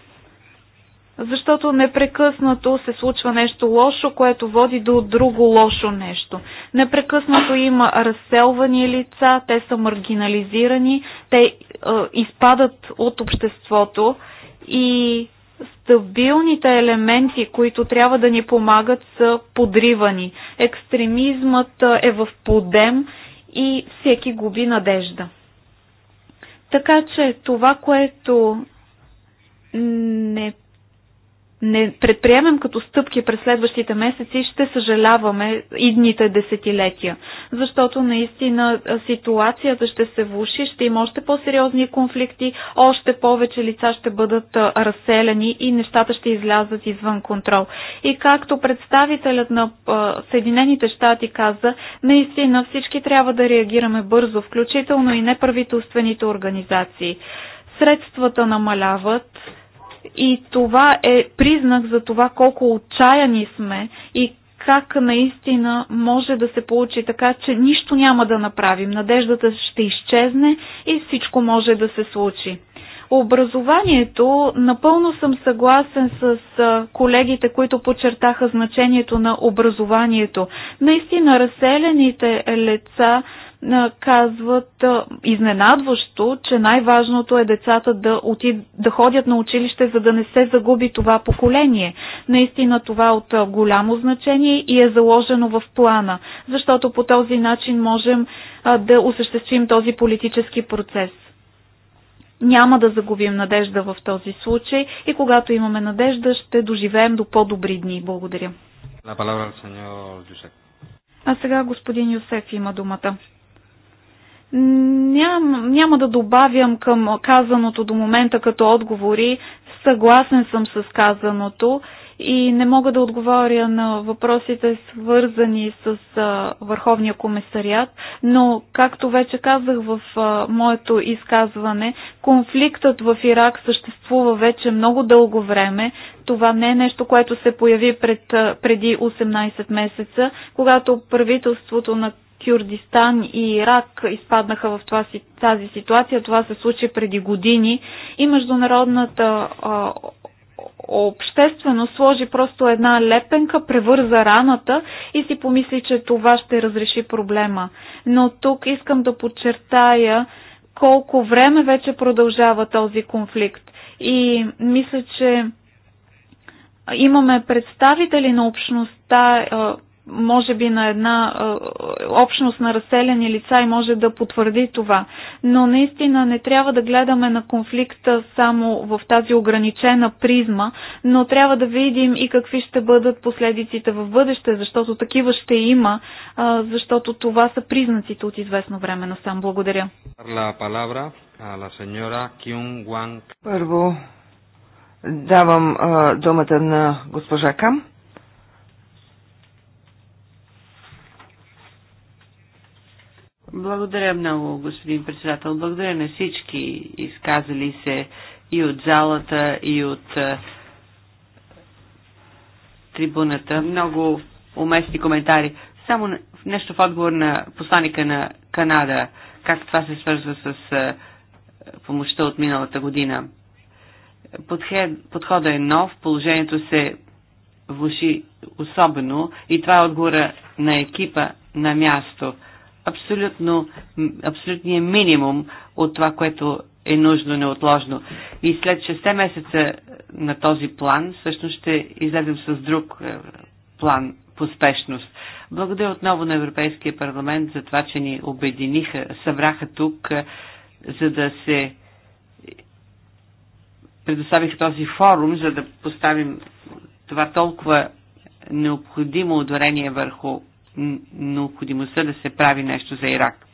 защото непрекъснато се случва нещо лошо, което води до друго лошо нещо. Непрекъснато има разселвани лица, те са маргинализирани, те е, изпадат от обществото и стабилните елементи, които трябва да ни помагат, са подривани. Екстремизмът е, е в подем и всеки губи надежда. Така че това, което не не предприемем като стъпки през следващите месеци, ще съжаляваме идните десетилетия. Защото наистина ситуацията ще се влуши, ще има още по-сериозни конфликти, още повече лица ще бъдат разселени и нещата ще излязат извън контрол. И както представителят на Съединените щати каза, наистина всички трябва да реагираме бързо, включително и неправителствените организации. Средствата намаляват, и това е признак за това колко отчаяни сме и как наистина може да се получи така, че нищо няма да направим. Надеждата ще изчезне и всичко може да се случи. Образованието, напълно съм съгласен с колегите, които подчертаха значението на образованието. Наистина разселените лица казват изненадващо, че най-важното е децата да, оти, да ходят на училище, за да не се загуби това поколение. Наистина това е от голямо значение и е заложено в плана, защото по този начин можем да осъществим този политически процес. Няма да загубим надежда в този случай и когато имаме надежда, ще доживеем до по-добри дни. Благодаря. А сега господин Юсеф има думата. Ням, няма да добавям към казаното до момента като отговори. Съгласен съм с казаното и не мога да отговоря на въпросите свързани с а, Върховния комисариат, но както вече казах в а, моето изказване, конфликтът в Ирак съществува вече много дълго време. Това не е нещо, което се появи пред, преди 18 месеца, когато правителството на Кюрдистан и Ирак изпаднаха в това, тази ситуация. Това се случи преди години и международната а, обществено сложи просто една лепенка, превърза раната и си помисли, че това ще разреши проблема. Но тук искам да подчертая колко време вече продължава този конфликт. И мисля, че имаме представители на общността, може би на една общност на разселени лица и може да потвърди това. Но наистина не трябва да гледаме на конфликта само в тази ограничена призма, но трябва да видим и какви ще бъдат последиците в бъдеще, защото такива ще има, защото това са признаците от известно време на сам. Благодаря. Първо давам думата на госпожа Кам. Благодаря много, господин председател. Благодаря на всички изказали се и от залата, и от е, трибуната. Много уместни коментари. Само нещо в отговор на посланика на Канада, как това се свързва с е, помощта от миналата година. Подходът е нов, положението се влуши особено и това е отговора на екипа на място – абсолютно, абсолютния минимум от това, което е нужно неотложно. И след 6 месеца на този план, всъщност ще излезем с друг е, план по спешност. Благодаря отново на Европейския парламент за това, че ни обединиха, събраха тук, е, за да се предоставих този форум, за да поставим това толкова необходимо ударение върху необходимостта да се прави нещо за Ирак.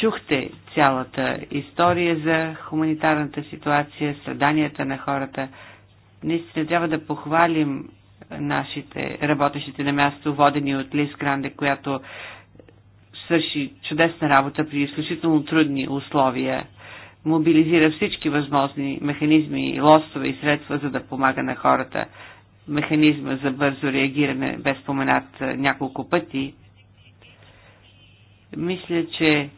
Чухте цялата история за хуманитарната ситуация, страданията на хората. Наистина трябва да похвалим нашите работещите на място, водени от Лис Гранде, която свърши чудесна работа при изключително трудни условия. Мобилизира всички възможни механизми, лостове и средства, за да помага на хората механизма за бързо реагиране без споменат няколко пъти. Мисля, че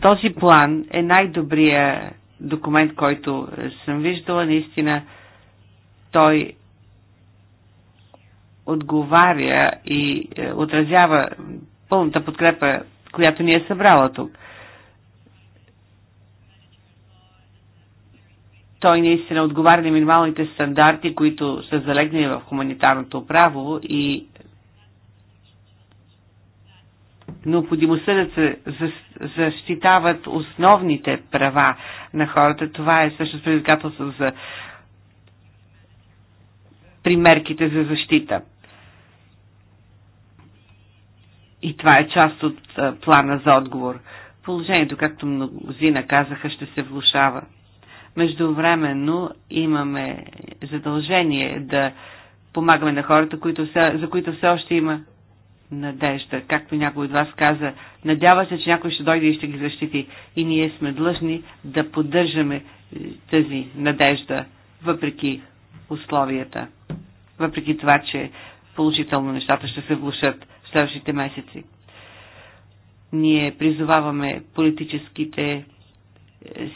този план е най-добрия документ, който съм виждала. Наистина той отговаря и е, отразява пълната подкрепа, която ни е събрала тук. той наистина отговаря на минималните стандарти, които са залегнали в хуманитарното право и необходимостта да се защитават основните права на хората. Това е също предизвикателство за примерките за защита. И това е част от плана за отговор. Положението, както мнозина казаха, ще се влушава. Междувременно имаме задължение да помагаме на хората, които са, за които все още има надежда. Както някой от вас каза, надява се, че някой ще дойде и ще ги защити. И ние сме длъжни да поддържаме е, тази надежда, въпреки условията. Въпреки това, че положително нещата ще се влушат в следващите месеци. Ние призоваваме политическите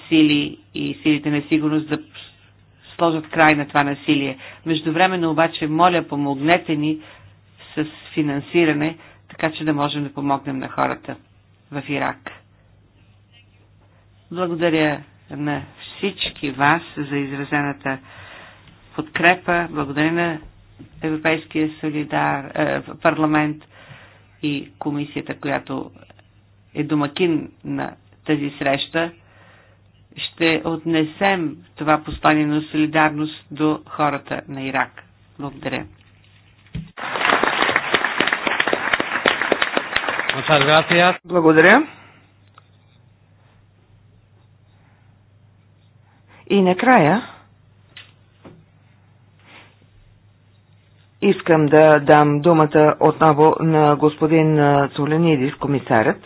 сили и силите на сигурност да сложат край на това насилие. Междувременно обаче, моля, помогнете ни с финансиране, така че да можем да помогнем на хората в Ирак. Благодаря на всички вас за изразената подкрепа. Благодаря на Европейския солидар, е, парламент и комисията, която е домакин на тази среща ще отнесем това послание на солидарност до хората на Ирак. Благодаря. Благодаря. И накрая искам да дам думата отново на господин Соленидис, комисарят.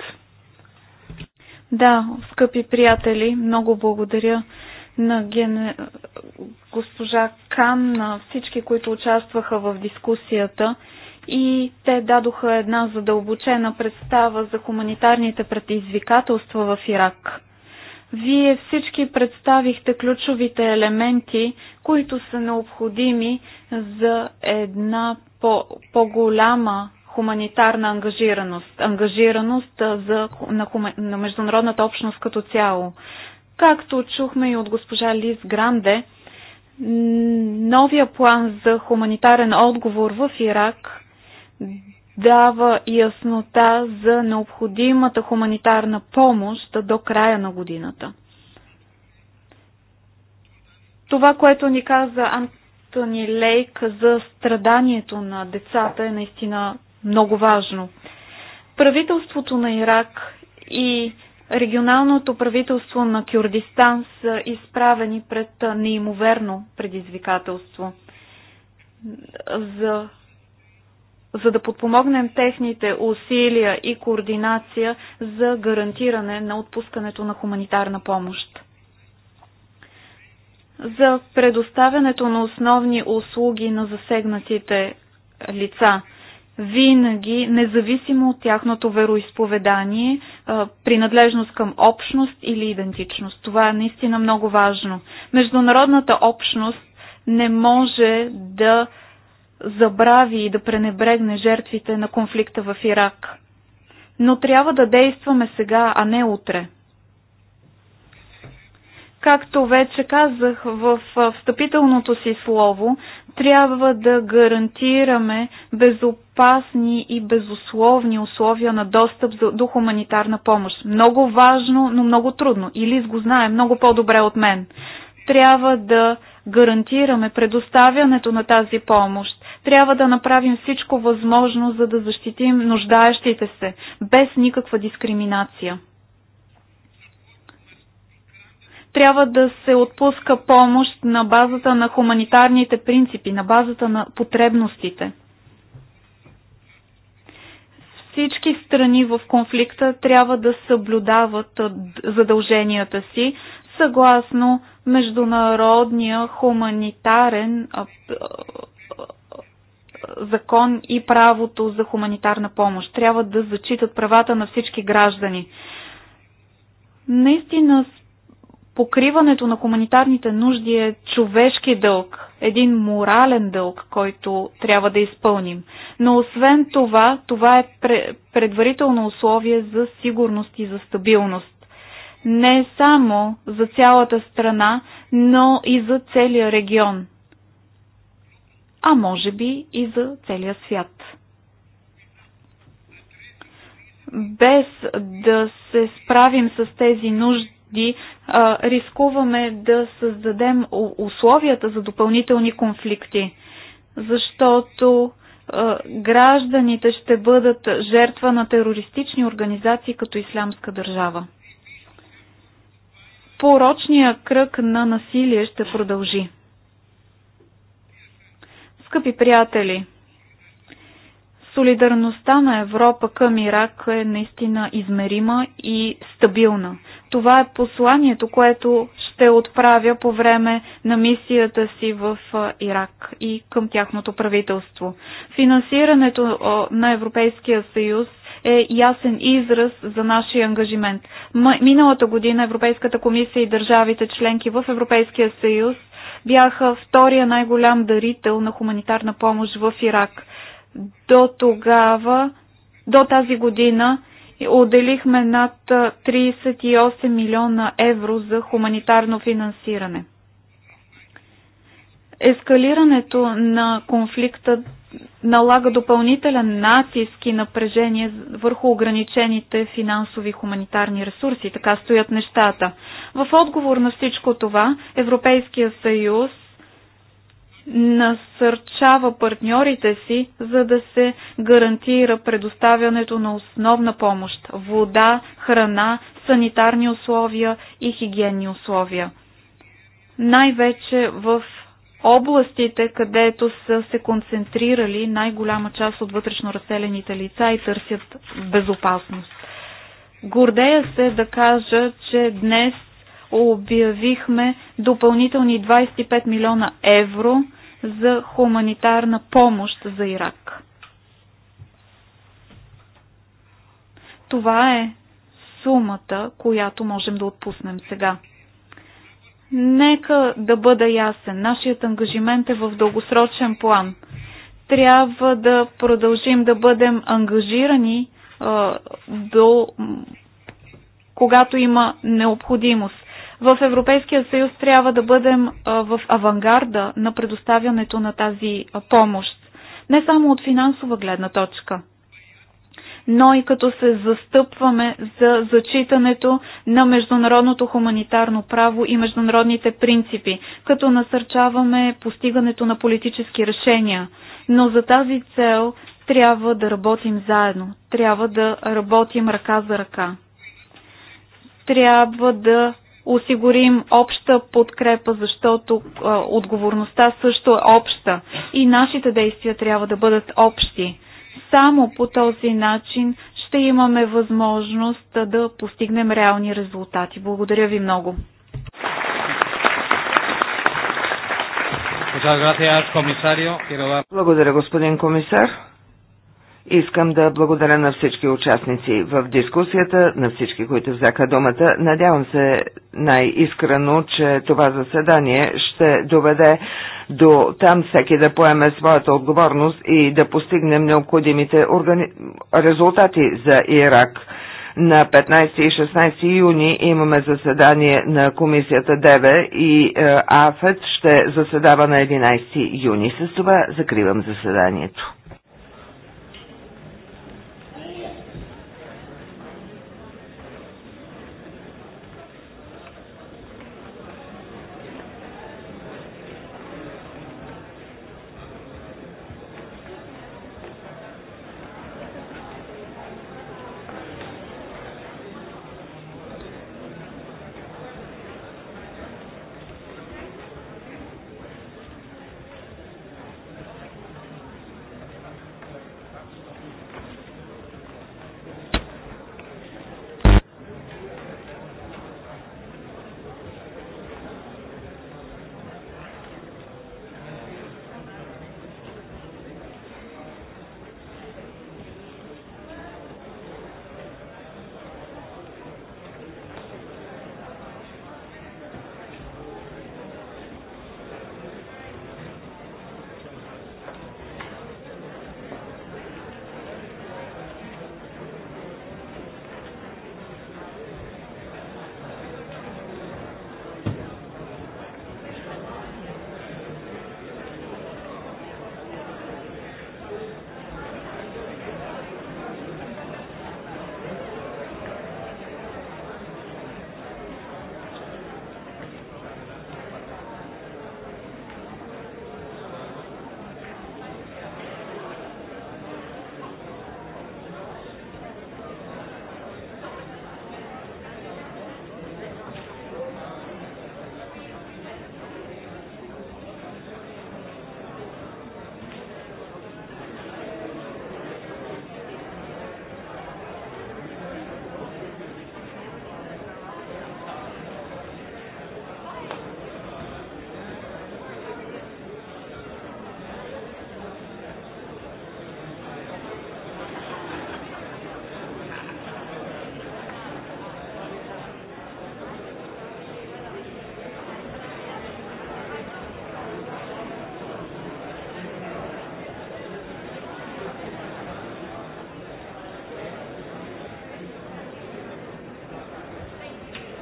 Да, скъпи приятели, много благодаря на ген... госпожа Кан, на всички, които участваха в дискусията и те дадоха една задълбочена представа за хуманитарните предизвикателства в Ирак. Вие всички представихте ключовите елементи, които са необходими за една по- по-голяма хуманитарна ангажираност, ангажираност за, на, хума, на международната общност като цяло. Както чухме и от госпожа Лиз Гранде, новия план за хуманитарен отговор в Ирак дава яснота за необходимата хуманитарна помощ до края на годината. Това, което ни каза Антони Лейк за страданието на децата е наистина много важно. Правителството на Ирак и регионалното правителство на Кюрдистан са изправени пред неимоверно предизвикателство. За, за да подпомогнем техните усилия и координация за гарантиране на отпускането на хуманитарна помощ за предоставянето на основни услуги на засегнатите лица винаги, независимо от тяхното вероисповедание, принадлежност към общност или идентичност. Това е наистина много важно. Международната общност не може да забрави и да пренебрегне жертвите на конфликта в Ирак. Но трябва да действаме сега, а не утре. Както вече казах в встъпителното си слово, трябва да гарантираме безопасни и безусловни условия на достъп до хуманитарна помощ. Много важно, но много трудно. Илис го знае много по-добре от мен. Трябва да гарантираме предоставянето на тази помощ. Трябва да направим всичко възможно, за да защитим нуждаещите се, без никаква дискриминация трябва да се отпуска помощ на базата на хуманитарните принципи, на базата на потребностите. Всички страни в конфликта трябва да съблюдават задълженията си съгласно международния хуманитарен закон и правото за хуманитарна помощ. Трябва да зачитат правата на всички граждани. Наистина покриването на хуманитарните нужди е човешки дълг, един морален дълг, който трябва да изпълним. Но освен това, това е предварително условие за сигурност и за стабилност. Не само за цялата страна, но и за целия регион. А може би и за целия свят без да се справим с тези нужди а, рискуваме да създадем условията за допълнителни конфликти, защото гражданите ще бъдат жертва на терористични организации като Ислямска държава. Порочният кръг на насилие ще продължи. Скъпи приятели, Солидарността на Европа към Ирак е наистина измерима и стабилна. Това е посланието, което ще отправя по време на мисията си в Ирак и към тяхното правителство. Финансирането на Европейския съюз е ясен израз за нашия ангажимент. Миналата година Европейската комисия и държавите членки в Европейския съюз бяха втория най-голям дарител на хуманитарна помощ в Ирак. До тогава, до тази година, отделихме над 38 милиона евро за хуманитарно финансиране. Ескалирането на конфликта налага допълнителен натиск и напрежение върху ограничените финансови хуманитарни ресурси. Така стоят нещата. В отговор на всичко това Европейския съюз насърчава партньорите си, за да се гарантира предоставянето на основна помощ – вода, храна, санитарни условия и хигиенни условия. Най-вече в областите, където са се концентрирали най-голяма част от вътрешно разселените лица и търсят безопасност. Гордея се да кажа, че днес обявихме допълнителни 25 милиона евро – за хуманитарна помощ за Ирак. Това е сумата, която можем да отпуснем сега. Нека да бъда ясен. Нашият ангажимент е в дългосрочен план. Трябва да продължим да бъдем ангажирани а, до когато има необходимост. В Европейския съюз трябва да бъдем в авангарда на предоставянето на тази помощ. Не само от финансова гледна точка, но и като се застъпваме за зачитането на международното хуманитарно право и международните принципи, като насърчаваме постигането на политически решения. Но за тази цел трябва да работим заедно, трябва да работим ръка за ръка. Трябва да осигурим обща подкрепа, защото а, отговорността също е обща и нашите действия трябва да бъдат общи. Само по този начин ще имаме възможност да постигнем реални резултати. Благодаря ви много. Благодаря, господин комисар. Искам да благодаря на всички участници в дискусията, на всички, които взеха думата. Надявам се най-искрено, че това заседание ще доведе до там всеки да поеме своята отговорност и да постигнем необходимите органи... резултати за Ирак. На 15 и 16 юни имаме заседание на комисията ДЕВЕ и е, АФЕД ще заседава на 11 юни. С това закривам заседанието.